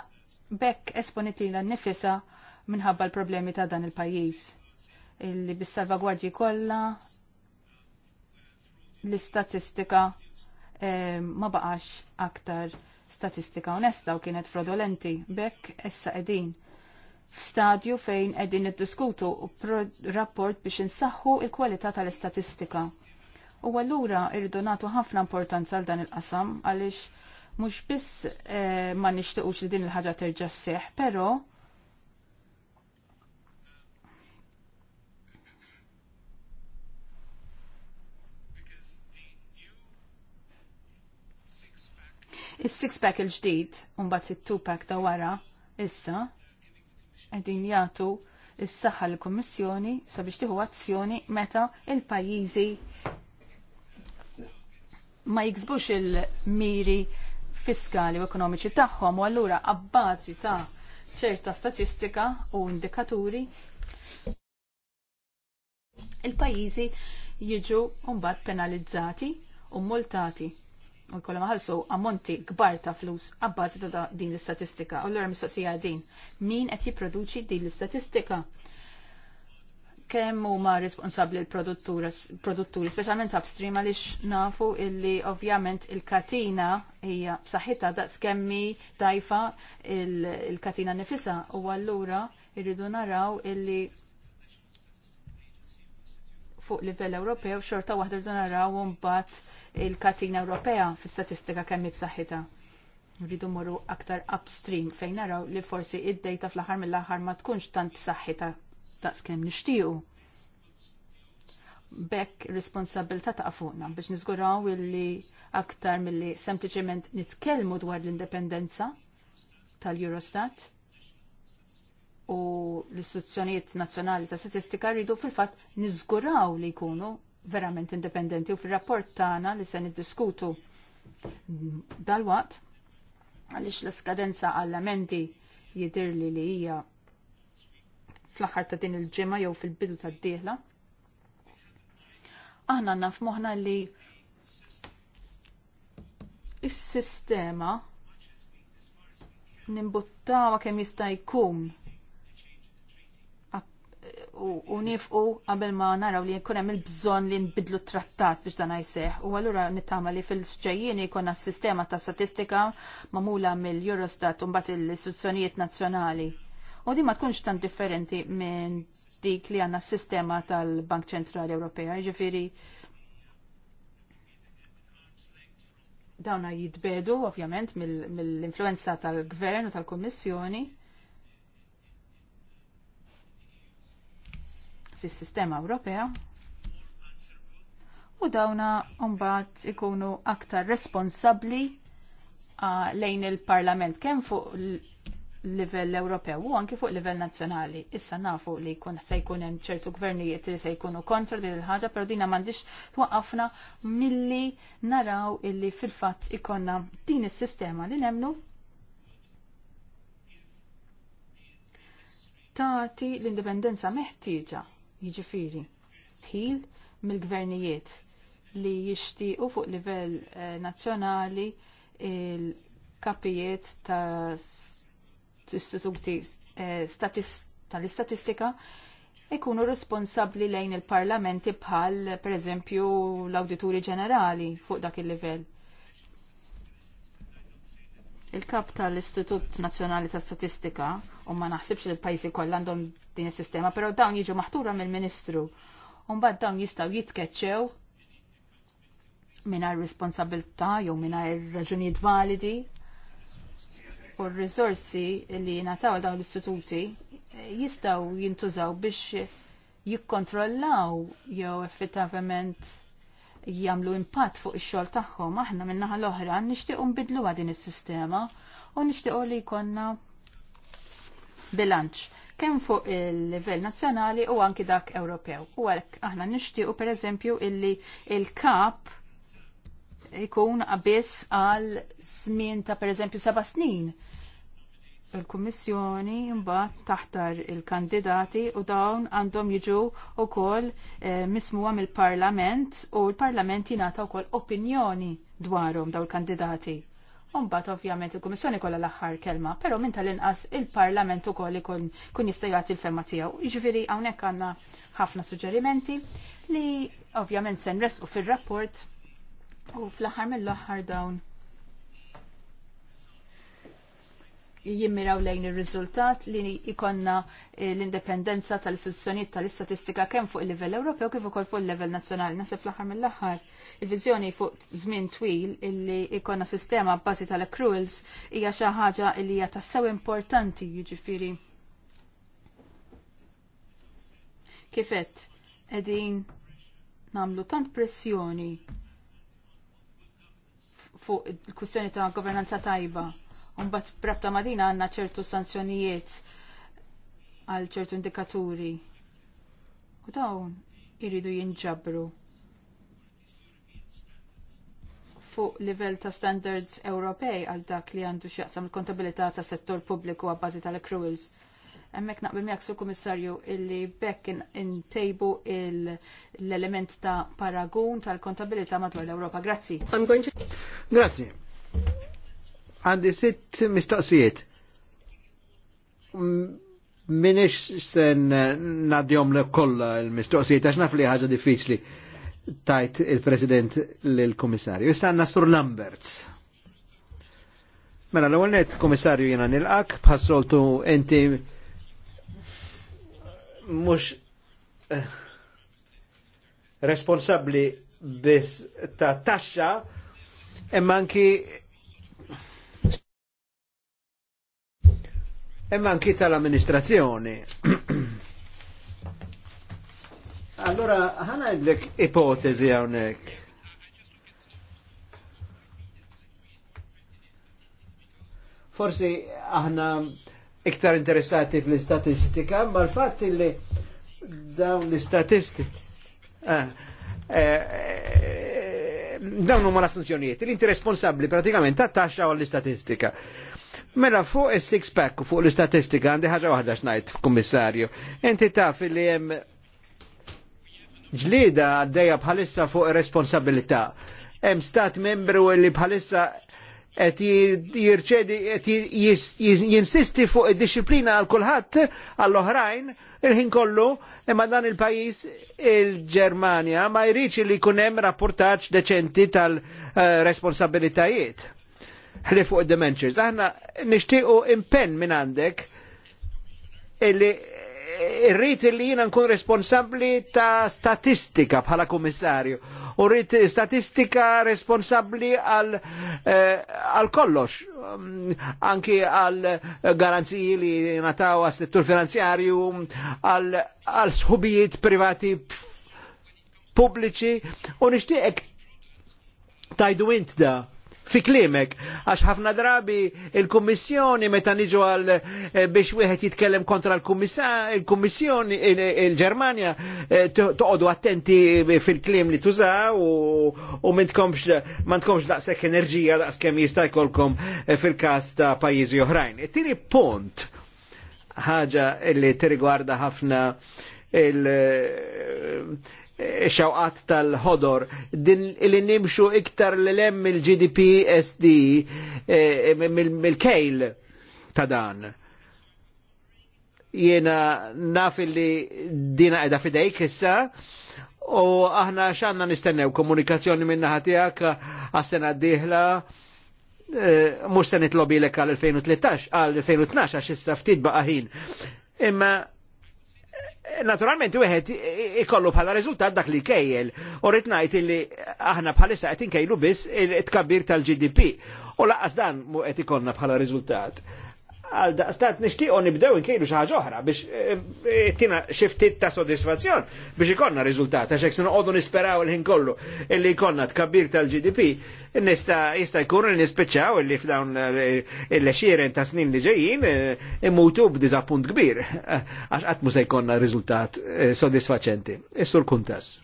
bekk esponitila nnifisha minħabba l-problemi ta' dan il-pajjiż. Illi bis-salvagwardji kollha l-istatistika Eh, ma baqax aktar statistika onesta u kienet frodolenti. Bekk issa edin f'stadju fejn edin u rapport biex insaħħu il-kwalità tal-istatistika. U allura irridu nagħtu ħafna importanza għal dan il-qasam għaliex mhux biss eh, ma nixtiequx li din il-ħaġa terġa' sseħħ, però Is-six pack il-ġdid, unbat it-two pack ta' wara, issa, qegħdin jagħtu is-saħħa l kummissjoni sabiex tieħu azzjoni meta il-pajjiżi ma jiksbux il-miri fiskali u ekonomiċi tagħhom u allura abbażi ta' ċerta statistika u indikaturi il-pajjiżi jiġu mbagħad penalizzati u multati u jkollhom maħalsu ammonti kbar ta' flus għabbażi ta' din l-istatistika. U l-għor mistoqsija din, min qed jipproduċi din l-istatistika? Kemm huma responsabbli l-produtturi, speċjalment upstream għaliex nafu illi ovvjament il-katina hija b'saħħitha daqs kemmi dajfa il-katina nifisa u allura irridu naraw illi fuq livell Ewropew xorta waħda rridu naraw mbagħad il-katina Ewropea fil statistika kemm b'saħħitha. Rridu morru aktar upstream fejn naraw li forsi id-dejta fl-aħħar mill-aħħar ma tkunx tant b'saħħitha ta' kemm nixtiequ. Bekk responsabilta ta' fuqna biex niżguraw illi aktar milli sempliċement nitkellmu dwar l-indipendenza tal-Eurostat u l-istituzzjonijiet nazzjonali ta' statistika rridu fil-fatt niżguraw li jkunu verament indipendenti u fil-rapport tagħna li se niddiskutu dalwaqt għaliex l-skadenza għall-amendi jidir li li hija fl-aħħar ta' din il-ġimgħa jew fil-bidu tad-dieħla. Aħna naf moħna li is-sistema nimbuttawa kemm jista' jkun u nifqu qabel ma naraw li jkun hemm il-bżonn li nbidlu trattat biex dan għajseħ. U allura nittama li fil-ġejjieni jkun sistema ta' statistika magħmula mill-Eurostat u mbagħad l-istituzzjonijiet nazzjonali. U di ma tkunx tant differenti minn dik li għandna s-sistema tal-Bank Ċentrali Ewropea. ġifiri. dawna jitbedu ovvjament mill-influenza tal-gvern u tal-Kummissjoni fis-sistema Ewropea u dawna mbagħad ikunu aktar responsabbli ah, lejn il-Parlament kemm fuq livell Ewropew u anki fuq livell nazzjonali. Issa nafu li jkun se jkun hemm ċertu gvernijiet li se jkunu kontra din il-ħaġa, però dina m'għandix twaqqafna milli naraw illi fil-fatt ikonna din is-sistema li nemnu tagħti l-indipendenza meħtieġa jiġifieri ħil mill-gvernijiet li jixtiequ fuq livell eh, nazzjonali il-kapijiet ta' istituti eh, tal-istatistika ikunu responsabbli lejn il-parlamenti bħal pereżempju l-awdituri ġenerali fuq dak il-livell. Il-kap tal-Istitut Nazzjonali ta' Statistika u ma naħsibx li l pajsi kollha għandhom din is-sistema, però dawn jiġu maħtura mill-Ministru. u mbagħad dawn jistgħu jitkeċċew mingħajr responsabilità jew mingħajr raġunijiet validi u r-risorsi li nataw dawn l-istituti jistgħu jintużaw biex jikkontrollaw jew effettivament jagħmlu impatt fuq ix-xogħol tagħhom aħna min-naħa l-oħra nixtiequ nbidluha din is-sistema u nixtiequ li jkollna bilanċ kemm fuq il-livell nazzjonali u anki dak Ewropew. U għalhekk aħna nixtiequ pereżempju illi il-kap ikun biss għal żmien ta' pereżempju seba' snin. Il-Kummissjoni mbagħad taħtar il-kandidati u dawn għandhom jiġu wkoll eh, mismuha mill-Parlament u l-Parlament jingħata wkoll opinjoni dwarhom dawn il-kandidati. Umbat ovvjament il-Kummissjoni kollha l-aħħar kelma, però minn tal-inqas il-Parlament ukoll ikun kun jista' jagħti l-femma tiegħu. Jiġifieri hawnhekk għandna ħafna suġġerimenti li ovvjament se nresqu fir-rapport u fl-aħħar mill-aħħar dawn jimmiraw lejn ir-riżultat li ikonna eh, l-indipendenza tal-istituzzjonijiet tal-istatistika kemm fuq il-livell Ewropew kif ukoll fuq il-livell nazzjonali. Nasib fl-aħħar mill-aħħar il-viżjoni fuq żmien twil illi ikonna sistema bbażi tal-accruals hija xi ħaġa li hija tassew importanti jiġifieri. Kifet qegħdin nagħmlu tant pressjoni fuq il-kwistjoni ta' governanza tajba Unbat prabta madina għanna ċertu sanzjonijiet għal ċertu indikaturi. U dawn iridu jinġabru fuq livell ta' standards Ewropej għal dak li għandu x'jaqsam il-kontabilità ta' settur pubbliku għabbażi tal-accruals. Hemmhekk naqbel miegħek sur kummissarju illi bekk intejbu l-element ta' paragun tal-kontabilità madwar l-Ewropa. Grazzi. Grazie. Grazzi għandi sitt mistoqsijiet. Minix sen nadjom le kolla il-mistoqsijiet, għax naf li ħagġa diffiċli tajt il-president l-komissarju. Issa għanna Sur Lamberts. Mela, l-għol net, komissarju jena nil-ak, bħassoltu enti mux eh, responsabli bis ta' taxxa, imma ki Emma anche tal-amministrazzjoni. allora, delle ipotesi a għonek. Forse hanno iktar interessati fl-istatistika, ma l-fatt li dawn l-istatistika. Ah, eh, eh, dawn huma l-assunzjonijiet, l-inti pratikament ta' taxxa istatistika Mela fuq is-six pack u fuq l-istatistika għandi ħaġa waħda xnajt f'kummissarju. Inti taf li hemm ġlieda għaddejja bħalissa fuq responsabilità. Hemm stat membru li bħalissa qed jirċedi qed jinsisti fuq id-disciplina għal kulħadd għall-oħrajn il-ħin kollu imma dan il-pajis il ġermania ma jriċ li kunem rapportaċ deċenti tal-responsabilitajiet. Eh, ħli fuq id-dementures. Aħna nixtiequ impenn minn għandek illi rrit li jina nkun responsabli ta' statistika bħala kummissarju. u rrit statistika responsabli għal, eh, għal kollox mm, anki għal garanziji li nataw għal settur finanzjarju għal, għal sħubijiet privati pubbliċi u nishtiqek tajdu int da' fi klimek, għax ħafna drabi il-Kummissjoni meta niġu għal eh, biex wieħed jitkellem kontra l kommissjoni il-Ġermanja, eh, toqgħodu attenti fil-klim li tużaw u ma tkomx daqshekk enerġija daqs kemm jista' jkollkom eh, fil-każ ta' pajjiżi oħrajn. Tini punt ħaġa li t-rigwarda ħafna xawqat tal-ħodor din li nimxu iktar l-lem il-GDP SD e, e, mil mill-kejl ta' dan. Jena naf li dina edha fidejk issa u aħna xanna nistennew komunikazzjoni minna ħatijak għas-sena diħla e, mux se nitlobilek għal 2013 għal 2012 għax issa ftit baqa Imma Eh, naturalment, u għed ikollu bħala rezultat dak li kejjel. U ritnajt li aħna bħalissa għed inkejlu biss il-tkabbir tal-GDP. U laqqas dan mu għed ikollna bħala rezultat għal da stat nishtiq u nibdew nkejlu xaħġa oħra biex eh, eh, tina xiftit ta' soddisfazzjon biex ikonna rizultat, għax jekk noqogħdu nisperaw il-ħin kollu illi jkollna tkabbir tal-GDP, nista' jista' jkun li nispiċċaw illi f'dawn eh, il-xieren ta' snin li ġejjin imutu b'diżappunt kbir għax qatt mhux se jkollna riżultat soddisfaċenti. Issur kuntas.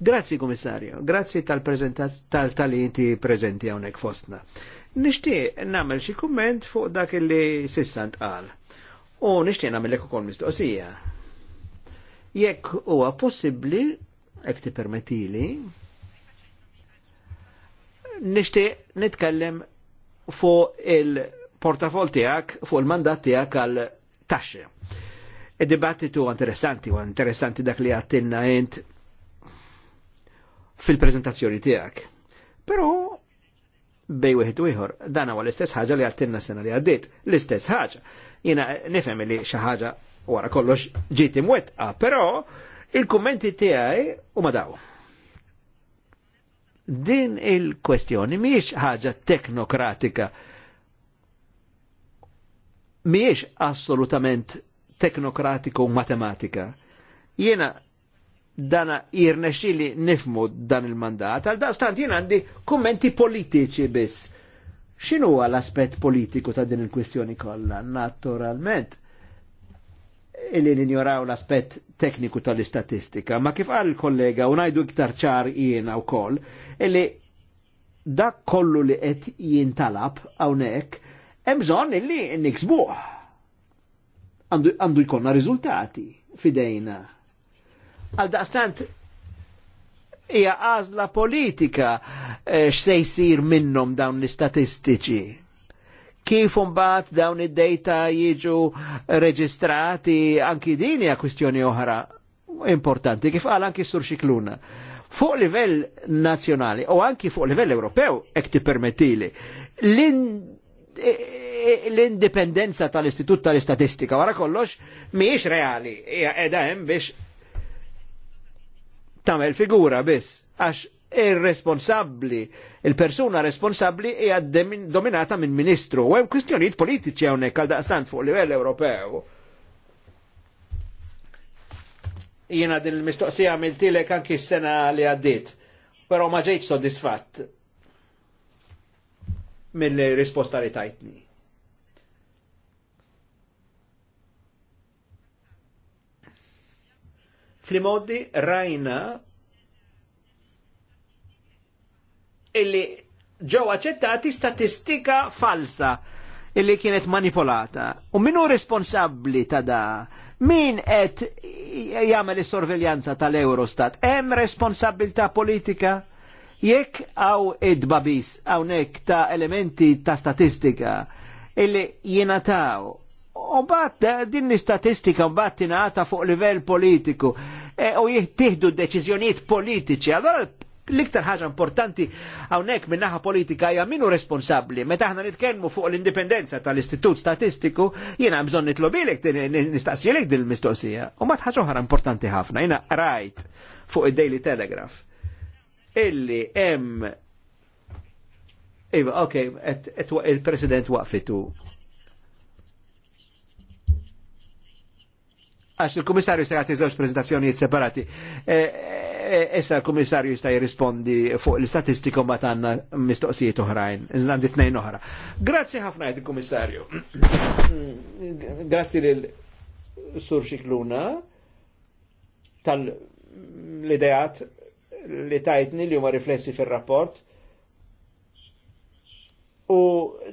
Grazzi Komissarju, grazzi tal-inti tal prezenti hawnhekk fostna. Nishtiq namel xi kumment fuq dak li sissant għal. U nishtiq namel l-eku ukoll mistoqsija. Jekk huwa possibbli, jekk permettili, nishtiq nitkellem fuq il-portafol tiegħek, fuq il-mandat tiegħek għal taxxi. Id-dibattitu interessanti, u interessanti dak li għattinna jent fil-prezentazzjoni tiegħek. Però bej wieħed u ieħor. Dan huwa l-istess ħaġa li għattinna sena li għaddiet. L-istess ħaġa. Jiena nifhem li xi ħaġa wara kollox ġiet imwettqa, però il-kummenti tiegħi huma daw. Din il-kwestjoni mhijiex ħaġa teknokratika. Mhijiex assolutament teknokratiku u matematika. Jiena dana jirnexi li nifmu dan il-mandat, għal da stant jien għandi kummenti politiċi biss. Xinu l-aspet politiku ta' din il-kwistjoni kollha? Naturalment, illi ninjoraw l-aspet tekniku tal-istatistika, ma kif għal kollega unajdu iktar ċar jiena u koll, illi da kollu li qed jintalab hawnhekk, hemm bżonn illi niksbuh. Għandu jkollna riżultati fidejna Għal daqstant hija għażla politika eh, x'se jsir minnhom dawn l-istatistiċi. Kif unbat dawn id data jiġu reġistrati anki din hija kwistjoni oħra importanti kif għal anki sur xikluna fuq livell nazzjonali u anki fuq livell Ewropew hekk tippermettili eh, l-indipendenza tal-Istitut tal-Istatistika wara kollox mhijiex reali hija qiegħda hemm biex tamel figura biss, għax il il-persuna responsabli hija dominata minn ministru. U hemm kwistjonijiet politiċi hawnhekk għal daqstant fuq livell Ewropew. Jiena din il-mistoqsija għamiltilek anki s-sena li għaddit, però ma ġejtx soddisfatt mill-risposta li tajtni. Fl-modi rajna illi ġew aċċettati statistika falsa illi kienet manipolata. U minu responsabbli ta' da? Min qed jagħmel sorveljanza tal-Eurostat? Hemm responsabilità politika? Jekk għaw id-babis hawnhekk ta' elementi ta' statistika illi jingħataw bat eh, din l-istatistika bat tinata fuq livell politiku eh, u jittihdu deċiżjonijiet politiċi. Allora l-iktar ħaġa importanti hawnhekk minnaħa naħa politika hija minu responsabbli. Meta aħna nitkellmu fuq l-indipendenza tal-Istitut Statistiku, jiena bżonn nitlobilek nistaqsilek din l mistoqsija U ma ħaġa oħra importanti ħafna, jiena rajt fuq id-Daily Telegraph illi hemm Iva, ok, il-President waqfitu għax il-komissarju se jagħti żewġ prezentazzjonijiet separati. E, e, e, issa l-komissarju jista' jirrispondi fuq l istatistiku ma tanna mistoqsijiet oħrajn, iżda għandi tnejn oħra. Grazzi ħafna għajt il-komissarju. *clears throat* Grazzi lil Sur Xikluna tal-idejat li tajtni li huma riflessi fil-rapport u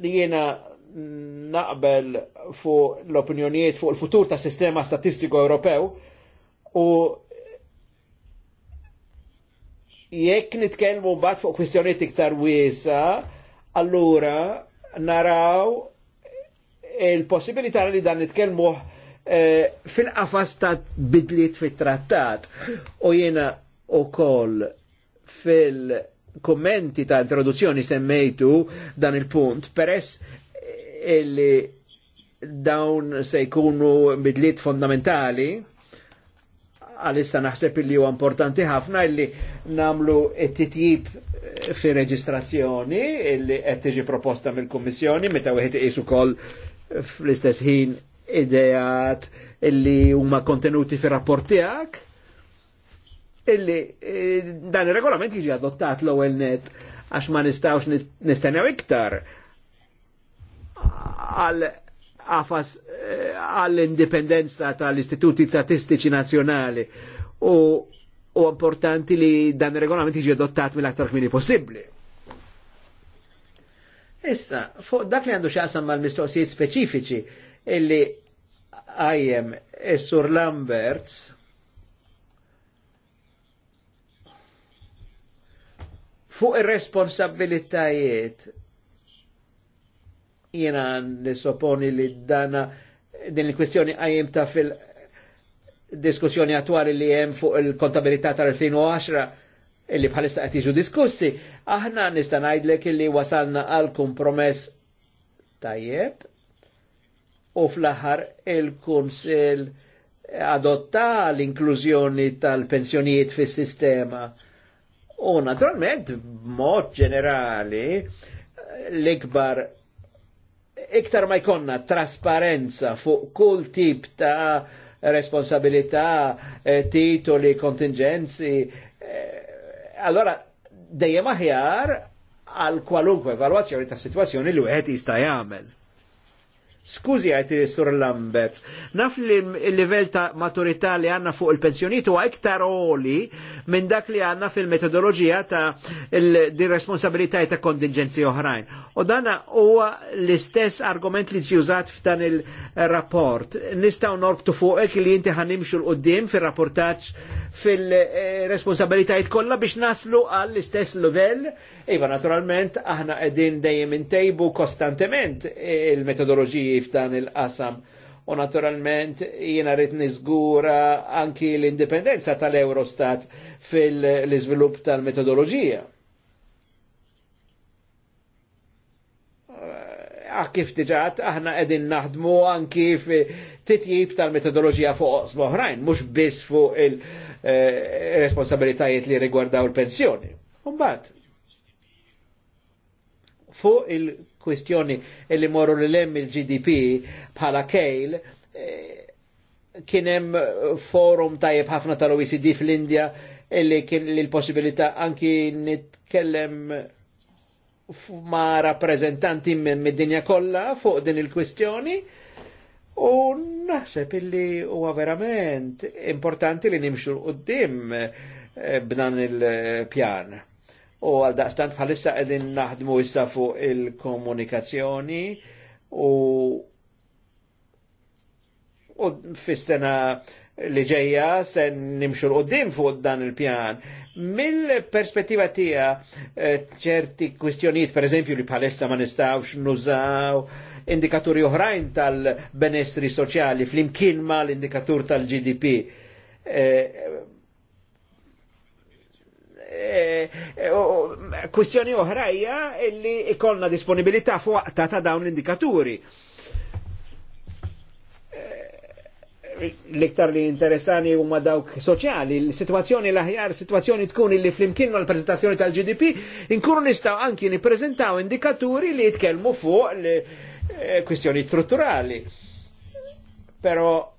li jena naqbel fuq l-opinjonijiet fuq il-futur ta' sistema statistiku Ewropew u jekk nitkellmu mbagħad fuq kwistjonijiet iktar wiesa, allura naraw il-possibilità li dan nitkellmu eh, fil-qafas ta' bidliet fit-trattat u jiena koll fil- kommenti ta' introduzzjoni semmejtu dan il-punt, peress illi dawn se jkunu bidliet fondamentali għalissa naħseb illi huwa importanti ħafna illi namlu it-titjib fi reġistrazzjoni illi qed tiġi proposta mill-Kummissjoni meta wieħed iqis ukoll fl-istess ħin idejat illi huma kontenuti fi rapport tiegħek illi eh, dan ir-regolament jiġi adottat l-ewwel net għax ma nistgħux nistennew iktar għal għafas eh, għall-indipendenza tal-istituti statistiċi nazjonali u, u importanti li dan regolament jiġi adottat mill-aktar kmini possibli. Issa, fuq dak li għandu xaqsam mal-mistoqsijiet speċifiċi illi għajem eh, Sur Lamberts fuq ir-responsabilitajiet Jena nisoponi li dana din il-kwestjoni għajem ta' fil-diskussjoni attuali li jem fuq il-kontabilità tal-2010 illi bħalissa qed jiġu diskussi, aħna nista' ngħidlek illi wasalna għal kompromess tajjeb u fl-aħħar il-Kunsill adotta l-inklużjoni tal-pensjonijiet fis-sistema. U naturalment, mod ġenerali, l-ikbar iktar ma jkonna trasparenza fuq kull tip ta' responsabilità, eh, titoli, kontingenzi, eh, allora dejjem aħjar għal kwalunkwe evalwazzjoni ta' situazzjoni li wieħed jista' jagħmel. Skużi għajti sur Lamberts, naf li l livell ta' maturità li għanna fuq il-pensjoniet huwa iktar oli minn dak li għanna fil-metodologija ta' il responsabilità ta' kontingenzi oħrajn. U dana huwa l-istess argument li ġiżat f'dan il-rapport. Nistaw norbtu fuqek li inti ħanimxu l-qoddim fil-rapportaċ fil-responsabilitajiet kollha biex naslu għall-istess livell. Iva, naturalment, aħna qegħdin dejjem intejbu kostantement il-metodoloġiji kif f'dan il-qasam. U naturalment jiena rrit niżgura anki l-indipendenza tal-Eurostat fil-iżvilupp tal-metodoloġija. Ah, kif diġat, aħna edin naħdmu anki fi titjib tal metodoloġija fuq osma oħrajn, mux biss fuq il-responsabilitajiet eh, li rigwardaw il-pensjoni. Umbat, fuq il kwistjoni li morru li lem il-GDP bħala kejl, eh, kienem forum tajib ħafna tal-OECD fl-India illi kien l-possibilità anki nitkellem ma rappresentanti mid-dinja kollha fuq din il-kwistjoni. U naħseb illi huwa verament importanti li nimxu qudiem eh, b'dan il-pjan u għal daqstant bħalissa qegħdin naħdmu issa fuq il-komunikazzjoni u u fis-sena li ġejja se nimxu l-qoddim fuq dan il-pjan. Mill-perspettiva tija eh, ċerti kwistjonijiet, per eżempju, li palessa ma nistawx nużaw indikaturi oħrajn tal-benestri soċjali fl-imkien ma l-indikatur tal-GDP. Eh, Eh, eh, kwistjoni oħrajja illi ikollna disponibilità fuqta ta' dawn l-indikaturi. Eh, l-iktar li interessani huma dawk soċjali, l-situazzjoni l-aħjar, situazzjoni tkun li flimkien mal prezentazzjoni tal-GDP, inkunu nistaw anki niprezentaw indikaturi li jitkelmu fuq l kwistjoni strutturali. Pero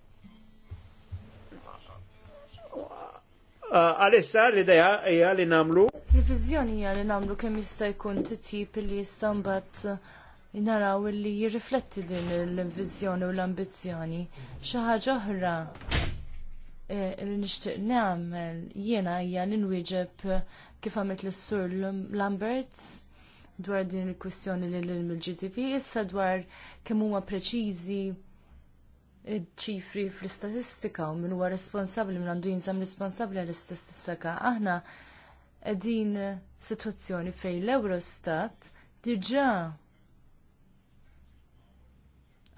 Għalissa eh, l-ideja hija li namlu. Il-vizjoni hija li namlu kemm jista' jkun titjib li jista' mbagħad eh, naraw li jirrifletti din l-vizjoni u l-ambizzjoni. Xi ħaġa oħra eh, li nixtieq nagħmel jiena hija ninwieġeb nwieġeb kif għamilt lis-sur Lamberts dwar din il-kwistjoni li l-GDP, issa dwar kemm huma preċiżi ċifri fl-istatistika u min huwa responsabbli minn għandu jinżam responsabbli għall-istatistika. Aħna qegħdin sitwazzjoni fejn l-Eurostat diġà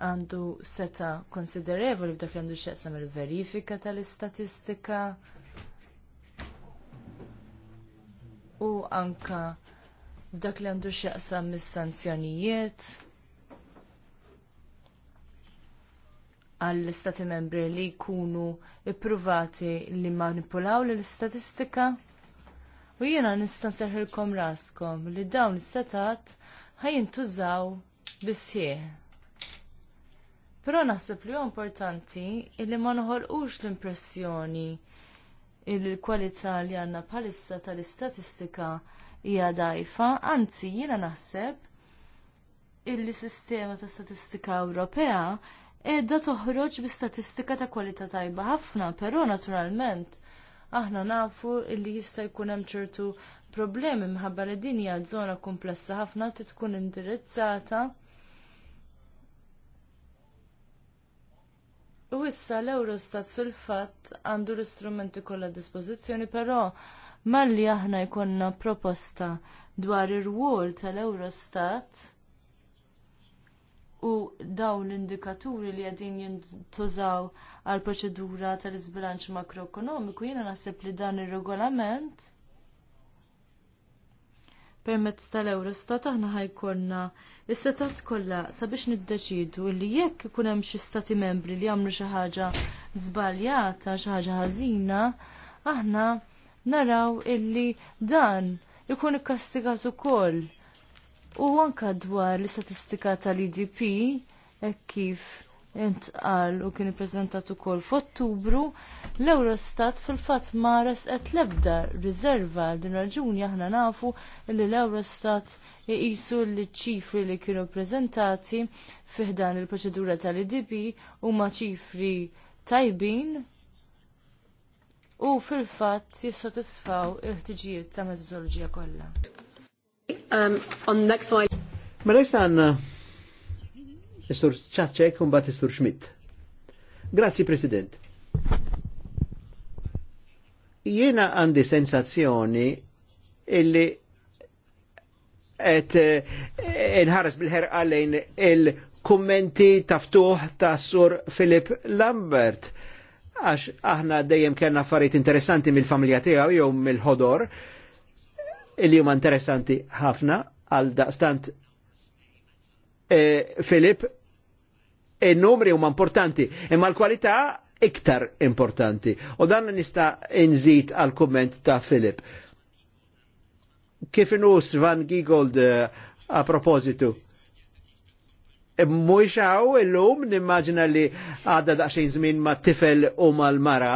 għandu seta konsiderevoli f'dak li għandu x'jaqsam il-verifika tal-istatistika u anka f'dak li għandu x'jaqsam mis-sanzjonijiet. għall-istati membri li jkunu ippruvati li manipulaw l-istatistika? U jiena nista' nseħħilkom raskom li dawn is-setat ħajintużaw bisħieħ. Però naħseb li huwa importanti li ma noħolqux l-impressjoni il-kwalità li għandna bħalissa tal-istatistika hija dgħajfa, anzi jiena naħseb il-sistema ta' statistika Ewropea edda toħroġ bi statistika ta' kwalità tajba ħafna, però naturalment aħna nafu li jista' jkun hemm ċertu problemi minħabba li din hija żona komplessa ħafna tkun indirizzata. U issa l-Eurostat fil-fatt għandu l-istrumenti kollha dispożizzjoni, però malli aħna jkollna proposta dwar ir wol tal-Eurostat u dawn l-indikaturi li għedin jintużaw għal proċedura tal-izbilanċ makroekonomiku, jiena naħseb li dan ir-regolament permezz tal-Eurostat aħna ħajkonna is-setat kollha sabiex niddeċidu li jekk ikun hemm xi stati membri li jagħmlu xi ħaġa żbaljata, xi ħaġa ħażina, aħna naraw illi dan ikun ikkastigat ukoll U anka dwar l-istatistika tal-IDP, e kif intqal u kien ippreżentat ukoll f'Ottubru, l-Eurostat fil-fatt ma qed l-ebda riserva għal din raġuni aħna nafu li l-Eurostat jqisu l-ċifri li kienu ppreżentati fiħdan il-proċedura tal idp huma ċifri tajbin u fil-fatt jissodisfaw il-ħtiġijiet ta' metodoloġija kollha. Um, mela jissa għanna Istur Ċaċek un bat Istur Schmidt. Grazzi, President. Jiena għandi sensazzjoni illi et eh, nħares bil-ħerqa lejn il-kummenti taftuħ ta' Sur Filip Lambert għax aħna dejjem kena affarijiet interessanti mill-familja tiegħu jew mill-ħodor li huma interessanti ħafna għal daqstant e, Filip e, il-numri huma importanti imma l-kwalità iktar importanti. U dan nista inżid għal kumment ta' Filip. Kif inus Van Giegold e, a propositu? E Mux il-lum nimmaġina li għadda daqxin zmin ma' tifel u mal-mara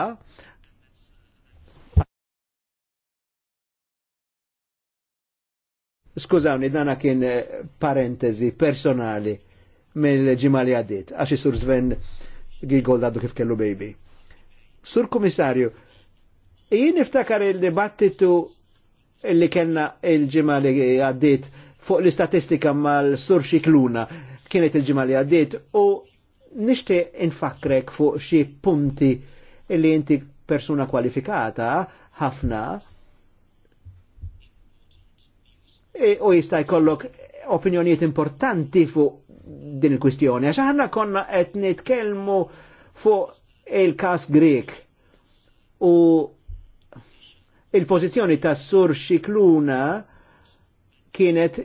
Skużawni, dana kien eh, parentesi personali mill-ġimali għaddit, għax sur Sven Gigold għaddu kif kellu baby. Sur komissarju, jien iftakar il-dibattitu li kellna il-ġimali għaddit fuq l-istatistika mal-sur xikluna kienet il-ġimali għaddit u nishti infakrek fuq xie punti li inti persuna kwalifikata ħafna u e, jista' jkollok opinjonijiet importanti fuq din il-kwistjoni. Għax aħna konna qed nitkellmu fuq il-kas Grek u il-pożizzjoni ta' Sur Xikluna kienet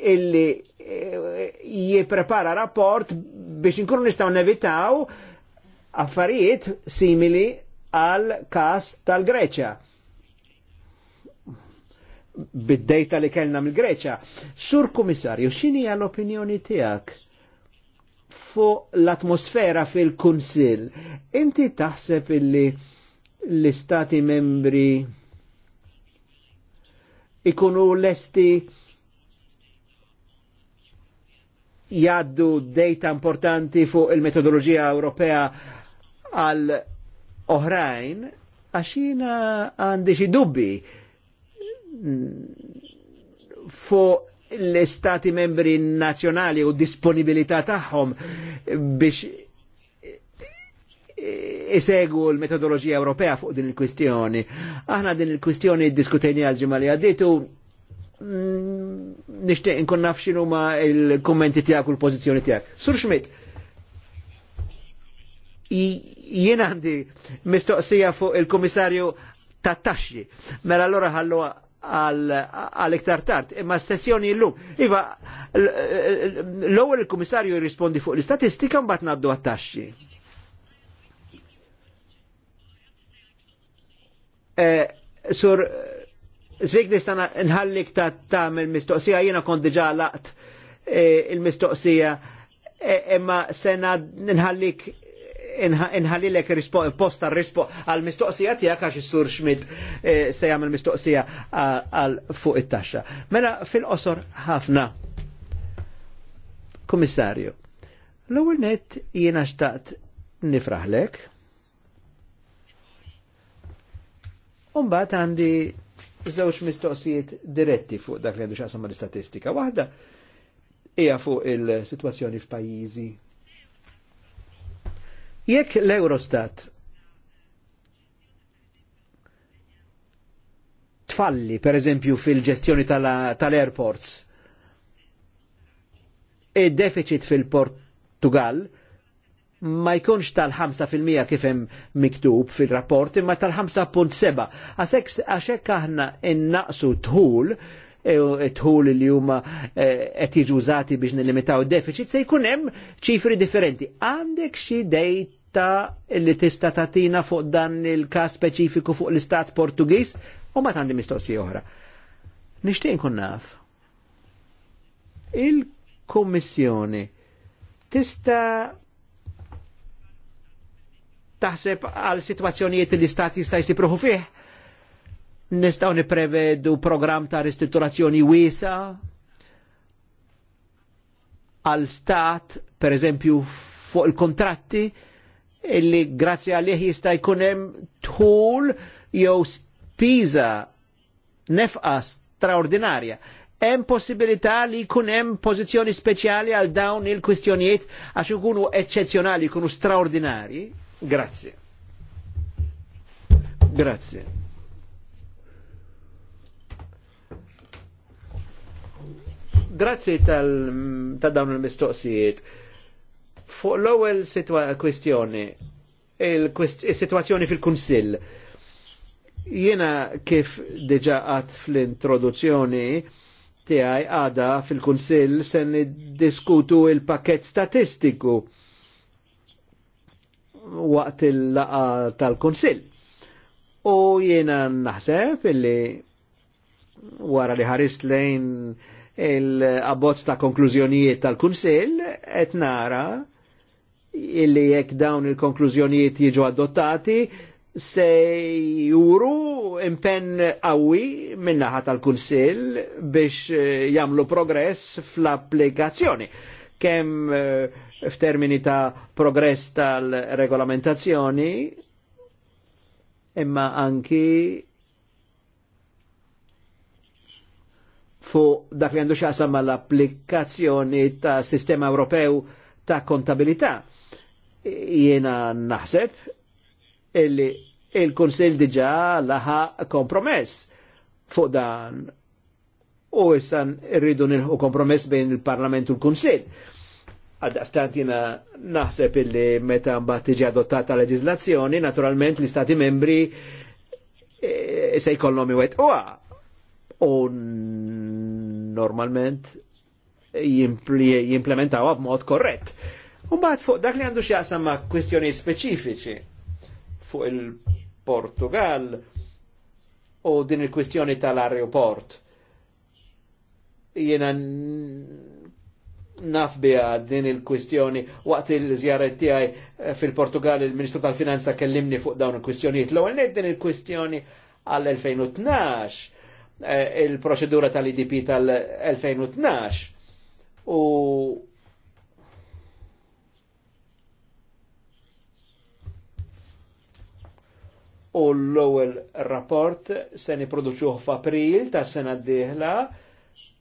illi e, jiprepara rapport biex inkunu nistgħu nevitaw affarijiet simili għal kas tal-Greċja bid-dejta li kellna mill-Greċa. Sur Komissarju, x'inhi l-opinjoni tiegħek fuq l-atmosfera fil-Kunsill? Inti taħseb illi l-istati membri ikunu lesti jaddu data importanti fuq il-metodologija Ewropea għal oħrajn, għaxina għandi xi dubbi fu l-istati membri nazjonali u disponibilità tagħhom biex isegu l metodoloġija Ewropea fuq din il-kwistjoni. Aħna din il-kwistjoni diskutejni għal-ġimma li għadditu mm, nishtiq nkun naf xinu ma il-kommenti tijak u l pozizjoni tijak. Sur Schmidt, jien għandi mistoqsija fuq il komissarju tat-taxxi. Mela allora ħalluha għal iktar tard. Imma s-sessjoni l-lum. Iva, l-ewwel il-Kummissarju jirrispondi fuq l-istatistika mbagħad ngħaddu għat-taxxi. Eh, sur Zvik nista' nħallik ta' tamil mistoqsija, jena kont diġa laqt eh, il-mistoqsija, eh, imma sena nħallik inħalilek posta għal mistoqsija tiegħek għax sur Schmidt eh, se jagħmel mistoqsija għal fuq it-taxxa. Mela fil-qosor ħafna. Komissarju, l-ewwel net jiena xtaqt nifraħlek. Umbat għandi żewġ mistoqsijiet diretti fuq dak li għandu xaqsam l-istatistika. Waħda hija fuq il-sitwazzjoni f'pajjiżi Jekk l-Eurostat tfalli, per eżempju, fil-ġestjoni tal-airports, tal airports e deficit fil-Portugal ma jkunx tal-5% kif hemm miktub fil-rapport, imma tal-5.7. Għaxek aħna innaqsu tħul, e, e, tħul li huma e, qed jiġu użati biex nilimitaw deficit se jkun hemm ċifri differenti. Għandek xi dejt ta' li tista tatina fuq dan il-kas speċifiku fuq l-istat Portugiż u ma tandi mistoqsi oħra. Nishtiq nkun naf. il kommissjoni tista taħseb għal situazzjonijiet li stat jista' jsipruħu fih. Nistgħu niprevedu programm ta' ristrutturazzjoni wiesa għal stat, per eżempju, fuq il-kontratti, illi grazzi għalih jista' jkun hemm tħul jew spiża nefqa straordinarja. Hemm possibilità li jkun hemm pożizzjoni speċjali għal dawn il-kwistjonijiet għax ikunu eċċezzjonali, jkunu straordinarji. Grazzi. Grazzi. Grazzi tal, tal dawn il-mistoqsijiet Fuq l-ewwel kwistjoni, il-sitwazzjoni fil-Kunsill. Jiena kif diġa qatt fl-introduzzjoni tiegħi għada fil-Kunsill se niddiskutu il-pakket statistiku waqt il-laqa tal-Kunsill. U jiena naħseb illi wara li ħarist lejn il-abbozz ta' konklużjonijiet tal-Kunsill qed nara illi jekk dawn il-konklużjonijiet jiġu adottati se juru impenn qawwi minnaħa tal-Kunsill biex eh, jagħmlu progress fl-applikazzjoni kemm eh, f'termini ta' progress tal-regolamentazzjoni imma anki fuq dak li għandu xaqsam mal-applikazzjoni ta' sistema Ewropew ta' kontabilità Jiena naħseb illi il-Kunsil diġa laħa kompromess fuq dan u issa irridu nilħu kompromess bejn il-Parlament u l-Kunsil. Għaddaqstant jina naħseb illi meta mbagħad tiġi adottata leġislazzjoni, naturalment l-Istati membri e, se jkollhom iwettquha. U normalment jimplementawa b'mod korrett Umbat fuq dak li għandu xieqsam ma' kwestjoni speċifiċi fuq il-Portugal u din il-kwestjoni tal-aeroport. Jena nafbija din il-kwistjoni waqt il-żjaret tijaj fil-Portugal il-Ministru tal-Finanza kellimni fuq dawn il-kwistjonijiet. L-ewwel din il-kwistjoni għall-2012 eh, il-proċedura tal-IDP tal-2012 u u l-ewwel rapport se niproduċuh f'April tas sena d-dieħla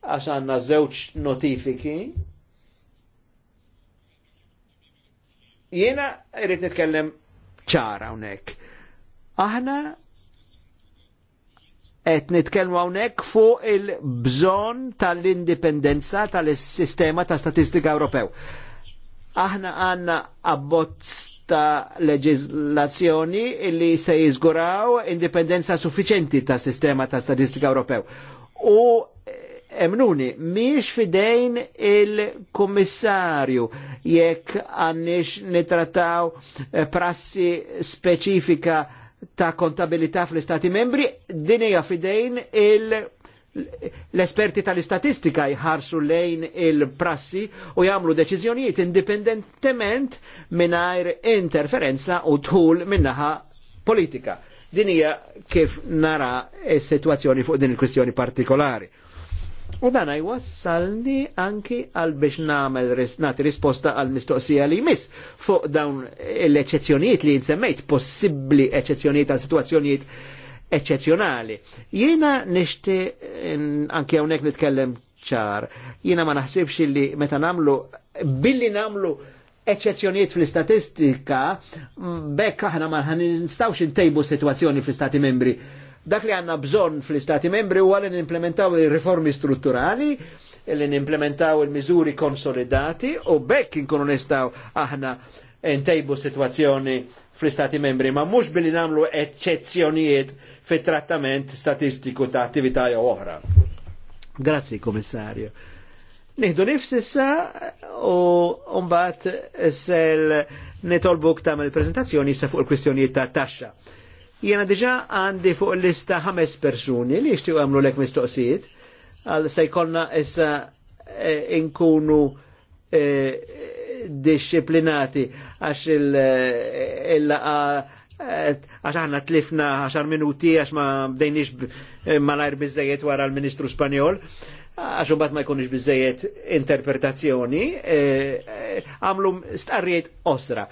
għax għandna żewġ notifiki. Jiena irrid nitkellem ċara hawnhekk. Aħna qed nitkellmu hawnhekk fuq il-bżonn tal-indipendenza tal-sistema ta' statistika Ewropew. Aħna għandna abbozz ta' leġizlazzjoni illi se jizguraw indipendenza suffiċenti ta' sistema ta' statistika Ewropew. U eh, emnuni, miex fidejn il-kommissarju jekk għannix nitrataw eh, prassi speċifika ta' kontabilità fl-Istati membri, din hija fidejn il-kommissarju l-esperti tal-istatistika jħarsu lejn il-prassi u jagħmlu deċiżjonijiet indipendentement mingħajr interferenza u tħul minnaħa politika. Din hija kif nara s-sitwazzjoni fuq din il-kwistjoni partikolari. U dan jwassalni anki għal biex nagħmel nagħti risposta għal mistoqsija li jmiss fuq dawn l-eċezzjonijiet li jinsemmejt, possibbli eċezzjonijiet għal sitwazzjonijiet eccezjonali. Jiena nishti anke hawnhekk nitkellem ċar, jiena ma naħsibx li meta namlu billi namlu eccezzjoniet fl-istatistika, bekk aħna ma nistawx intejbu situazzjoni fl-istati membri. Dak li għanna bżon fl-istati membri huwa li nimplementaw il-riformi strutturali, li nimplementaw il-miżuri konsolidati u bekk inkunu nistaw aħna entejbu situazzjoni fl-istati membri, ma mhux billi namlu eccezzjonijiet fit trattament statistiku ta' attività jew oħra. Grazzi, komissarju. Nihdu nifsissa u umbat sel ta' tagħmel prezentazzjoni issa fuq il-kwistjonijiet ta' taxxa. Jena diġa għandi fuq l-lista ħames persuni li jixtiequ għamlu lek mistoqsijiet għal se jkollna issa eh, inkunu eh, disciplinati għax il għax aħna tlifna 10 minuti għax ma bdejniex malajr bizzejiet wara l-Ministru Spanjol għax bat ma jkunx bizzejiet interpretazzjoni e, e, għamlu starriet osra.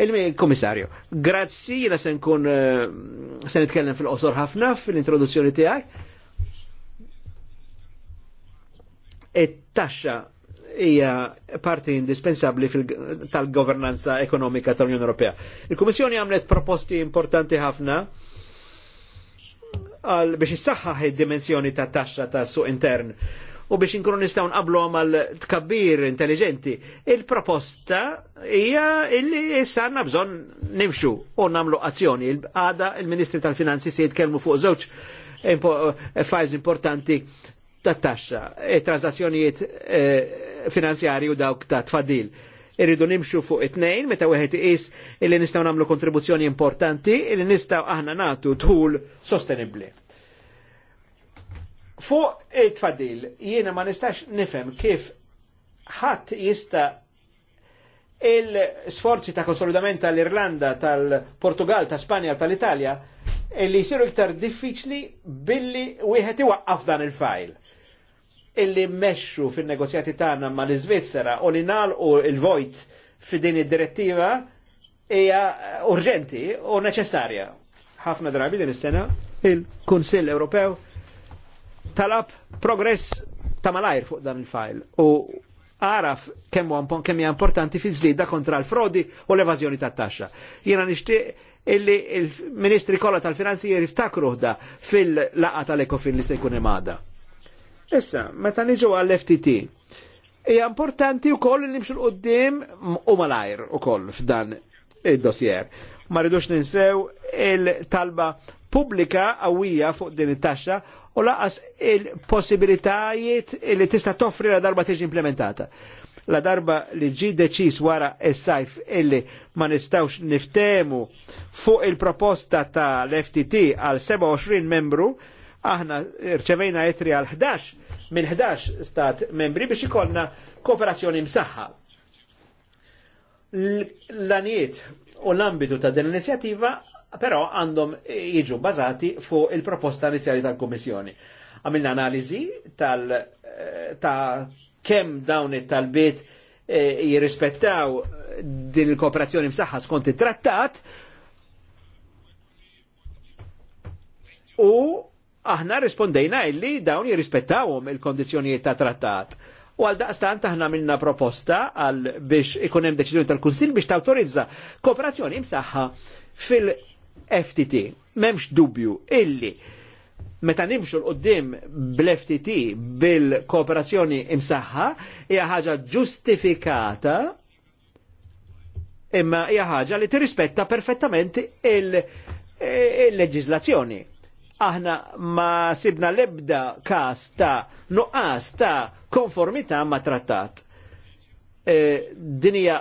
Il-komissarju, grazzi jina sen kun e, sen nitkellem fil-qosor ħafna fil-introduzzjoni tiegħek. Et-taxxa hija parti indispensabbli tal-governanza ekonomika tal-Unjoni Ewropea. Il-Kummissjoni għamlet proposti importanti ħafna għal biex issaħħaħ id-dimensjoni ta' taxxa ta' suq intern u biex inkunu nistgħu nqablu għal tkabbir intelligenti. Il-proposta hija illi issa għandna bżonn nimxu u nagħmlu azzjoni. Għada il-Ministri tal-Finanzi se jitkellmu fuq żewġ impo, importanti ta' taxxa, e transazzjonijiet e, finanzjari u dawk ta' tfadil. Irridu nimxu fuq it-nejn, meta wieħed is illi nistgħu nagħmlu kontribuzzjoni importanti illi nistgħu aħna nagħtu tul sostenibbli. Fuq it-tfadil, jiena ma nistax nifhem kif ħadd jista' il-sforzi ta' konsolidament tal-Irlanda, tal-Portugal, ta' Spanja, tal-Italja, illi jisiru iktar diffiċli billi wieħed iwaqqaf dan il-fajl illi meċu fin-negozjati tagħna mal-Iżvizzera u li nagħlqu il-vojt f'din id-direttiva hija urġenti u neċessarja. Ħafna drabi din is-sena il-Kunsill Ewropew talab progress ta' malajr fuq dan il-fajl u għaraf kemm kemm hija importanti fil żlida kontra l-frodi u l-evażjoni tat-taxxa. Jiena nixtieq illi il-Ministri kollha tal-Finanzi jiftakruh da fil-laqa tal-Ekofin li se jkun imada Issa, meta niġu għall-FTT, hija importanti wkoll li nimxu l-qoddim u malajr ukoll f'dan id-dossier. Ma rridux ninsew il-talba pubblika qawwija fuq din it-taxxa u laqas il-possibilitajiet li tista' toffri la darba tiġi implementata. La darba li ġi deċis wara s-sajf illi ma nistawx niftemu fuq il-proposta tal-FTT għal 27 membru, Aħna rċevejna etri għal 11 minn 11 stat membri biex ikollna kooperazzjoni msaħħa. L-anijiet u l-ambitu ta' din l-inizjattiva però għandhom jiġu bazati fuq il-proposta inizjali tal komissjoni Għamilna analizi tal- ta' kemm dawn it-talbiet eh, jirrispettaw din il-kooperazzjoni msaħħa skont it-trattat u aħna rispondejna illi dawn jirrispettawhom il-kondizjonijiet ta' trattat. U għal daqstant aħna minna proposta għal biex ikun hemm deċiżjoni tal-Kunsill biex tawtorizza kooperazzjoni msaħħa fil-FTT. M'hemmx dubju illi meta nimxu l-qoddim bl-FTT bil-kooperazzjoni imsaħħa hija ħaġa ġustifikata imma hija ħaġa li tirrispetta perfettament il-leġiżlazzjoni. Il aħna ma sibna lebda kas ta' nuqas ta' konformità ma' trattat. E, dinija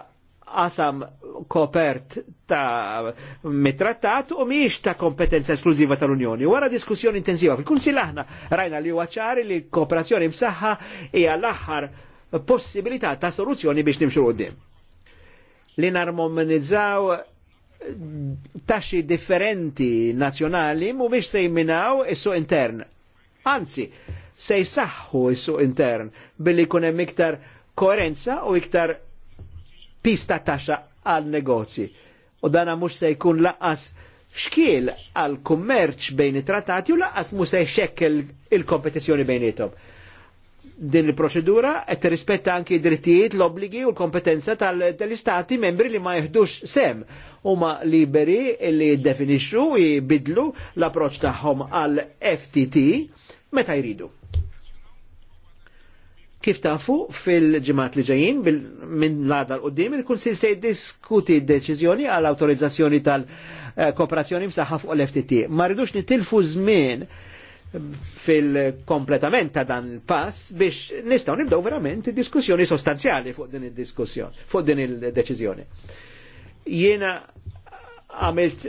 qasam kopert ta' mitrattat u miex ta' kompetenza esklużiva tal-Unjoni. Wara diskussjoni intensiva fil-Kunsil aħna rajna li waċari li kooperazzjoni msaħħa hija l-aħħar possibilità ta' soluzzjoni biex nimxu qudiem. Li narmonizzaw taxxi differenti nazzjonali mhumiex se jminaw is-suq intern. Anzi, se jsaħħu is-suq intern billi jkun hemm iktar koerenza u iktar pista taxxa għal negozji. U dana mhux se jkun laqas xkiel għal kummerċ bejn it-trattati u laqas mhux se jxekkel il-kompetizzjoni bejnietom din il-proċedura qed tirrispetta anki d-drittijiet, l-obbligi u l-kompetenza tal-istati membri li ma jeħdux sem huma liberi li jiddefinixxu u jibidlu l-approċċ tagħhom għal FTT meta jridu. Kif tafu fil-ġimat li ġejjin minn l għadda l-qoddim il-Kunsil se jiddiskuti d-deċiżjoni għal autorizzazzjoni tal-kooperazzjoni eh, f'saħħa fuq l-FTT. Ma rridux nitilfu żmien fil-kompletament ta' dan il-pass biex nistaw nibdaw verament diskussjoni sostanzjali fuq din il-diskussjoni, fuq din il-deċizjoni. Jiena għamilt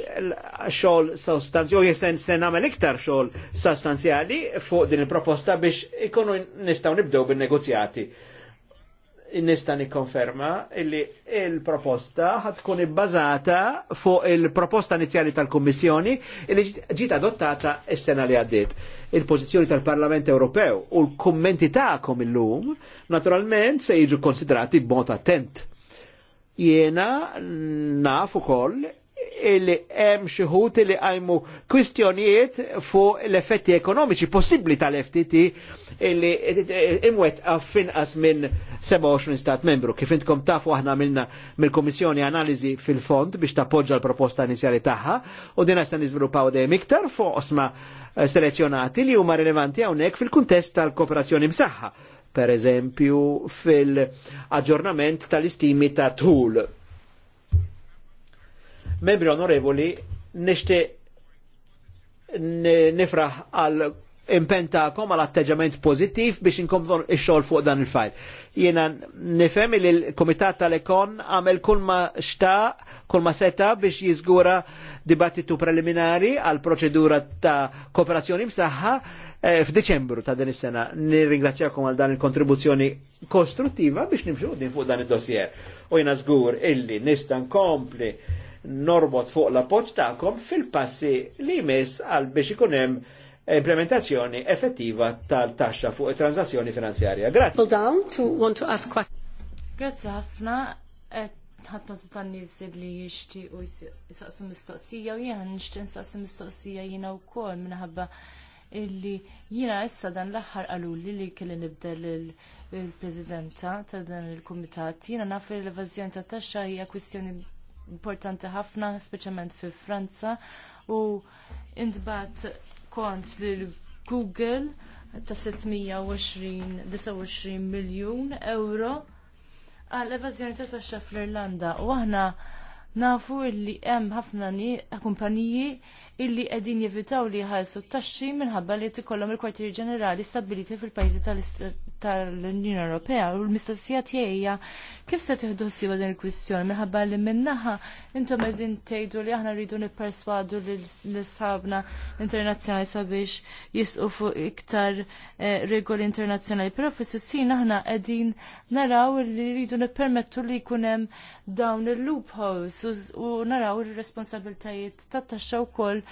xol sostanzjali, u jesen sen għamil iktar xol sostanzjali fuq din il-proposta biex ikonu nistaw nibdaw bil-negozjati nista nikkonferma illi il-proposta ħatkun ibbażata fuq il-proposta inizjali tal-Kommissjoni illi ġiet adottata s-sena li għaddiet. Il-pożizzjoni tal-Parlament Ewropew u l-kummenti tagħkom illum naturalment se jiġu konsiderati b'mod attent. Jiena naf ukoll illi hemm xi ħud li għajmu kwistjonijiet fuq l-effetti ekonomiċi possibbli tal-FTT illi imwettqa finqas minn 27 stat membru. Kif intkom tafu aħna minna mill-Kummissjoni Analiżi fil-fond biex tappoġġa l-proposta inizjali tagħha u din se niżviluppaw dejjem iktar fuq osma selezzjonati li huma rilevanti hawnhekk fil-kuntest tal-kooperazzjoni msaħħa per eżempju fil-aġġornament tal-istimi ta' tul Membri onorevoli, nishti nifraħ għal impentakom għal atteġġament pozittiv biex inkomdu ix-xogħol fuq dan il-fajl. Jiena nifhem li l-Kumitat tal-Ekon għamel kulma xta, kulma seta biex jiżgura dibattitu preliminari għal proċedura ta' kooperazzjoni msaħħa eh, f'Diċembru ta' din is-sena. Nirringrazzjakom għal dan il-kontribuzzjoni kostruttiva biex nimxu din fuq dan il dossier U jena żgur illi nista' nkompli norbot fuq la appoġġ tagħkom fil-passi li mis għal biex ikunem implementazzjoni effettiva tal-taxxa fuq il transazzjoni finanzjarja. Grazie. Well down to to want ask Grazie ħafna ħattu tan nies li jishti u jisaqsu mistoqsija u jiena nixtieq nistaqsi mistoqsija u kol minnaħabba illi jena issa dan l-aħħar qaluli li kelli nibdel il prezidenta ta' dan il-kumitat. jena naf l evazjoni ta' taxxa hija kwistjoni importanti ħafna, speċjalment fi Franza, u intbat kont lil Google ta' 629 miljun euro għal evażjoni ta' taxxa fl-Irlanda. U aħna nafu li hemm ħafna kumpaniji illi qegħdin jevitaw li jħallsu t-taxxi minħabba li tikollhom il-kwartieri ġenerali stabiliti fil-pajjiżi tal-Unjoni Ewropea u l-mistoqsija tiegħi kif se tieħdu ssiba din il-kwistjoni minħabba li minnaħa intom qegħdin tgħidu li aħna rridu nipperswadu lil sabna internazzjonali sabiex jisqu fuq iktar eh, regoli internazzjonali, però fis-sissin aħna qegħdin naraw li rridu nippermettu li jkun hemm dawn il-loopholes u naraw il-responsabiltajiet ta' taxxa wkoll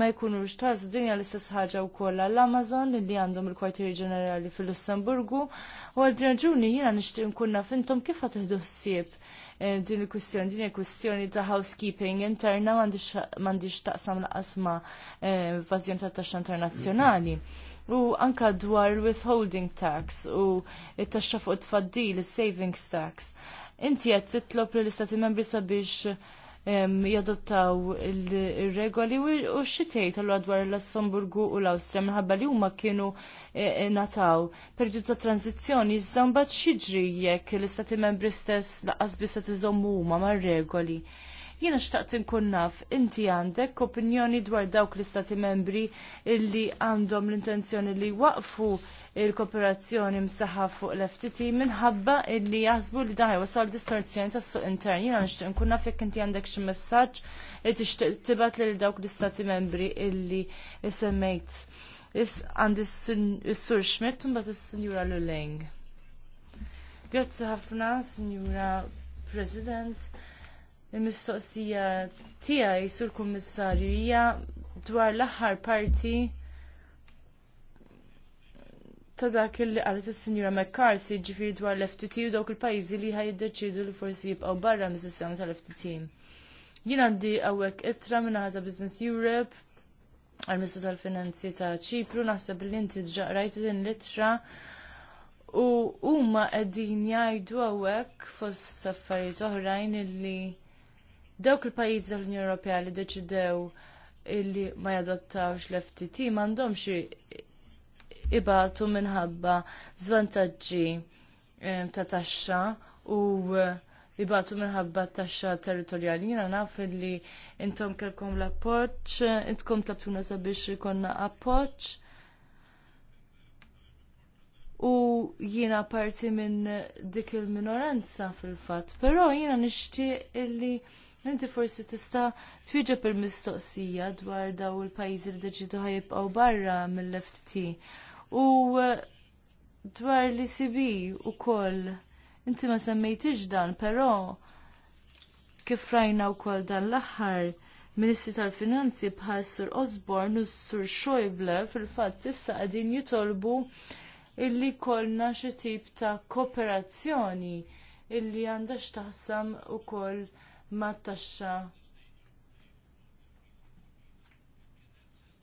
ma jkunux tas dinja l-istess ħaġa wkoll għall-Amazon li għandhom il-kwartieri ġenerali fil-Lussemburgu u għal raġuni jiena nixtieq nkun naf intom kif ħatiħdu ħsieb eh, din il-kwistjoni, din il-kwistjoni ta' housekeeping interna mandiġ taqsam laqasma eh, vazjon ta' taxxa internazzjonali. U anka dwar il-withholding tax u il taxxa fuq it-faddil, il-savings tax. Inti qed titlob lill istati membri sabiex jadottaw il-regoli u xitejt għallu dwar l-Lussemburgu u l-Austria minħabba li huma kienu e, e, nataw periodu ta' tranzizjoni iżda mbagħad xiġri jekk l-istati membri stess laqqas biss qed huma mar-regoli. Jiena xtaqt inkun naf, inti għandek opinjoni dwar dawk l-istati membri illi għandhom l-intenzjoni li waqfu il-kooperazzjoni msaħħa fuq l-FTT minħabba illi jaħsbu li daħi wasal distorzjoni tas suq intern. Jina nixtieq nkun naf jekk inti għandek xi messaġġ li tixtieq tibgħat lil dawk l-istati membri illi semmejt. għand is sur Schmidt mbagħad is-Sinjura Luling. Grazzi ħafna, Sinjura President il-mistoqsija tiegħi sur kummissarju hija dwar l-aħħar parti ta' dak li qalet is-Sinjura McCarthy ġifieri dwar l-FTT u dawk il-pajjiżi li ħajiddeċidu li forsi jibqgħu barra mis-sistema tal-FTT. Jien għandi hawnhekk ittra minn ħadd Business Europe għal-Ministru tal-Finanzi ta' Ċipru naħseb li inti ġaqrajt din l-ittra u huma qegħdin jgħidu hawnhekk fost affarijiet oħrajn illi dawk il-pajjiżi tal-Unjoni Ewropea li deċidew illi ma jadottawx l-FTT m'għandhomx ibatu minħabba żvantaġġi ta' taxxa u eh, ibatu minħabba taxxa territorjali. Jiena naf li intom kelkom l-appoġġ, intkom tlabtuna sabiex ikonna appoġġ. U jiena parti minn dik il-minoranza fil-fatt, però jiena nixtieq illi Inti forsi tista' twieġeb il-mistoqsija dwar daw il-pajjiżi li deċidu ħajibqgħu barra mill-FTT. U eh, dwar li sibi ukoll inti ma semmejtix dan, però kif rajna wkoll dan l-aħħar Ministri tal-Finanzi bħal Sur Osborne u Sur Schäuble fil-fatt issa qegħdin jitolbu illi kollna xi tip ta' kooperazzjoni illi għandha x'taħsam ukoll Ma taxxa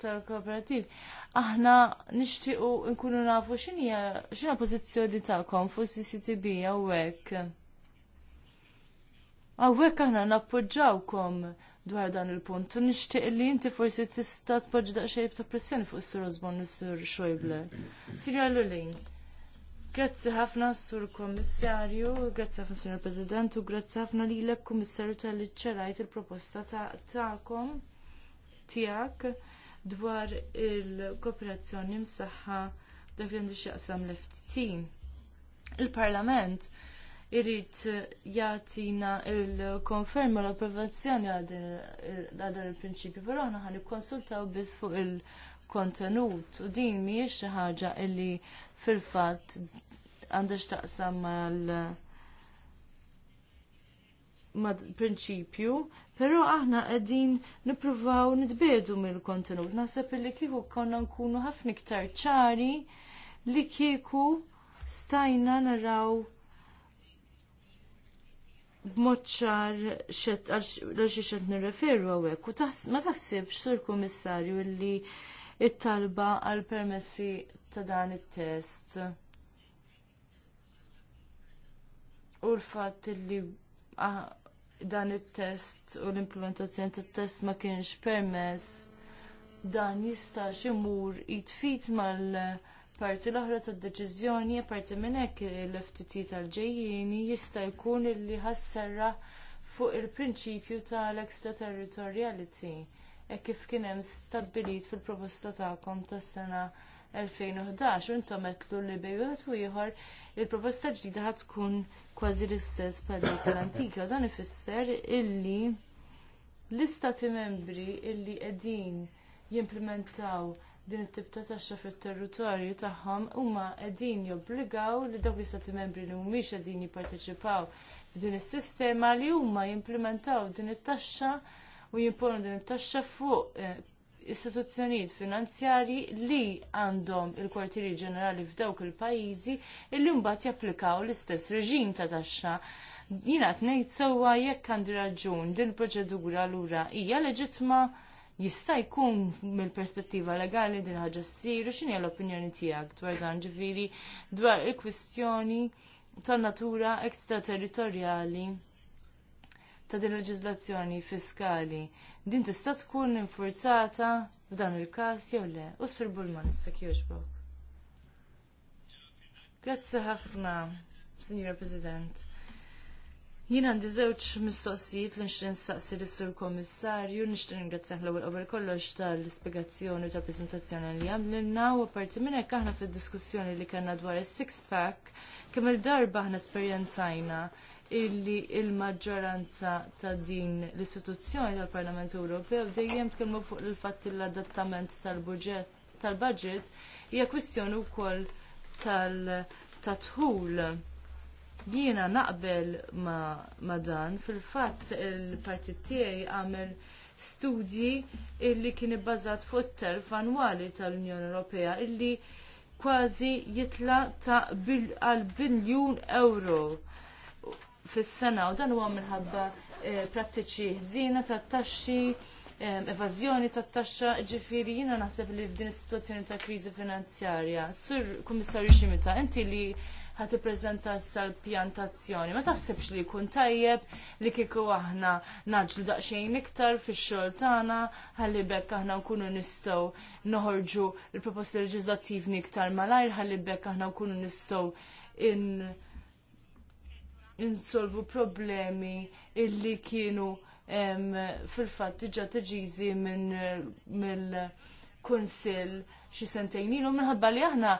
tal-kooperativ. Aħna nixtiequ nkunu nafu x'inhija x'inha pożizzjoni tagħkom fuq CCTB hawnhekk. Hawnhekk aħna nappoġġawkom dwar dan il-punt. U nixtieq li inti forsi tista' tpoġġi daqsxejn ta' pressjoni fuq is-Sur Osborne s-Sur Schäuble. Sirja Lulin. Grazzi ħafna sur kommissarju, grazzi ħafna sur president u grazzi ħafna li l kommissarju tal ċerajt il-proposta ta'kom tijak dwar il-kooperazzjoni msaħħa dak li għandu xaqsam l-FTT. Il-parlament irrit jatina il-konferma l-approvazzjoni għadin il-prinċipju, però ħan konsultaw bis fuq il-konferma kontenut u din mhijiex xi ħaġa li fil-fatt għandha x'taqsam mal mad prinċipju, pero aħna qegħdin nippruvaw nitbiedu mill-kontenut. Naħseb li kieku konna nkunu ħafna iktar ċari li kieku stajna naraw b'moċċar xed għal xi xed nirreferu hekk u ma taħsibx sur kummissarju li it-talba għal permessi ta' dan it-test. U l-fatt li dan it-test u l-implementazzjoni tat test ma kienx permess dan jista' imur jitfit mal-parti l-oħra tad-deċiżjoni apparti minn hekk l-FTT tal-ġejjieni jista' jkun illi ħasserra fuq il-prinċipju tal-extraterritoriality. E kif kien hemm stabbilit fil-proposta tagħkom tas-sena 2011 u intom għetlu li bejwet u ieħor il-proposta ġdida ħad tkun kważi l-istess bħal l-antika u dan ifisser illi l-istati membri illi qegħdin jimplementaw din it-tip ta' taxxa fit-territorju tagħhom huma qegħdin jobbligaw li dawk l-istati membri li mhumiex qegħdin jipparteċipaw f'din is-sistema li huma jimplementaw din it-taxxa u jimponu din it-taxxa fuq eh, istituzzjonijiet finanzjarji li għandhom il-kwartieri ġenerali f'dawk il-pajjiżi illi mbagħad japplikaw l-istess reġim ta' taxxa. Jiena qed ngħid sewwa jekk għandi raġun din proċedura lura hija leġitma jista' jkun mill-perspettiva legali din ħaġa ssir u x'inhi l-opinjoni tiegħek dwar dan ġifieri dwar il-kwistjoni tan-natura ekstraterritorjali ta' din leġiżlazzjoni fiskali din tista' tkun infurzata f'dan il-każ jew le. U Sur Bullman issa jogħġbok. Grazzi ħafna, Signor President. Jien għandi żewġ mistoqsijiet li nixtieq nistaqsi lis sur Kommissarju, nixtieq ningrazzjah l-ewwel qabel kollox tal-ispjegazzjoni u tal-preżentazzjoni li għamlilna u apparti minn hekk aħna fid-diskussjoni li kellna dwar is-six pack kemm il-darba aħna esperjenzajna illi l maġġoranza ta' din l-istituzzjoni tal-Parlament Ewropew dejjem tkellmu fuq il-fatt l-adattament tal-budget hija kwistjoni wkoll tal-tadħul. Jiena naqbel ma, dan fil-fatt il-partit tiegħi għamel studji illi kien ibbażat fuq it-telf annwali tal-Unjoni Ewropea illi kważi jitla ta' għal biljun euro fis-sena u dan huwa minħabba eh, prattiċi ħżiena tat-taxxi, eh, evażjoni tat-taxxa, ġifieri jiena naħseb li f'din is-sitwazzjoni ta' kriżi finanzjarja. Sur Kummissarju Ximita, inti li ħat ippreżenta sal-pjantazzjoni. Ma taħsibx li jkun tajjeb li kieku aħna naġlu daqsxejn iktar fix-xogħol tagħna ħalli bekk aħna nkunu nistgħu noħorġu l-proposti leġislattivni iktar malajr ħalli bekk aħna nkunu nistgħu in insolvu problemi illi kienu fil-fatt diġà teġiżi mill kunsill xi sentejn ilu minħabba li aħna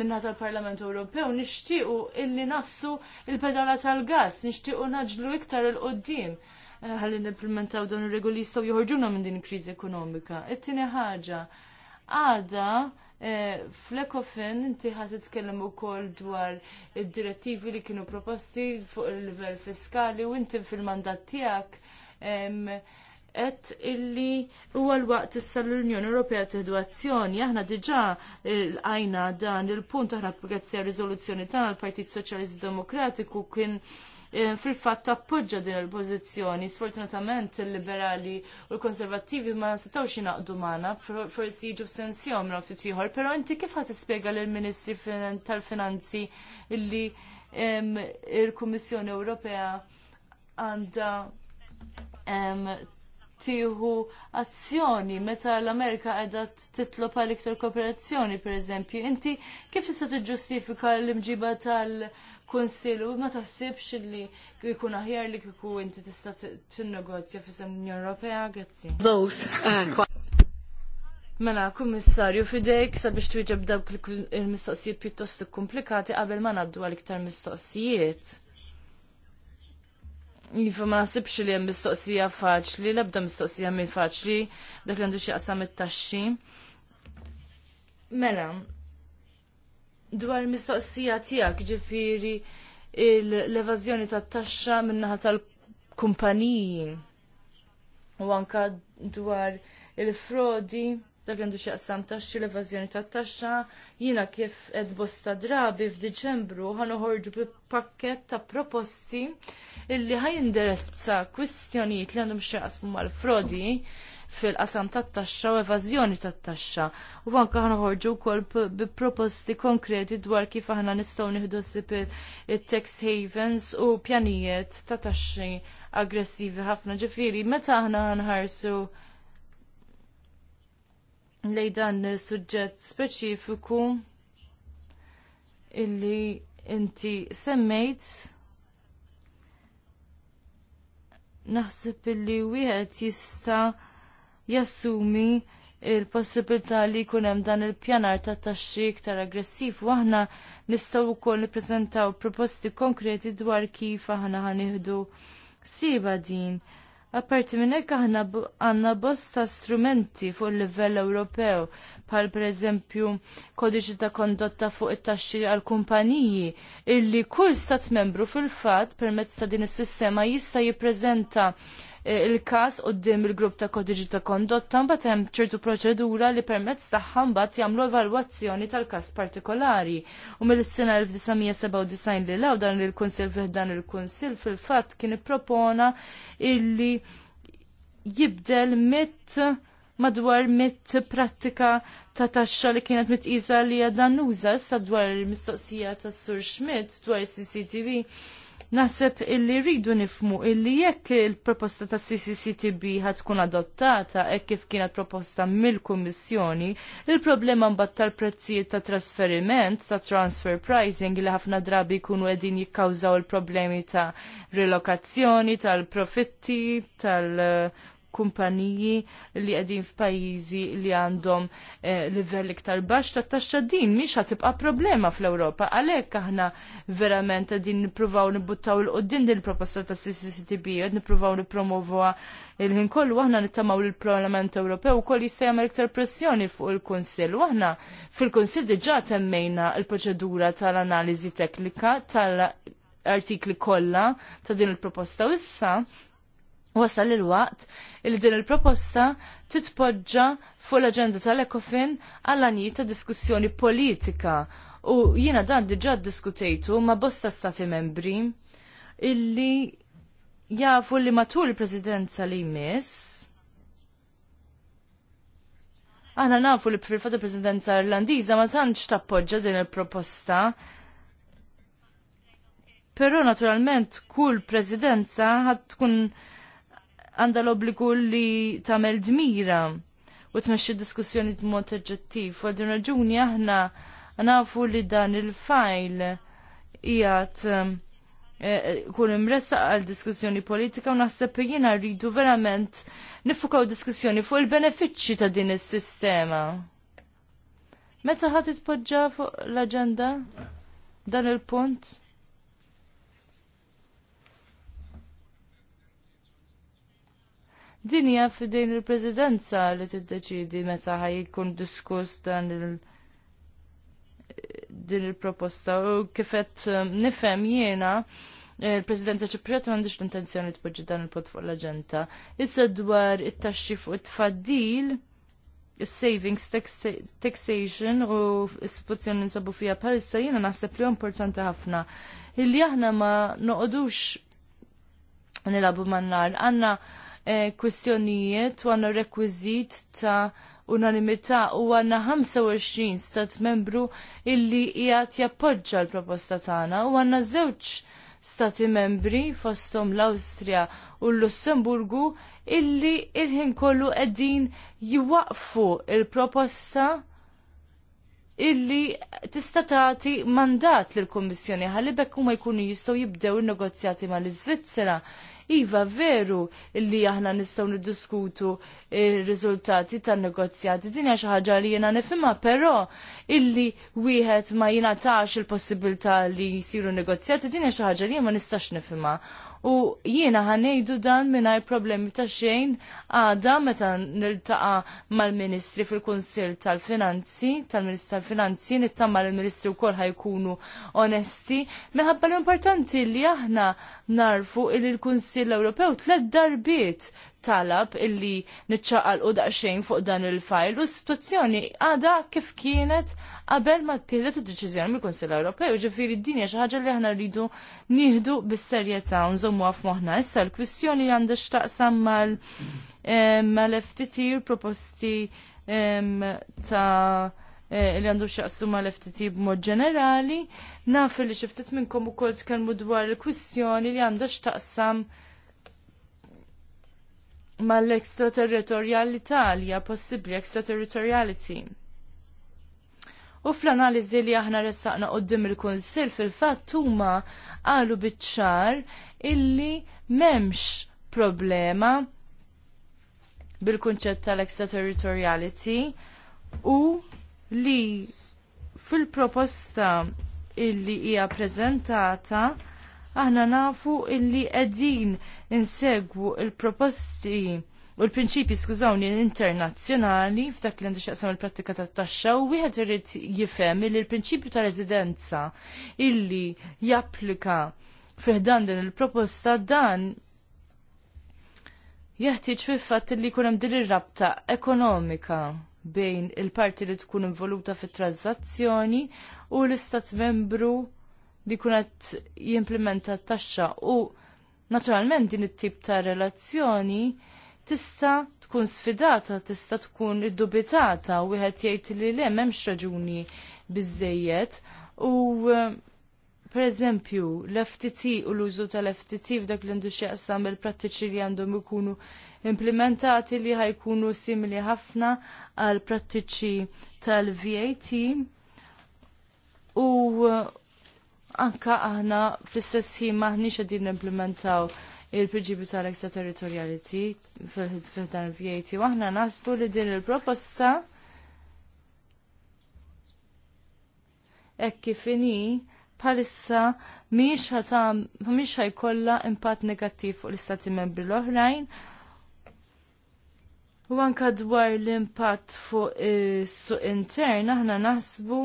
minna tal-Parlament Ewropew nixtiequ illi nafsu il-pedala tal-gas, nixtiequ naġlu iktar il-qoddim eh, ħalli nimplementaw dawn ir-regoli jistgħu joħorġuna minn din il-kriżi ekonomika. It-tieni ħaġa għada Eh, Fl-Ecofin inti ħat u ukoll dwar id-direttivi li kienu proposti fuq il-livell fiskali u inti fil-mandat tiegħek qed illi huwa l-waqt issa l-Unjoni Ewropea tieħdu azzjoni. Aħna diġà eh, l-għajna dan il-punt aħna grazzi għal riżoluzzjoni tagħna l-Partit Soċjalist Demokratiku kien Eh, fil-fatt tappoġġa din il-pożizzjoni. Sfortunatament il-liberali u l-konservattivi ma setgħux jingħaqdu magħna, forsi jiġu f'sensihom raw ftit ieħor, però inti kif għat tispjega lill-Ministri tal-Finanzi li il-Kummissjoni Ewropea għandha tieħu azzjoni meta l-Amerika qiegħda titlob għal iktar kooperazzjoni pereżempju. Inti kif tista' tiġġustifika l-imġiba tal- kunsilu ma taħsibx li jkun aħjar li kiku inti tista' tinnegozja negozja fi unjoni Ewropea, grazzi. Uh, mela, kummissarju, fidejk sabiex twieġeb dawk il-mistoqsijiet pjuttost komplikati qabel ma ngħaddu għal iktar mistoqsijiet. Jifu iva, ma nasibx li hemm mistoqsija faċli, l-ebda mistoqsija mi faċli, dak li għandu xi it-taxxi. Mela, dwar mistoqsija tiegħek ġifieri l-evażjoni tat-taxxa min-naħa tal-kumpaniji u anka dwar il-frodi dak għandu xaqsam taxxi l-evażjoni tat-taxxa, jiena kif qed bosta drabi f'Diċembru ħanoħorġu bi pakket ta' proposti illi ħajinderessa kwistjonijiet li għandhom xaqsmu mal-frodi fil-qasam tat-taxxa u evażjoni tat-taxxa. U anke ħanħorġu wkoll bi proposti konkreti dwar kif aħna nistgħu nieħdu sipir it-tax havens u pjanijiet ta' taxxi aggressivi ħafna ġifieri meta aħna nħarsu lej dan suġġett speċifiku illi inti semmejt naħseb illi wieħed jista' jassumi il-possibilità li jkun hemm dan il-pjanar ta' taxxi iktar aggressiv u aħna nistgħu wkoll nippreżentaw proposti konkreti dwar kif aħna ħanieħdu siba din. Apparti minn hekk aħna għandna bosta strumenti fuq il-livell Ewropew bħal pereżempju kodiċi ta' kondotta fuq it-taxxi għal kumpaniji illi kull stat membru fil-fatt permezz ta' din is-sistema jista' jippreżenta il-każ dim il-grupp ta' kodiġi ta' kondotta mbagħad hemm ċertu proċedura li permezz tagħha mbagħad jagħmlu evalwazzjoni tal-każ partikolari. U mill-sena 1997 li law dan il-Kunsill fih dan il-Kunsill fil-fatt kien ippropona illi jibdel mit madwar mit prattika ta' taxxa li kienet mitqisa li għadna nuża sa dwar il-mistoqsija tas Sur Schmidt dwar is-CCTV Naħseb illi rridu nifmu illi jekk il-proposta ta' CCCTB ħat tkun adottata e kif kienet proposta mill-Kummissjoni, il-problema mbatt tal-prezzijiet ta' trasferiment ta' transfer pricing li ħafna drabi jkunu qegħdin jikkawżaw il-problemi ta' relokazzjoni, tal-profitti, tal-, -profitti, tal kumpaniji li qegħdin f'pajjiżi li għandhom eh, livell iktar baxx ta' taxxa din mhix ħatibqa' problema fl-Ewropa. Għalhekk aħna verament qegħdin nippruvaw nibbuttaw il qudiem din il-proposta ta' CCTB, qed nippruvaw nippromovuha il-ħin kollu aħna nittamaw li l-Parlament Ewropew ukoll jista' jagħmel iktar pressjoni fuq il-Kunsill. Aħna fil-Kunsill diġà temmejna l-proċedura tal-analiżi teknika tal-artikli kollha ta' din il-proposta issa wasal il-waqt il din il-proposta titpoġġa fuq l-aġenda tal-Ekofin għall ta' diskussjoni politika u jiena dan diġà diskutejtu ma' bosta stati membri illi jafu li matul il-presidenza li jmiss Aħna nafu li fil fatta presidenza irlandiża ma tantx tappoġġa din il-proposta. Però naturalment kull presidenza ħad tkun għandha l-obbligu li tagħmel dmira u tmexxi diskussjoni b'mod oġġettiv. U għadin raġuni aħna nafu li dan il-fajl jgħat eh, eh, kun imressaq għal diskussjoni politika u naħseb jiena rridu verament nifukaw diskussjoni fuq il-benefiċċji ta' din is-sistema. Meta ħadd itpoġġa fuq l-aġenda dan il-punt? dinja f'din il-Presidenza li tiddeċiedi meta ħaj jkun diskuss dan il- din il-proposta u kifet um, nifem jiena il-Presidenza ċipriot għandix l-intenzjoni tpoġġi dan il-pot fuq l-agenda. Issa dwar it-taxxi fuq it-tfaddil, savings taxation u istituzzjoni nsabu fija bħalissa jiena naħseb li importanti ħafna. Illi aħna ma noqodux nilabu mannar, għanna Eh, kwistjonijiet u għanna rekwiżit ta' unanimità u għanna 25 e stat membru illi jgħat jappoġġa l-proposta tagħna u għanna żewġ stati membri fostom l-Awstrija u l-Lussemburgu illi il-ħin kollu qegħdin jwaqfu il-proposta illi tista' tagħti mandat lill-Kummissjoni ħalli bekk huma jkunu jistgħu jibdew il negozjati mal-Iżvizzera. Iva veru li aħna nistgħu niddiskutu r riżultati tan-negozjati. Din hija xi ħaġa li jiena nifhimha, però illi wieħed ma jingħatax il-possibilità li jsiru negozjati din hija xi ħaġa li jien ma nistax nifhimha u jiena ħanejdu dan mingħajr problemi ta' xejn għada meta niltaqa mal-Ministri fil-Kunsill tal-Finanzi, tal-Ministri tal-Finanzi, nittama l-Ministri wkoll ħajkunu onesti, minħabba l-importanti li aħna narfu il l-Kunsill Ewropew tlet darbiet talab illi nitċaqal u daqxejn fuq dan il-fajl u s-situazzjoni għada kif kienet qabel ma t-tihdet id-deċizjoni mill konsil u Ġifiri d-dinja xaħġa li ħna rridu nieħdu bis-serjetà u nżommu għaf moħna. Issa l-kwistjoni li għandha xtaqsam eh, mal-FTT u proposti eh, ta' eh, li għandu xaqsu ma l-FTT b'mod ġenerali, naf li xiftet minnkom u kol tkellmu dwar il-kwistjoni li għandu xtaqsam mal-ekstraterritorjalità li hija possibbli extraterritoriality. U fl-analiżi li aħna ressaqna qoddim il-Kunsill fil-fatt huma qalu biċ-ċar illi m'hemmx problema bil-kunċett tal-extraterritoriality u li fil-proposta illi hija preżentata aħna nafu illi qegħdin insegwu il-proposti u l-prinċipji skużawni internazzjonali f'dak li għandu xaqsam il-prattika ta' taxxa u wieħed irid jifhem illi l-prinċipju ta' residenza illi japplika fiħdan din il-proposta dan jeħtieġ fil-fatt illi jkun hemm din ir-rabta ekonomika bejn il-parti li tkun involuta fit-tranzazzjoni u l-istat membru li kunet jimplementa t-taxxa u naturalment din it-tip ta' relazzjoni tista tkun sfidata, tista tkun iddubitata u wieħed jgħid li le memx raġuni bizzejiet u eh, pereżempju l-FTT u l-użu tal-FTT f'dak li għandu xieqsam il-prattiċi li għandhom ikunu implementati li ħajkunu simili ħafna għal prattiċi tal-VAT u eh, anka aħna fl-istess ħin maħniex qegħdin nimplementaw il-prinċipju tal-ekstraterritorjalità fil-ħdan il-VAT u aħna naħsbu li din il-proposta hekk kif inhi bħalissa mhix ħatam mhix ħajkollha impatt negattiv fuq l-istati membri l-oħrajn u anka dwar l-impatt fuq is-suq intern aħna naħsbu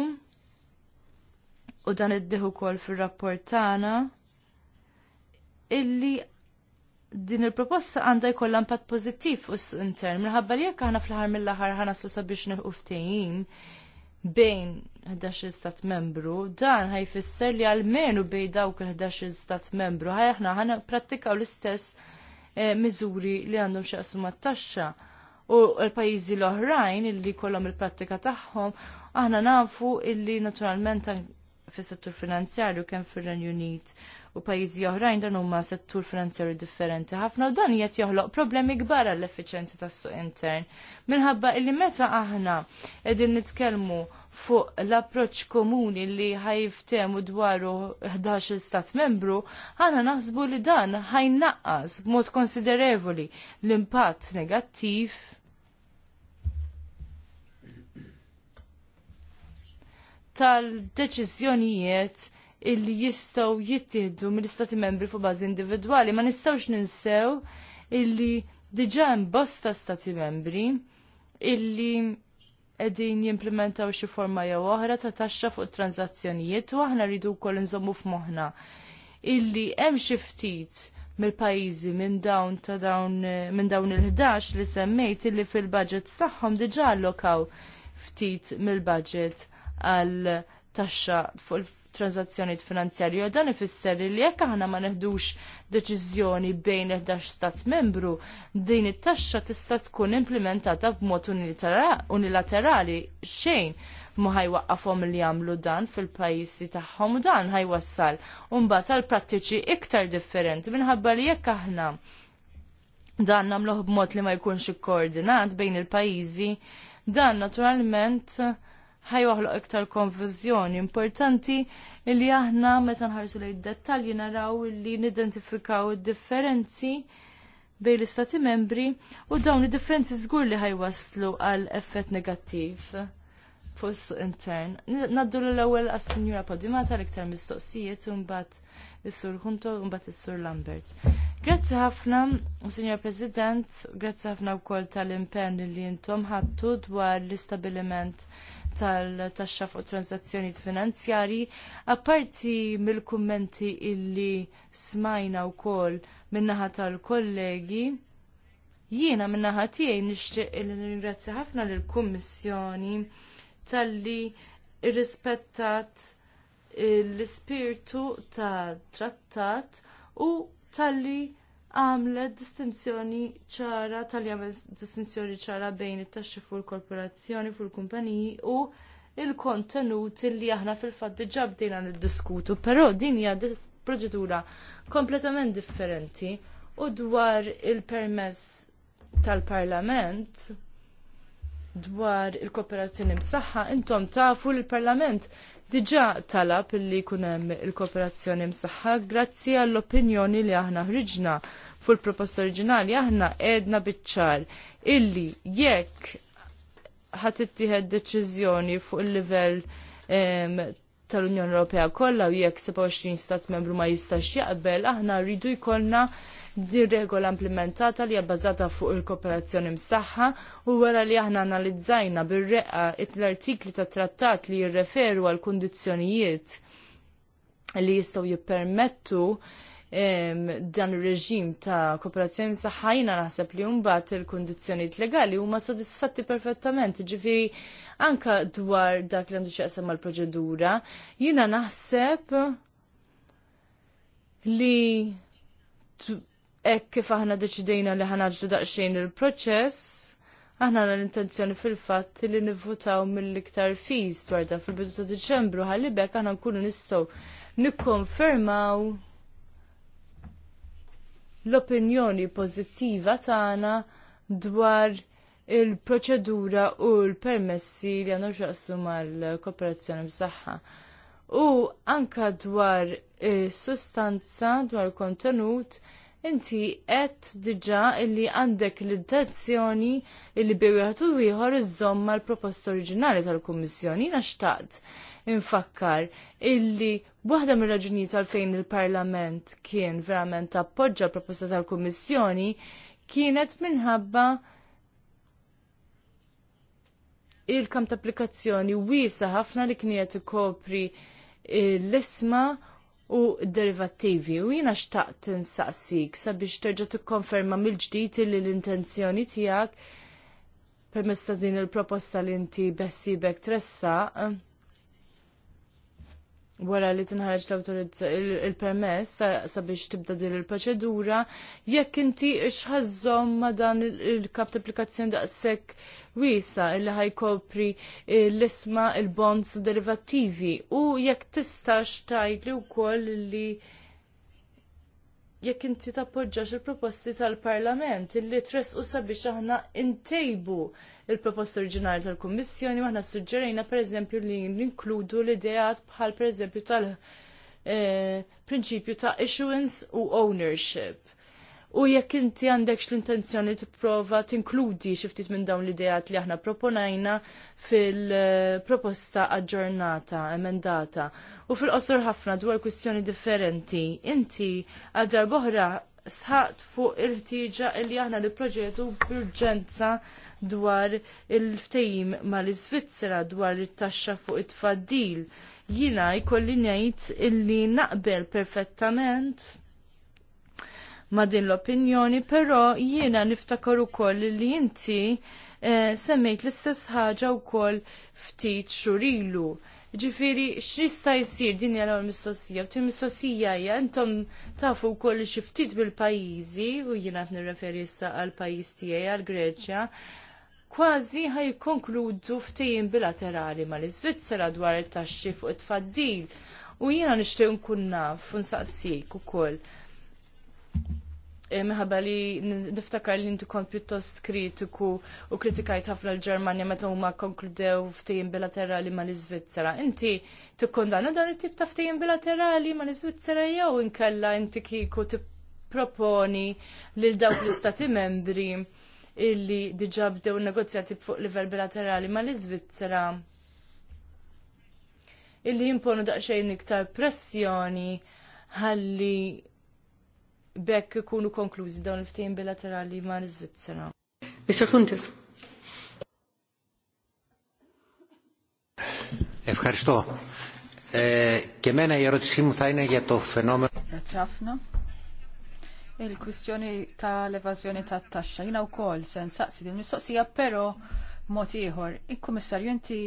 u dan id-diħu kol fil-rapport tagħna illi din il-proposta għandha jkollha impatt pożittiv u interm minħabba li jekk aħna fl-ħar mill-aħħar s sabiex nilqu ftehim bejn 11 stat membru, dan fisser li għal-menu bejn dawk il-11 stat membru ħajħna ħana prattikaw l-istess eh, miżuri li għandhom xaqsu mat-taxxa. U l-pajjiżi l-oħrajn illi kollom il-prattika tagħhom, aħna nafu illi naturalment fis-settur finanzjarju kemm fir-Renju Unit u pajjiżi oħrajn dan huma settur finanzjarju differenti ħafna u dan qed joħloq problemi kbar għall effiċjenza tas-suq intern. Minħabba illi meta aħna qegħdin nitkellmu fuq l-approċ komuni li ħajftemu dwaru 11 stat membru, għana naħsbu li dan ħajnaqqas b'mod konsiderevoli l-impatt negattiv tal-deċiżjonijiet illi jistgħu jittieħdu mill-istati membri fuq bażi individwali. Ma nistgħux ninsew illi diġà hemm bosta stati membri illi qegħdin jimplementaw xi forma jew oħra ta' taxxa fuq tranzazzjonijiet u aħna rridu wkoll nżommu f'moħħna illi hemm xi ftit mill-pajjiżi minn dawn ta' dawn minn dawn il-11 li semmejt illi fil-budget tagħhom diġà allokaw ftit mill-budget għal taxxa fuq il-transazzjonijiet finanzjarji u dan ifisser li jekk aħna ma neħdux deċiżjoni bejn 11 stat membru, din it-taxxa tista' tkun implementata b'mod unilaterali xejn ma ħajwaqqafhom li jagħmlu dan fil-pajjiżi tagħhom u dan ħajwassal u mbagħad għal prattiċi iktar differenti minħabba li jekk aħna dan nagħmluh b'mod li ma jkunx ikkoordinat bejn il-pajjiżi, dan naturalment ħajwaħloq iktar konfużjoni. Importanti li aħna meta nħarsu lejn dettalji naraw li nidentifikaw id-differenzi bejn l-istati membri u dawn id-differenzi żgur li ħajwaslu għal effett negattiv fuq intern. Naddu l-ewwel għas-Sinjura Podimata l-iktar mistoqsijiet un bat is-Sur Hunto u mbagħad is-Sur Lambert. Grazzi ħafna, Signor President, grazzi ħafna wkoll tal-impenn li intom ħattu dwar l-istabiliment tal-taxxa fuq transazzjoni finanzjari, apparti mill-kummenti illi smajna wkoll min-naħa tal-kollegi, jiena min-naħa tiegħi nixtieq illi nirringrazzja ħafna lill-Kummissjoni talli rrispettat l-ispirtu ta' trattat u talli għamlet distinzjoni ċara tal għamlet distinzjoni ċara bejn it-taxxi fuq il-korporazzjoni fuq il-kumpaniji u il-kontenut li aħna fil-fatt diġà bdejna niddiskutu, però din hija proċedura kompletament differenti u dwar il-permess tal-parlament dwar il-kooperazzjoni msaħħa, intom tafu l-Parlament diġa talab li jkun hemm il-kooperazzjoni msaħħa grazzi għall-opinjoni li aħna ħriġna fuq proposta oriġinali aħna edna biċċar illi jekk ħat ittieħed deċiżjoni fuq il-livell tal-Unjoni Ewropea kollha u jekk 27 stat membru ma jistax jaqbel, aħna rridu jkollna din regola implementata li bbażata fuq il-kooperazzjoni msaħħa u wara li aħna analizzajna bir-reqqa l-artikli ta' trattat li jirreferu għal kundizzjonijiet li jistgħu jippermettu dan ir-reġim ta' kooperazzjoni saħħajna naħseb li mbagħad il-kundizzjonijiet legali huma sodisfatti perfettament. Ġifiri, anka dwar dak li għandu xieqsam mal-proċedura, jiena naħseb li hekk kif aħna deċidejna li ħanaġġu daqsxejn il-proċess, Aħna l-intenzjoni fil-fatt li nivvutaw mill-iktar fiż dwar dan fil-bidu ta' Diċembru ħalli bekk aħna nkunu nistgħu nikkonfermaw l-opinjoni pożittiva tagħna dwar il-proċedura u l-permessi li għandu xaqsu mal-kooperazzjoni b'saħħa. U anka dwar sustanza dwar kontenut inti qed diġà illi għandek l-intenzjoni illi wieħed u ieħor iżomm mal-proposta oriġinali tal-Kummissjoni naxtaqt infakkar illi waħda mir-raġunijiet għalfejn il-Parlament kien verament appoġġa proposta tal-Kummissjoni kienet minħabba il-kam ta' applikazzjoni wiesa ħafna li kienet ikopri l-isma u derivattivi u jina xtaqt insaqsik sabiex terġa' tikkonferma mill-ġdid li l-intenzjoni tiegħek permezz ta' din il-proposta li inti bessibek tressaq wara li tinħarġ il-permess sabiex tibda din il-proċedura, jekk inti xħazzom ma dan il-kap applikazzjoni daqshekk wiesa illi ħajkopri l-isma il-bonds derivattivi u jekk tistax tajli wkoll li jekk inti tappoġġax il-proposti tal-Parlament illi tresqu sabiex aħna ntejbu il proposti oriġinali tal-Kummissjoni aħna suġġerejna pereżempju li ninkludu l-ideat bħal pereżempju tal-prinċipju eh, ta' issuance u ownership u jekk inti għandekx l-intenzjoni tipprova tinkludi xi ftit minn dawn l-idejat li aħna proponajna fil-proposta aġġornata, emendata. U fil-qosor ħafna dwar kwistjoni differenti, inti għadra boħra sħaqt fuq il-ħtieġa li aħna li proġetu b'urġenza dwar il-ftejim mal-Iżvizzera dwar it-taxxa fuq it-tfaddil. Jina jkolli ngħid illi naqbel perfettament ma din l-opinjoni, però jiena niftakar ukoll li inti eh, semmejt l-istess ħaġa wkoll ftit xurilu. Ġifiri, x'jista' jsir din hija l-ewwel mistoqsija? U tim mistoqsija hija intom tafu wkoll xi ftit bil-pajjiżi u jiena qed nirreferi issa għal pajjiż tiegħi għal Greċja. Kważi ħajkonkludu ftehim bilaterali mal-Iżvizzera dwar it-taxxi fuq it-tfaddil. U jiena nixtieq nkun naf u nsaqsik ukoll Eh, meħabba li niftakar li inti kont pjuttost kritiku u kritikajt ħafna l-Ġermanja meta huma konkludew ftehim bilaterali mal iżvizzera Inti tikkondana dan it-tip ta' ftehim bilaterali mal iżvizzera jew inkella inti kieku tipproponi lil dawk l-istati membri illi diġà bdew negozjati fuq livell bilaterali mal iżvizzera illi jimponu daqsxejn iktar pressjoni ħalli bekk ikunu konklużi dawn il-ftehim bilaterali ma' l-Iżvizzera. Mr. Kuntis. Ευχαριστώ. Ε, και εμένα η ερώτησή μου θα είναι για το φαινόμενο... Ρατσάφνα. Il-kwistjoni tal-evażjoni tat-taxxa. Jina wkoll sen saqsi din mistoqsija però mod ieħor. Il-Kummissarju inti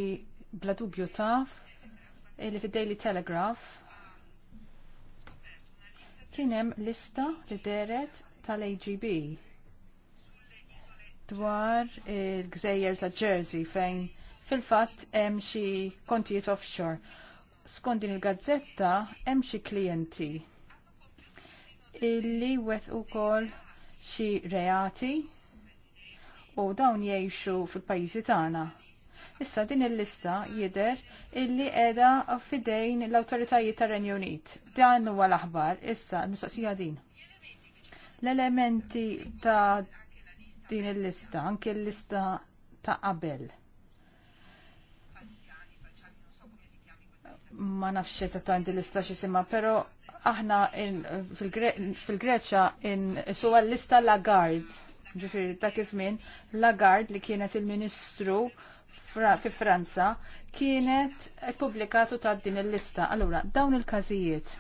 bla dubju taf li fid-Daily Telegraph Kien hemm lista li deret tal-AGB dwar il-gżejjer ta' Jersey fejn fil-fatt hemm xi kontijiet offshore. Skont din il-gazzetta hemm xi klijenti illi wet ukoll xi reati u dawn jgħixu fil-pajjiżi tagħna Issa din il-lista jider illi edha fidejn l-autoritajiet tar-Renju Unit. Dan huwa l-aħbar, issa l-mistoqsija din. L-elementi ta' din il-lista, anke l-lista ta' qabel. ma nafx eżattament il-lista xisima, però aħna fil-Greċa suwa l-lista Lagard, ġifiri ta' kizmin, Lagard li kienet il-ministru fi Franza kienet pubblikatu ta' din il-lista. Allura, dawn il-każijiet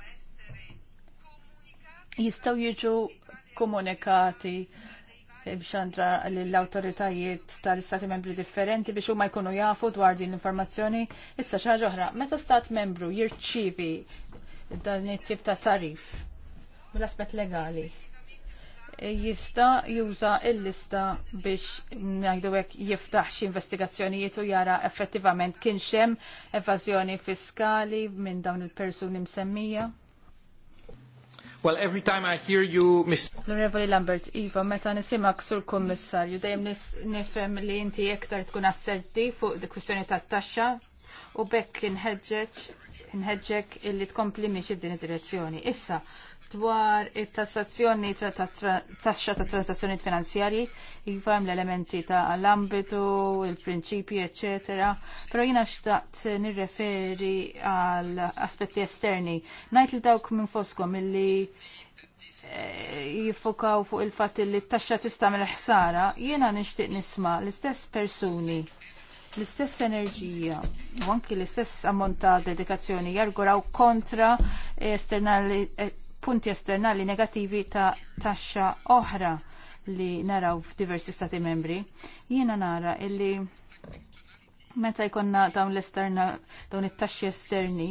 jistgħu jiġu komunikati bxandra l-autoritajiet tal-istati membri differenti biex huma jkunu jafu dwar din l-informazzjoni. Issa xi ħaġa oħra, meta stat membru jirċivi dan it-tip ta' tarif mill-aspett legali, jista juża il-lista biex ngħidu hekk jiftaħ xie investigazzjonijiet u jara effettivament kien xem evażjoni fiskali minn dawn il-persuni msemmija? Well, every time I hear you, Miss... L-Onorevoli Lambert, Iva, meta nisimak sur kommissarju, dejjem nifhem li inti iktar tkun asserti fuq di kwistjoni tat-taxxa u bekk inħeġġeġ inħeġġek illi tkompli miex id id-direzzjoni. Issa, dwar it-tassazzjoni taxxa ta' transazzjoni finanzjarji, jifhem iva, l-elementi ta' l-ambitu, il-prinċipji, eccetera. Però jiena xtaqt nirreferi għal aspetti esterni. Ngħid li dawk minn foskom illi eh, jiffokaw fuq il-fatt li t-taxxa tista' mill-ħsara, jiena nixtieq nisma' l-istess persuni l-istess enerġija u anki l-istess ammont ta' dedikazzjoni jarguraw kontra esternali punti esternali negattivi ta' taxxa oħra li naraw f'diversi stati membri. Jiena nara illi meta jkonna dawn l-esterna dawn it-taxxi esterni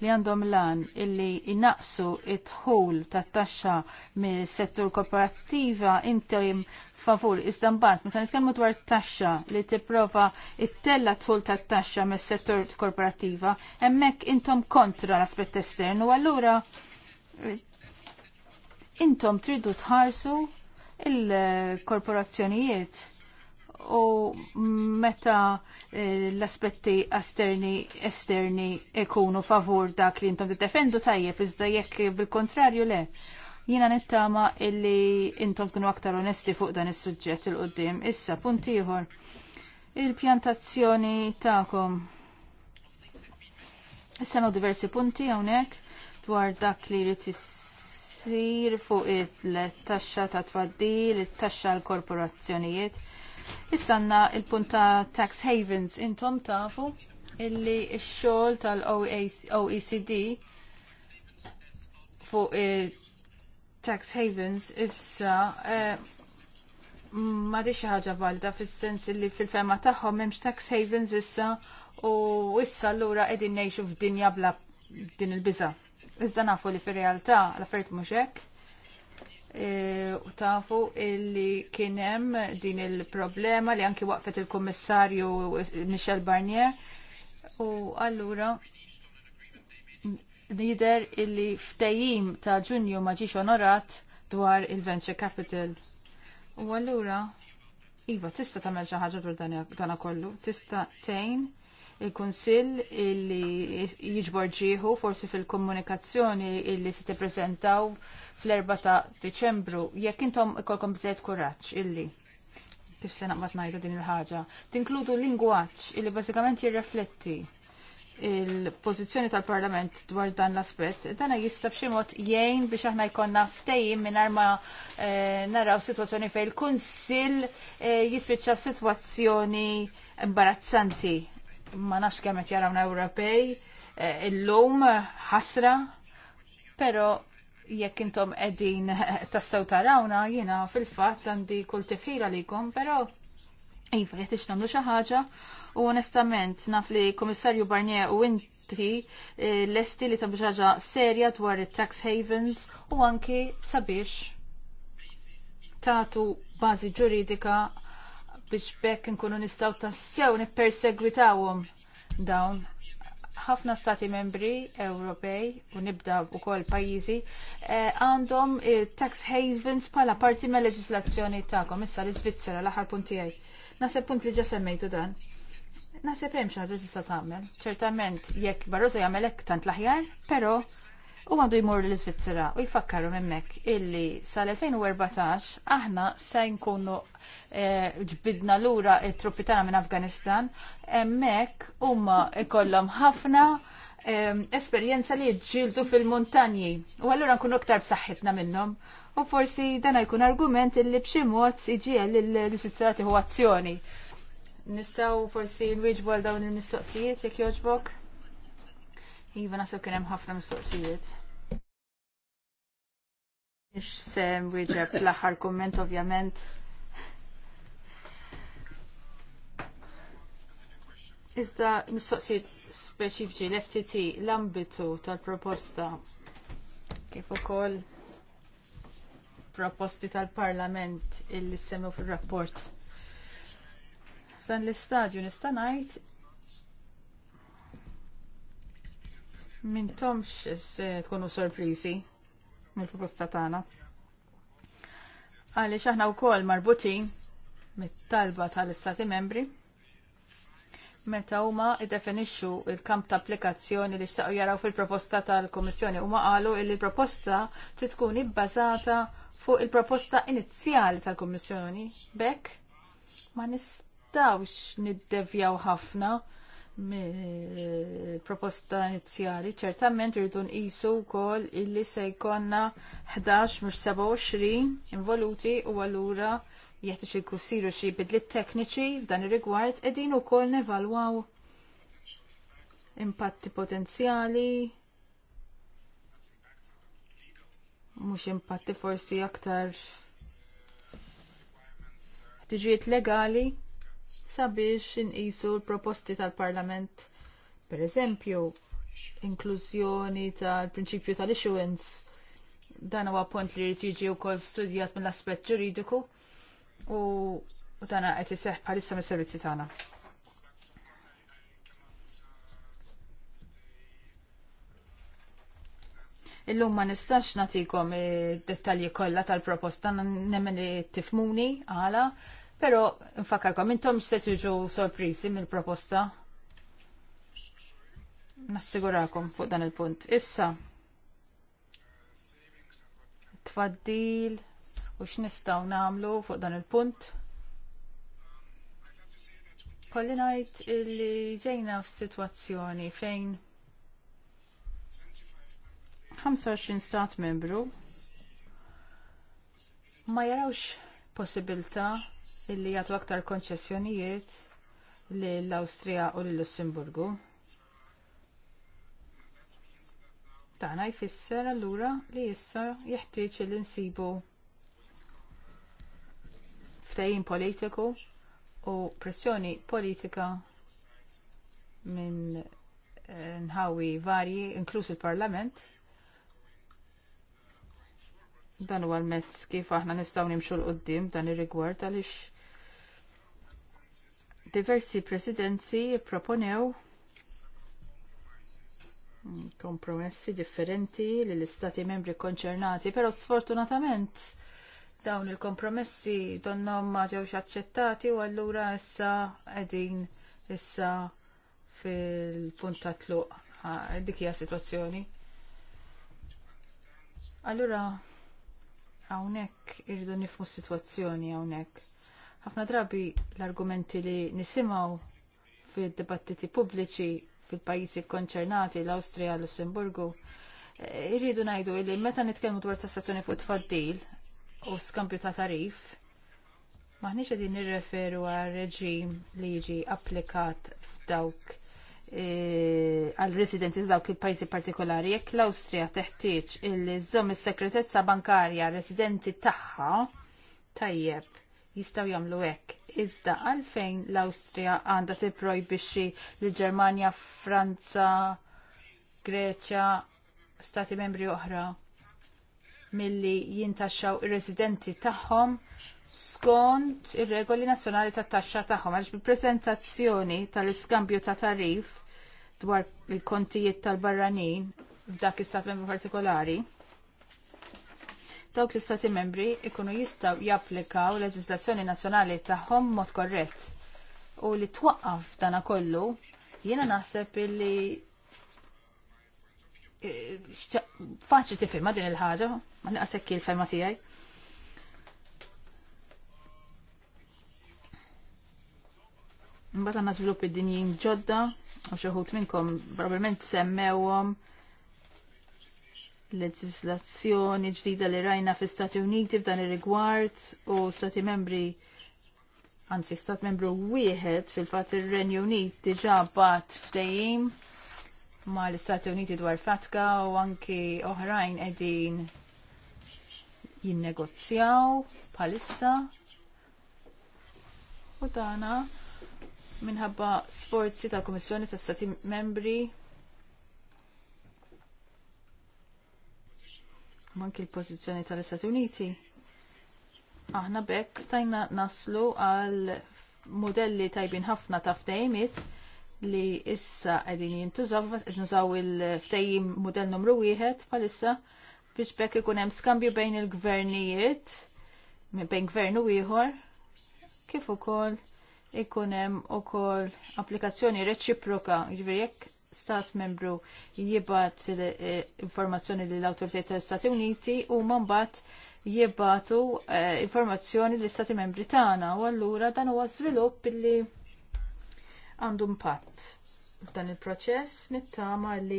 li għandhom lan illi innaqsu it tħul tat taxxa mis settur korporattiva intim favur iżda mbagħad meta nitkellmu dwar taxxa li tipprova ttella tħul ħul tat taxxa mis settur korporattiva hemmhekk intom kontra l-aspett estern u allura intom tridu tħarsu il-korporazzjonijiet u meta eh, l-aspetti esterni esterni ikunu favur dak li intom tiddefendu tajjeb iżda jekk bil-kontrarju le. Jiena nittama illi intom tkunu aktar onesti fuq dan is-suġġett il qudiem Issa, puntiħor. Il-pjantazzjoni tagħkom. Issa diversi punti hawnhekk dwar dak li jrid isir fuq it-taxxa ta' twaddil, it-taxxa għall korporazzjonijiet. Issanna il-punt ta' tax havens intom tafu illi x-xogħol tal-OECD fuq tax havens issa eh, ma di xi ħaġa valda fis-sens illi fil-fema tagħhom memx tax havens issa u issa allura qegħdin ngħixu f'dinja bla din il-biża' Iżda nafu li fir-realtà l-affarijiet mhux hekk. E, u tafu illi kien hemm din il-problema li anki waqfet il-Kummissarju Michel Barnier. U allura nider illi ftejim ta' ġunju ma ġiex onorat dwar il-venture capital. U allura, Iva, tista tagħmel xi ħaġa dwar dana kollu, tista tgħin il-Kunsill illi jiġbor ġieħu forsi fil-komunikazzjoni illi se tippreżentaw fl-4 ta' Deċembru jekk intom ikolkom bżejt kuraġġ illi kif se naqbad najda din il-ħaġa. Tinkludu lingwaġġ illi bażikament jirrefletti il-pożizzjoni tal-Parlament dwar dan l-aspett, dan jista' b'xi mod jgħin biex aħna jkollna ftehim mingħajr ma eh, naraw sitwazzjoni fejn il-Kunsill eh, jispiċċa f'sitwazzjoni imbarazzanti ma nafx kemm qed jarawna Ewropej eh, illum ħasra, però jekk intom qegħdin *laughs* tassew tarawna jiena fil-fatt għandi kull tifhira likom, però iva qed nagħmlu xi ħaġa u onestament naf li Komissarju Barnier u inti eh, lesti li tabu ħaġa serja dwar it-tax havens u anki sabiex tagħtu bażi ġuridika biex bekk nkunu nistaw tassew nippersegwitawhom dawn. Ħafna stati membri Ewropej u nibda wkoll pajjiżi eh, għandhom eh, tax havens bħala parti me leġislazzjoni tagħhom issa l-Iżvizzera l-aħħar punt tiegħi. Naħseb punt li ġa semmejtu dan. Naħseb hemm xi ħaġa tista' tagħmel. Ċertament jekk Barroso jagħmel hekk tant l-aħjar, però u għandu jmur l-Svizzera u jfakkaru memmek illi sal-2014 aħna se nkunu Eh, ġbidna lura t truppi tagħna minn Afganistan, hemmhekk huma ikollhom ħafna ehm, esperjenza li jġildu fil muntanji U allura nkunu aktar b'saħħitna minnhom. U forsi dan jkun argument li b'xi mod iġiel l-Svizzera tieħu azzjoni. Nistgħu forsi nwieġbu għal dawn il-mistoqsijiet jekk jogħġbok? Iva nasu kien hemm ħafna mistoqsijiet. Ix sem wieġeb l-aħħar kumment ovvjament Iżda mistoqsijiet speċifiċi l-FTT, l-ambitu tal-proposta kif ukoll proposti tal-Parlament illi semmew fir-rapport. Dan l-istadju nista' ngħid Mintomx se tkunu sorpriżi mill-proposta tagħna. Għaliex aħna wkoll marbutin mit-talba tal-Istati Membri meta huma iddefinixxu l kamp ta' applikazzjoni li xtaqgħu jaraw fil-proposta tal-Kummissjoni huma qalu li l-proposta trid tkun ibbażata fuq il-proposta inizjali tal-Kummissjoni. Bekk ma nistgħux niddevjaw ħafna mill-proposta inizjali. Ċertament irridu nqisu wkoll illi se jkollna 11 mhux 27 involuti u allura jeħtiex il-kussiru xi bidlit tekniċi f'dan ir-rigward qegħdin ukoll nevalwaw impatti potenzjali mhux impatti forsi aktar ħtiġijiet legali sabiex inqisu l-proposti tal-Parlament pereżempju inklużjoni tal-prinċipju tal-issuance dan huwa punt li jrid jiġi wkoll studjat mill-aspett ġuridiku u dana qed iseħħ bħalissa mis-servizzi tagħna. Illum ma nistax natikom dettalji kollha tal-proposta nemmen li tifmuni għala, pero nfakarkom intom se tiġu sorpriżi mill-proposta. Nassigurakom fuq dan il-punt. Issa. Tfaddil u x'nistgħu nagħmlu fuq dan il-punt. Kolli ngħid illi ġejna f'sitwazzjoni fejn 25 stat membru ma jarawx possibilità illi jagħtu aktar konċessjonijiet lill-Awstrija u lill-Lussemburgu. Tana jfisser allura li issa jeħtieġ li nsibu ftehim politiku u pressjoni politika minn eh, nħawi varji, inklus il-Parlament. Dan huwa l-mezz kif aħna nistgħu nimxu l-qoddim dan ir-rigward għaliex diversi presidenzi proponew kompromessi differenti lill istati membri konċernati, pero sfortunatament Dawn il-kompromessi donnom ma ġewx aċċettati u allura issa qegħdin issa fil-punt ta' tluq. Dik hija sitwazzjoni. Allura hawnhekk irridu nifmu s-sitwazzjoni hawnhekk. Ħafna drabi l-argumenti li nisimgħu fid-dibattiti pubbliċi fil-pajjiżi konċernati l-Awstrija, l-Lussemburgu, irridu najdu li meta nitkellmu dwar tassazzjoni fuq tfaddil, u skambju ta' tarif, maħniċ għedin nirreferu għal reġim li jiġi applikat f'dawk e, għal residenti f'dawk il-pajzi partikolari. Jekk l-Awstrija teħtieġ il-żom is-sekretezza bankarja residenti tagħha tajjeb jistgħu jagħmlu hekk. Iżda għalfejn l-Awstrija għandha tipprojbixxi lill ġermanja Franza, Greċja, stati membri oħra milli jintaxxaw ir-residenti tagħhom skont ir-regoli nazzjonali tat-taxxa tagħhom għaliex bil-preżentazzjoni tal-iskambju ta' tarif dwar il-kontijiet tal-barranin f'dak istat membru partikolari. Dawk l-istati membri ikunu jistgħu japplikaw leġiżlazzjoni nazzjonali tagħhom mod korrett u li twaqqaf dana kollu jiena naħseb illi faċli tifhimha din il-ħaġa, ma naqsek il-fema tiegħi. Mbagħad għandna żvilupp id-dinjin ġodda u xi wħud minnkom probabbilment semmewhom leġislazzjoni ġdida li rajna fi Stati Uniti f'dan ir-rigward u Stati membri anzi Stat membru wieħed fil-fatt ir-Renju Unit diġà bat ftehim ma l-Istati Uniti dwar fatka u anki oħrajn edin jinnegozzjaw palissa u tana minħabba sforzi tal Komissjoni ta' Stati Membri manki l-pozizjoni tal-Istati Uniti. Aħna bekk stajna naslu għal modelli tajbin ħafna ta' ftejmit li issa qegħdin jintużaw, nużaw il ftejim mudell numru wieħed bħalissa biex bekk ikun hemm skambju bejn il-gvernijiet bejn gvern u ieħor kif ukoll ikun hemm ukoll applikazzjoni reċiproka, jiġifieri jekk stat membru jibgħat e, informazzjoni lill awtoritajiet tal stati Uniti u mbagħad jibbatu e, informazzjoni informazzjoni l stati membri tagħna u allura dan huwa żvilupp billi għandu impatt f'dan il-proċess nittama li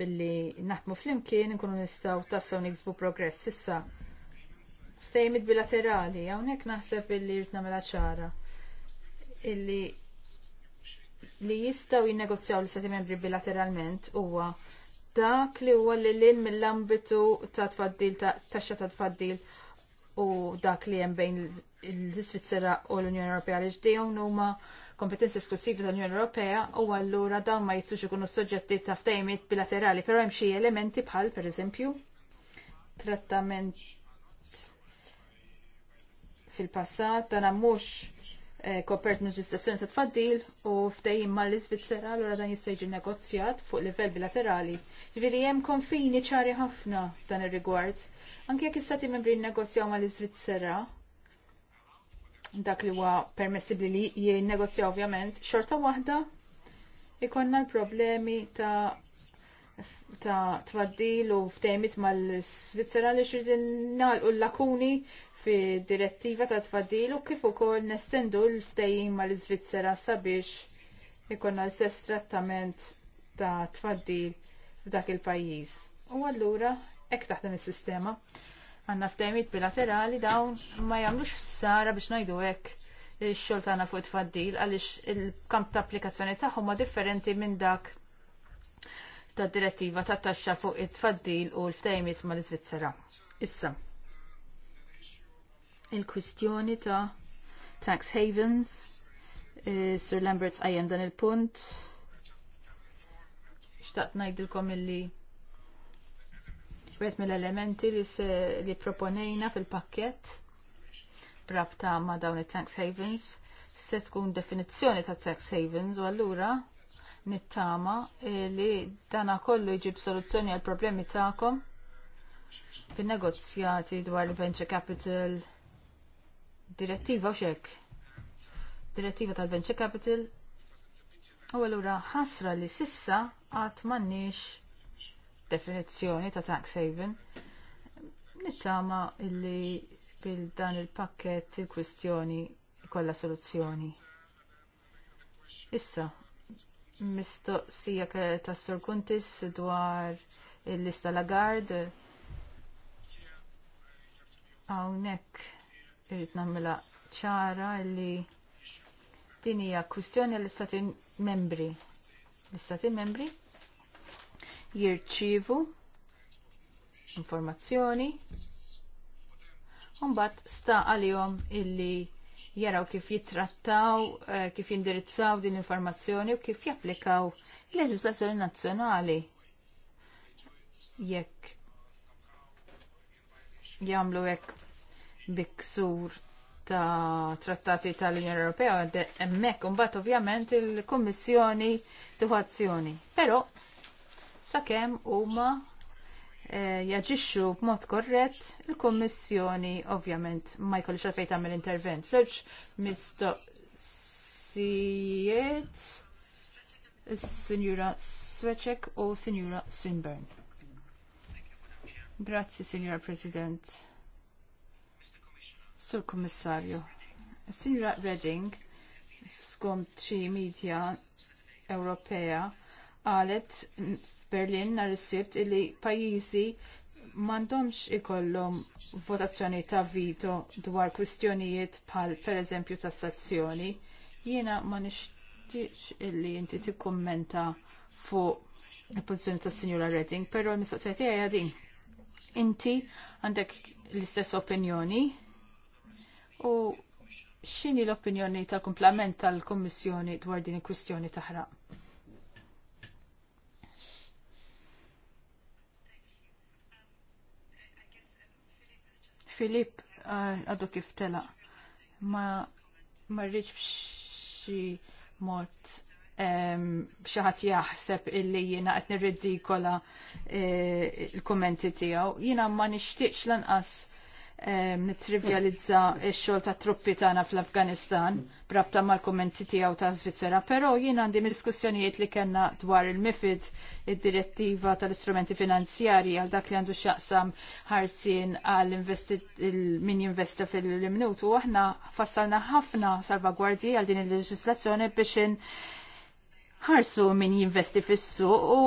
billi naħdmu flimkien nkunu nistgħu tassew niksbu progress issa ftejmit bilaterali hawnhekk naħseb illi rid nagħmilha ċara illi li jistgħu jinnegozjaw l-istati membri bilateralment huwa dak li huwa li lin mill-ambitu ta' tfaddil ta' taxxa ta' tfaddil u dak li hemm bejn l-Svizzera u l-Unjoni Ewropea li ġdejhom huma kompetenzi esklusivi tal-Unjoni Ewropea u allura dawn ma jistux ikunu soġġetti ta' ftehimiet bilaterali, però hemm xi elementi bħal pereżempju trattament fil-passat dan mhux eh, kopert minn ġistazzjoni ta' tfaddil u ftehim mal iżvizzera allura dan jista' jiġi negozjat fuq livell bilaterali. Ġifieri hemm konfini ċari ħafna dan ir-rigward. Anke jekk is-stati membri negozjaw mal iżvizzera dak li huwa permessibli li jinnegozja ovvjament, xorta waħda ikonna l-problemi ta' ta' tfaddil u ftejmit mal-Svizzera li xridin nalqu l-lakuni fi direttiva ta' tfaddil u kif ukoll nestendu l-ftejim mal-Svizzera sabiex ikonna l-sess trattament ta' tfaddil f'dak il-pajjiż. U allura hekk taħdem is-sistema għanna f'temijiet bilaterali dawn ma jagħmlux sara biex ngħidu hekk il xogħol tagħna fuq tfaddil għaliex il-kamp ta' applikazzjoni tagħhom ma differenti minn dak tad direttiva tat taxxa fuq it faddil u l-ftejmiet mal-Iżvizzera. Issa, il-kwistjoni ta' tax havens, eh, Sir Lamberts għajem dan il-punt. Xtaqt najdilkom illi wieħed mill-elementi li, li proponejna fil-pakket rabta ma' dawn it-tax havens se tkun definizzjoni ta' tax havens u allura nittama li dana kollu jġib soluzzjoni għal problemi ta'kom fin negozjati dwar venture capital direttiva u xek direttiva tal-venture capital u allura ħasra li sissa għat manniex definizzjoni ta' tax haven. Nittama illi bil dan il-pakket il-kwistjoni kollha soluzzjoni. Issa, mistoqsija ta' Sur Kuntis dwar il-lista Lagard. Hawnhekk irrid nagħmilha ċara li din hija kwistjoni l-istati membri. L-istati membri jirċievu informazzjoni u mbagħad sta għalihom illi jaraw kif jitrattaw, eh, kif jindirizzaw din l-informazzjoni u kif japplikaw il leġislazzjoni nazzjonali. Jekk jagħmlu hekk biksur ta' trattati tal-Unjoni Ewropea hemmhekk imbagħad ovvjament il-Kummissjoni tieħu azzjoni. Però sakemm huma eh, jaġixxu b'mod korrett il-Kummissjoni ovvjament ma jkollix għalfejn tagħmel intervent. Żewġ mistoqsijiet Signora Sweczek u Signora Swinburne. Grazzi, Signora President. Sur Kummissarju. Signora Redding, skont xi media Ewropea qalet f'Berlin nhar is-sibt li pajjiżi m'għandhomx ikollhom votazzjoni ta' vito dwar kwistjonijiet bħal pereżempju tassazzjoni. Jiena ma nixtiex illi inti tikkummenta fuq il-pożizzjoni tas Sinjura Redding, però l-mistaqsija tiegħi din. Inti għandek l-istess opinjoni u x'inhi l-opinjoni tal kumplament tal-Kummissjoni dwar din il-kwistjoni taħraq? Filip ah, għadu kif tela ma marriċ bċi mod bċaħat jaħseb illi jina għet nirridikola eh, il-kommenti tijaw. Jina ma nishtiqx lanqas nitrivializza il xogħol tat truppi tagħna fl-Afganistan brabta mal-kummenti tiegħu ta' Svizzera, però jien għandi diskussjonijiet li kellna dwar il-MIFID, id-direttiva tal-istrumenti finanzjarji għal dak li għandu x'jaqsam ħarsien għal min jinvesta fil-imnut u aħna fassalna ħafna salvagwardji għal din il-leġislazzjoni biex ħarsu min jinvesti fis-suq u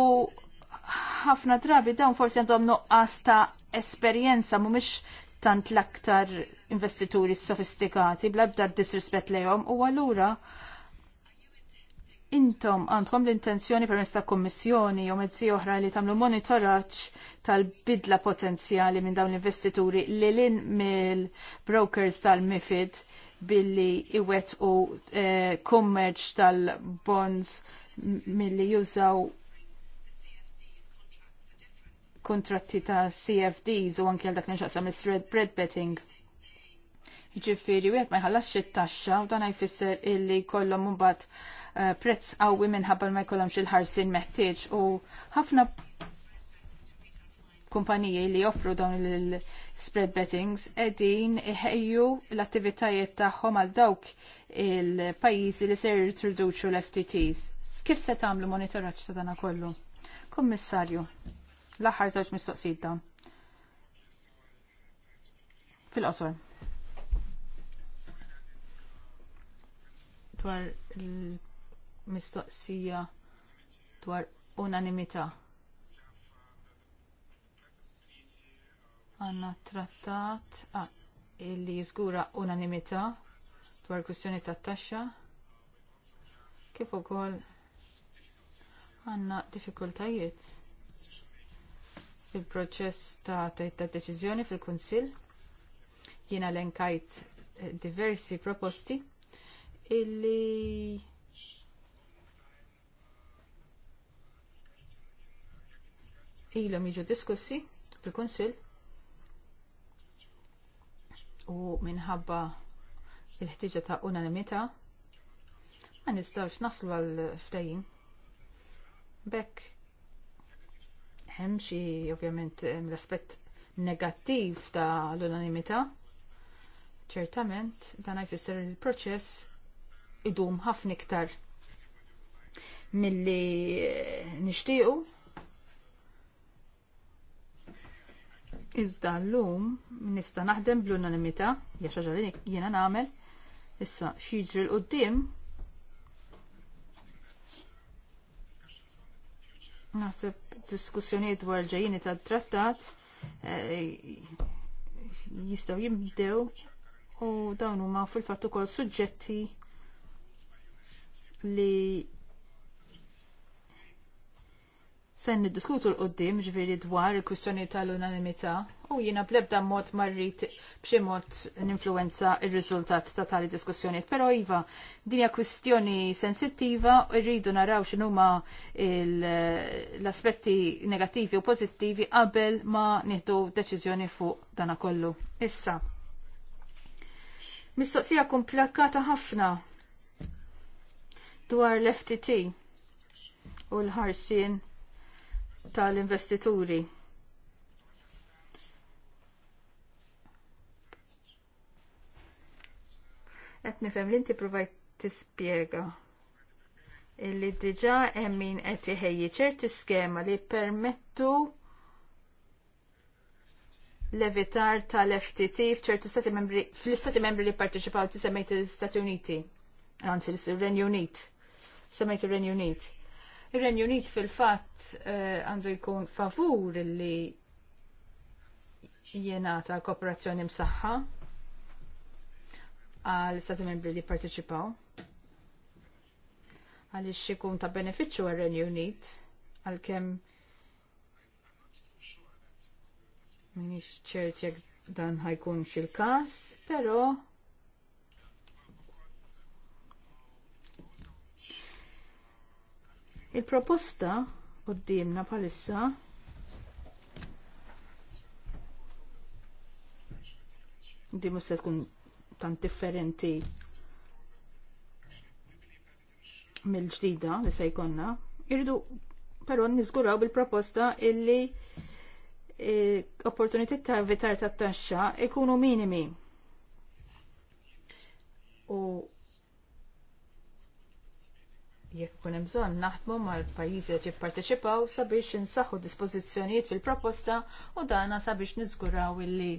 ħafna drabi dawn forsi għandhom nuqqas ta' esperjenza mhumiex tant l-aktar investituri sofistikati bl-ebda disrispett lejhom u allura intom għandkom l-intenzjoni permezz ta' kommissjoni u mezzi oħra li tagħmlu monitoraġġ tal-bidla potenzjali minn dawn l-investituri li lin mill-brokers tal-MIFID billi iwet u eh, kummerċ tal-bonds milli jużaw kontratti ta' CFDs u anke għal dak nixaqsam is-red bread betting. Ġifiri, wieħed ma jħallax it-taxxa u dan jfisser illi kollom mbagħad eh, prezz qawwi minħabba ma jkollhomx il-ħarsin meħtieġ u ħafna kumpaniji li joffru dawn il-spread bettings edin iħejju l-attivitajiet tagħhom għal dawk il-pajjiżi li ser jirtroduċu l-FTTs. Kif se tagħmlu monitoraġġ ta' dana kollu? Kommissarju, L-aħħar żewġ mistoqsijiet dawn. Fil-qosor. Dwar il-mistoqsija dwar unanimità. Għanna trattat illi jizgura unanimità dwar kwistjoni tat-taxxa kif ukoll għandna diffikultajiet fil-proċess ta' ta' deċiżjoni fil-Kunsill. Jiena lenkajt eh, diversi proposti illi ilhom jiġu diskussi fil-Kunsill u minħabba il-ħtiġa ta' unanimità ma nistgħux naslu għal ftehim. Bekk hemm xi ovvjament eh, l-aspett negattiv ta' l-unanimità. Ċertament dan jfisser il-proċess idum ħafna iktar milli eh, nixtiequ Iżda llum nista naħdem bl-unanimità, jaxa li jiena nagħmel, issa xi jiġri l-qoddim Nasib diskussjonijiet dwar ġajini tat-trattat eh, jistgħu jibdew u dawn huma fil-fatt ukoll suġġetti li se niddiskutu l-qoddim ġifieri dwar il-kwistjoni tal-unanimità u jina blebda mod marrit mod n-influenza il-rizultat ta' tali diskussjoni. Pero Iva, dinja kwistjoni sensittiva, rridu naraw xinuma l-aspetti negativi u pozittivi qabel ma nieħdu deċiżjoni fuq dana kollu. Issa, mistoqsija komplikata ħafna dwar l-FTT u l-ħarsien tal-investituri. qed nifhem li inti provajt tispjega illi diġà hemm min qed iħejji ċerti skema li permettu levitar tal-FTT f'ċertu stati membri fl-istati membri li parteċipaw ti semmejt l istati Uniti, anzi l-Renju Unit. Semmejt l renju Unit. Il-Renju Unit fil-fatt eh, għandu jkun favur li jenata kooperazzjoni msaħħa għal stati membri li parteċipaw. Għaliex ikun ta' beneficju għal Renju Unit kem minix ċerċ jek dan ħajkun xil-kas, pero il-proposta u d-dimna qoddimna bħalissa di se tkun tant differenti mill-ġdida li se jkollna, irridu però niżguraw bil-proposta illi eh, opportunità ta' evitar ta' taxxa ikunu minimi. U jekk kun hemm bżonn naħdmu mal-pajjiżi li jipparteċipaw sabiex insaħħu dispożizzjonijiet fil-proposta u dana sabiex niżguraw illi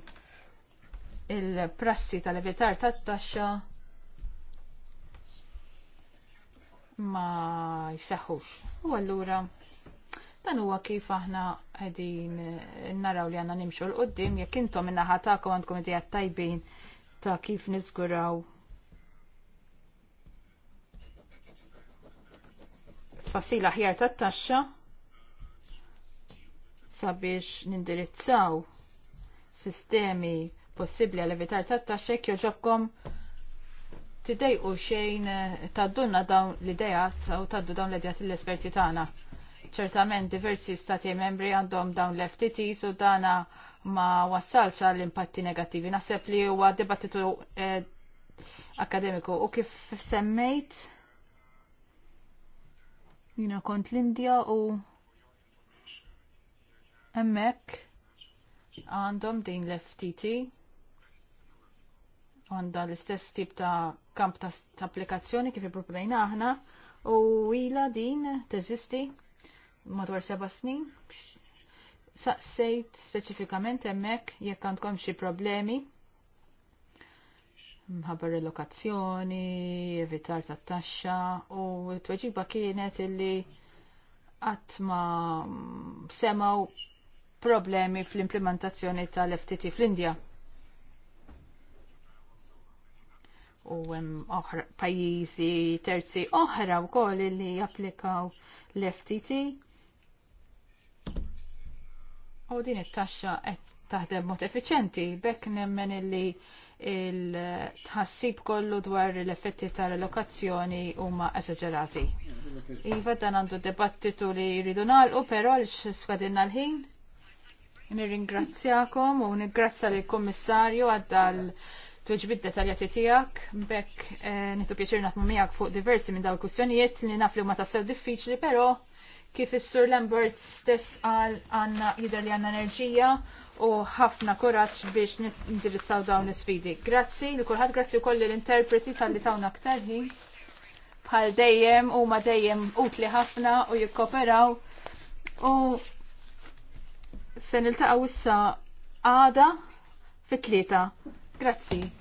il-prassi tal-evitar tat-taxxa ma jseħħux. U allura dan huwa kif aħna qegħdin eh, naraw li għandna nimxu l qoddim jekk intom minna ħatakom għandkom idea tajbin ta' kif niżguraw fasila ħjar tat-taxxa sabiex nindirizzaw sistemi possibbli għal-evitar ta' taxxek joġobkom tidej u xejn taddunna dawn l-idejat u taddu dawn l-idejat l-esperti tagħna. Ċertament diversi stati membri għandhom dawn l-FTT u dana ma wassalx għall impatti negativi. Naħseb li huwa dibattitu eh, akademiku u kif semmejt jina kont l-Indja u emmek għandhom din l-FTT għanda l-istess tip ta' kamp ta' applikazzjoni kif ipproponejna aħna u ila din teżisti madwar seba' snin. Saqsejt speċifikament hemmhekk jekk għandkom xi problemi mħabbar relokazzjoni, evitar ta' taxxa u t-tweġiba kienet illi għatma semaw problemi fl-implementazzjoni tal-FTT fl-Indja. u hemm pajjiżi terzi oħra wkoll li japplikaw l-FTT. U din it-taxxa qed taħdem mod effiċenti, bekk nemmen illi il-tħassib kollu dwar l-effetti tal relokazzjoni huma esagerati. Iva dan għandu debattitu li jridu nagħlqu, però għaliex skadinna l-ħin. Nirringrazzjakom u nirgrazzja lill kummissarju għaddal d detaljati tiegħek, bekk eh, nitu pjaċir naħdmu miegħek fuq diversi minn dawn kustjonijiet, li naf li huma tassew diffiċli, però kif is-Sur Lambert stess qal għandna jidher li għandna enerġija u ħafna kuraġġ biex nindirizzaw dawn l-isfidi. Grazzi li kulħadd grazzi wkoll l-interpreti tal-li tawna ktarħi bħal dejjem huma dejjem utli ħafna u jikkoperaw u se niltaqgħu issa għada fit-tlieta. Grazzi.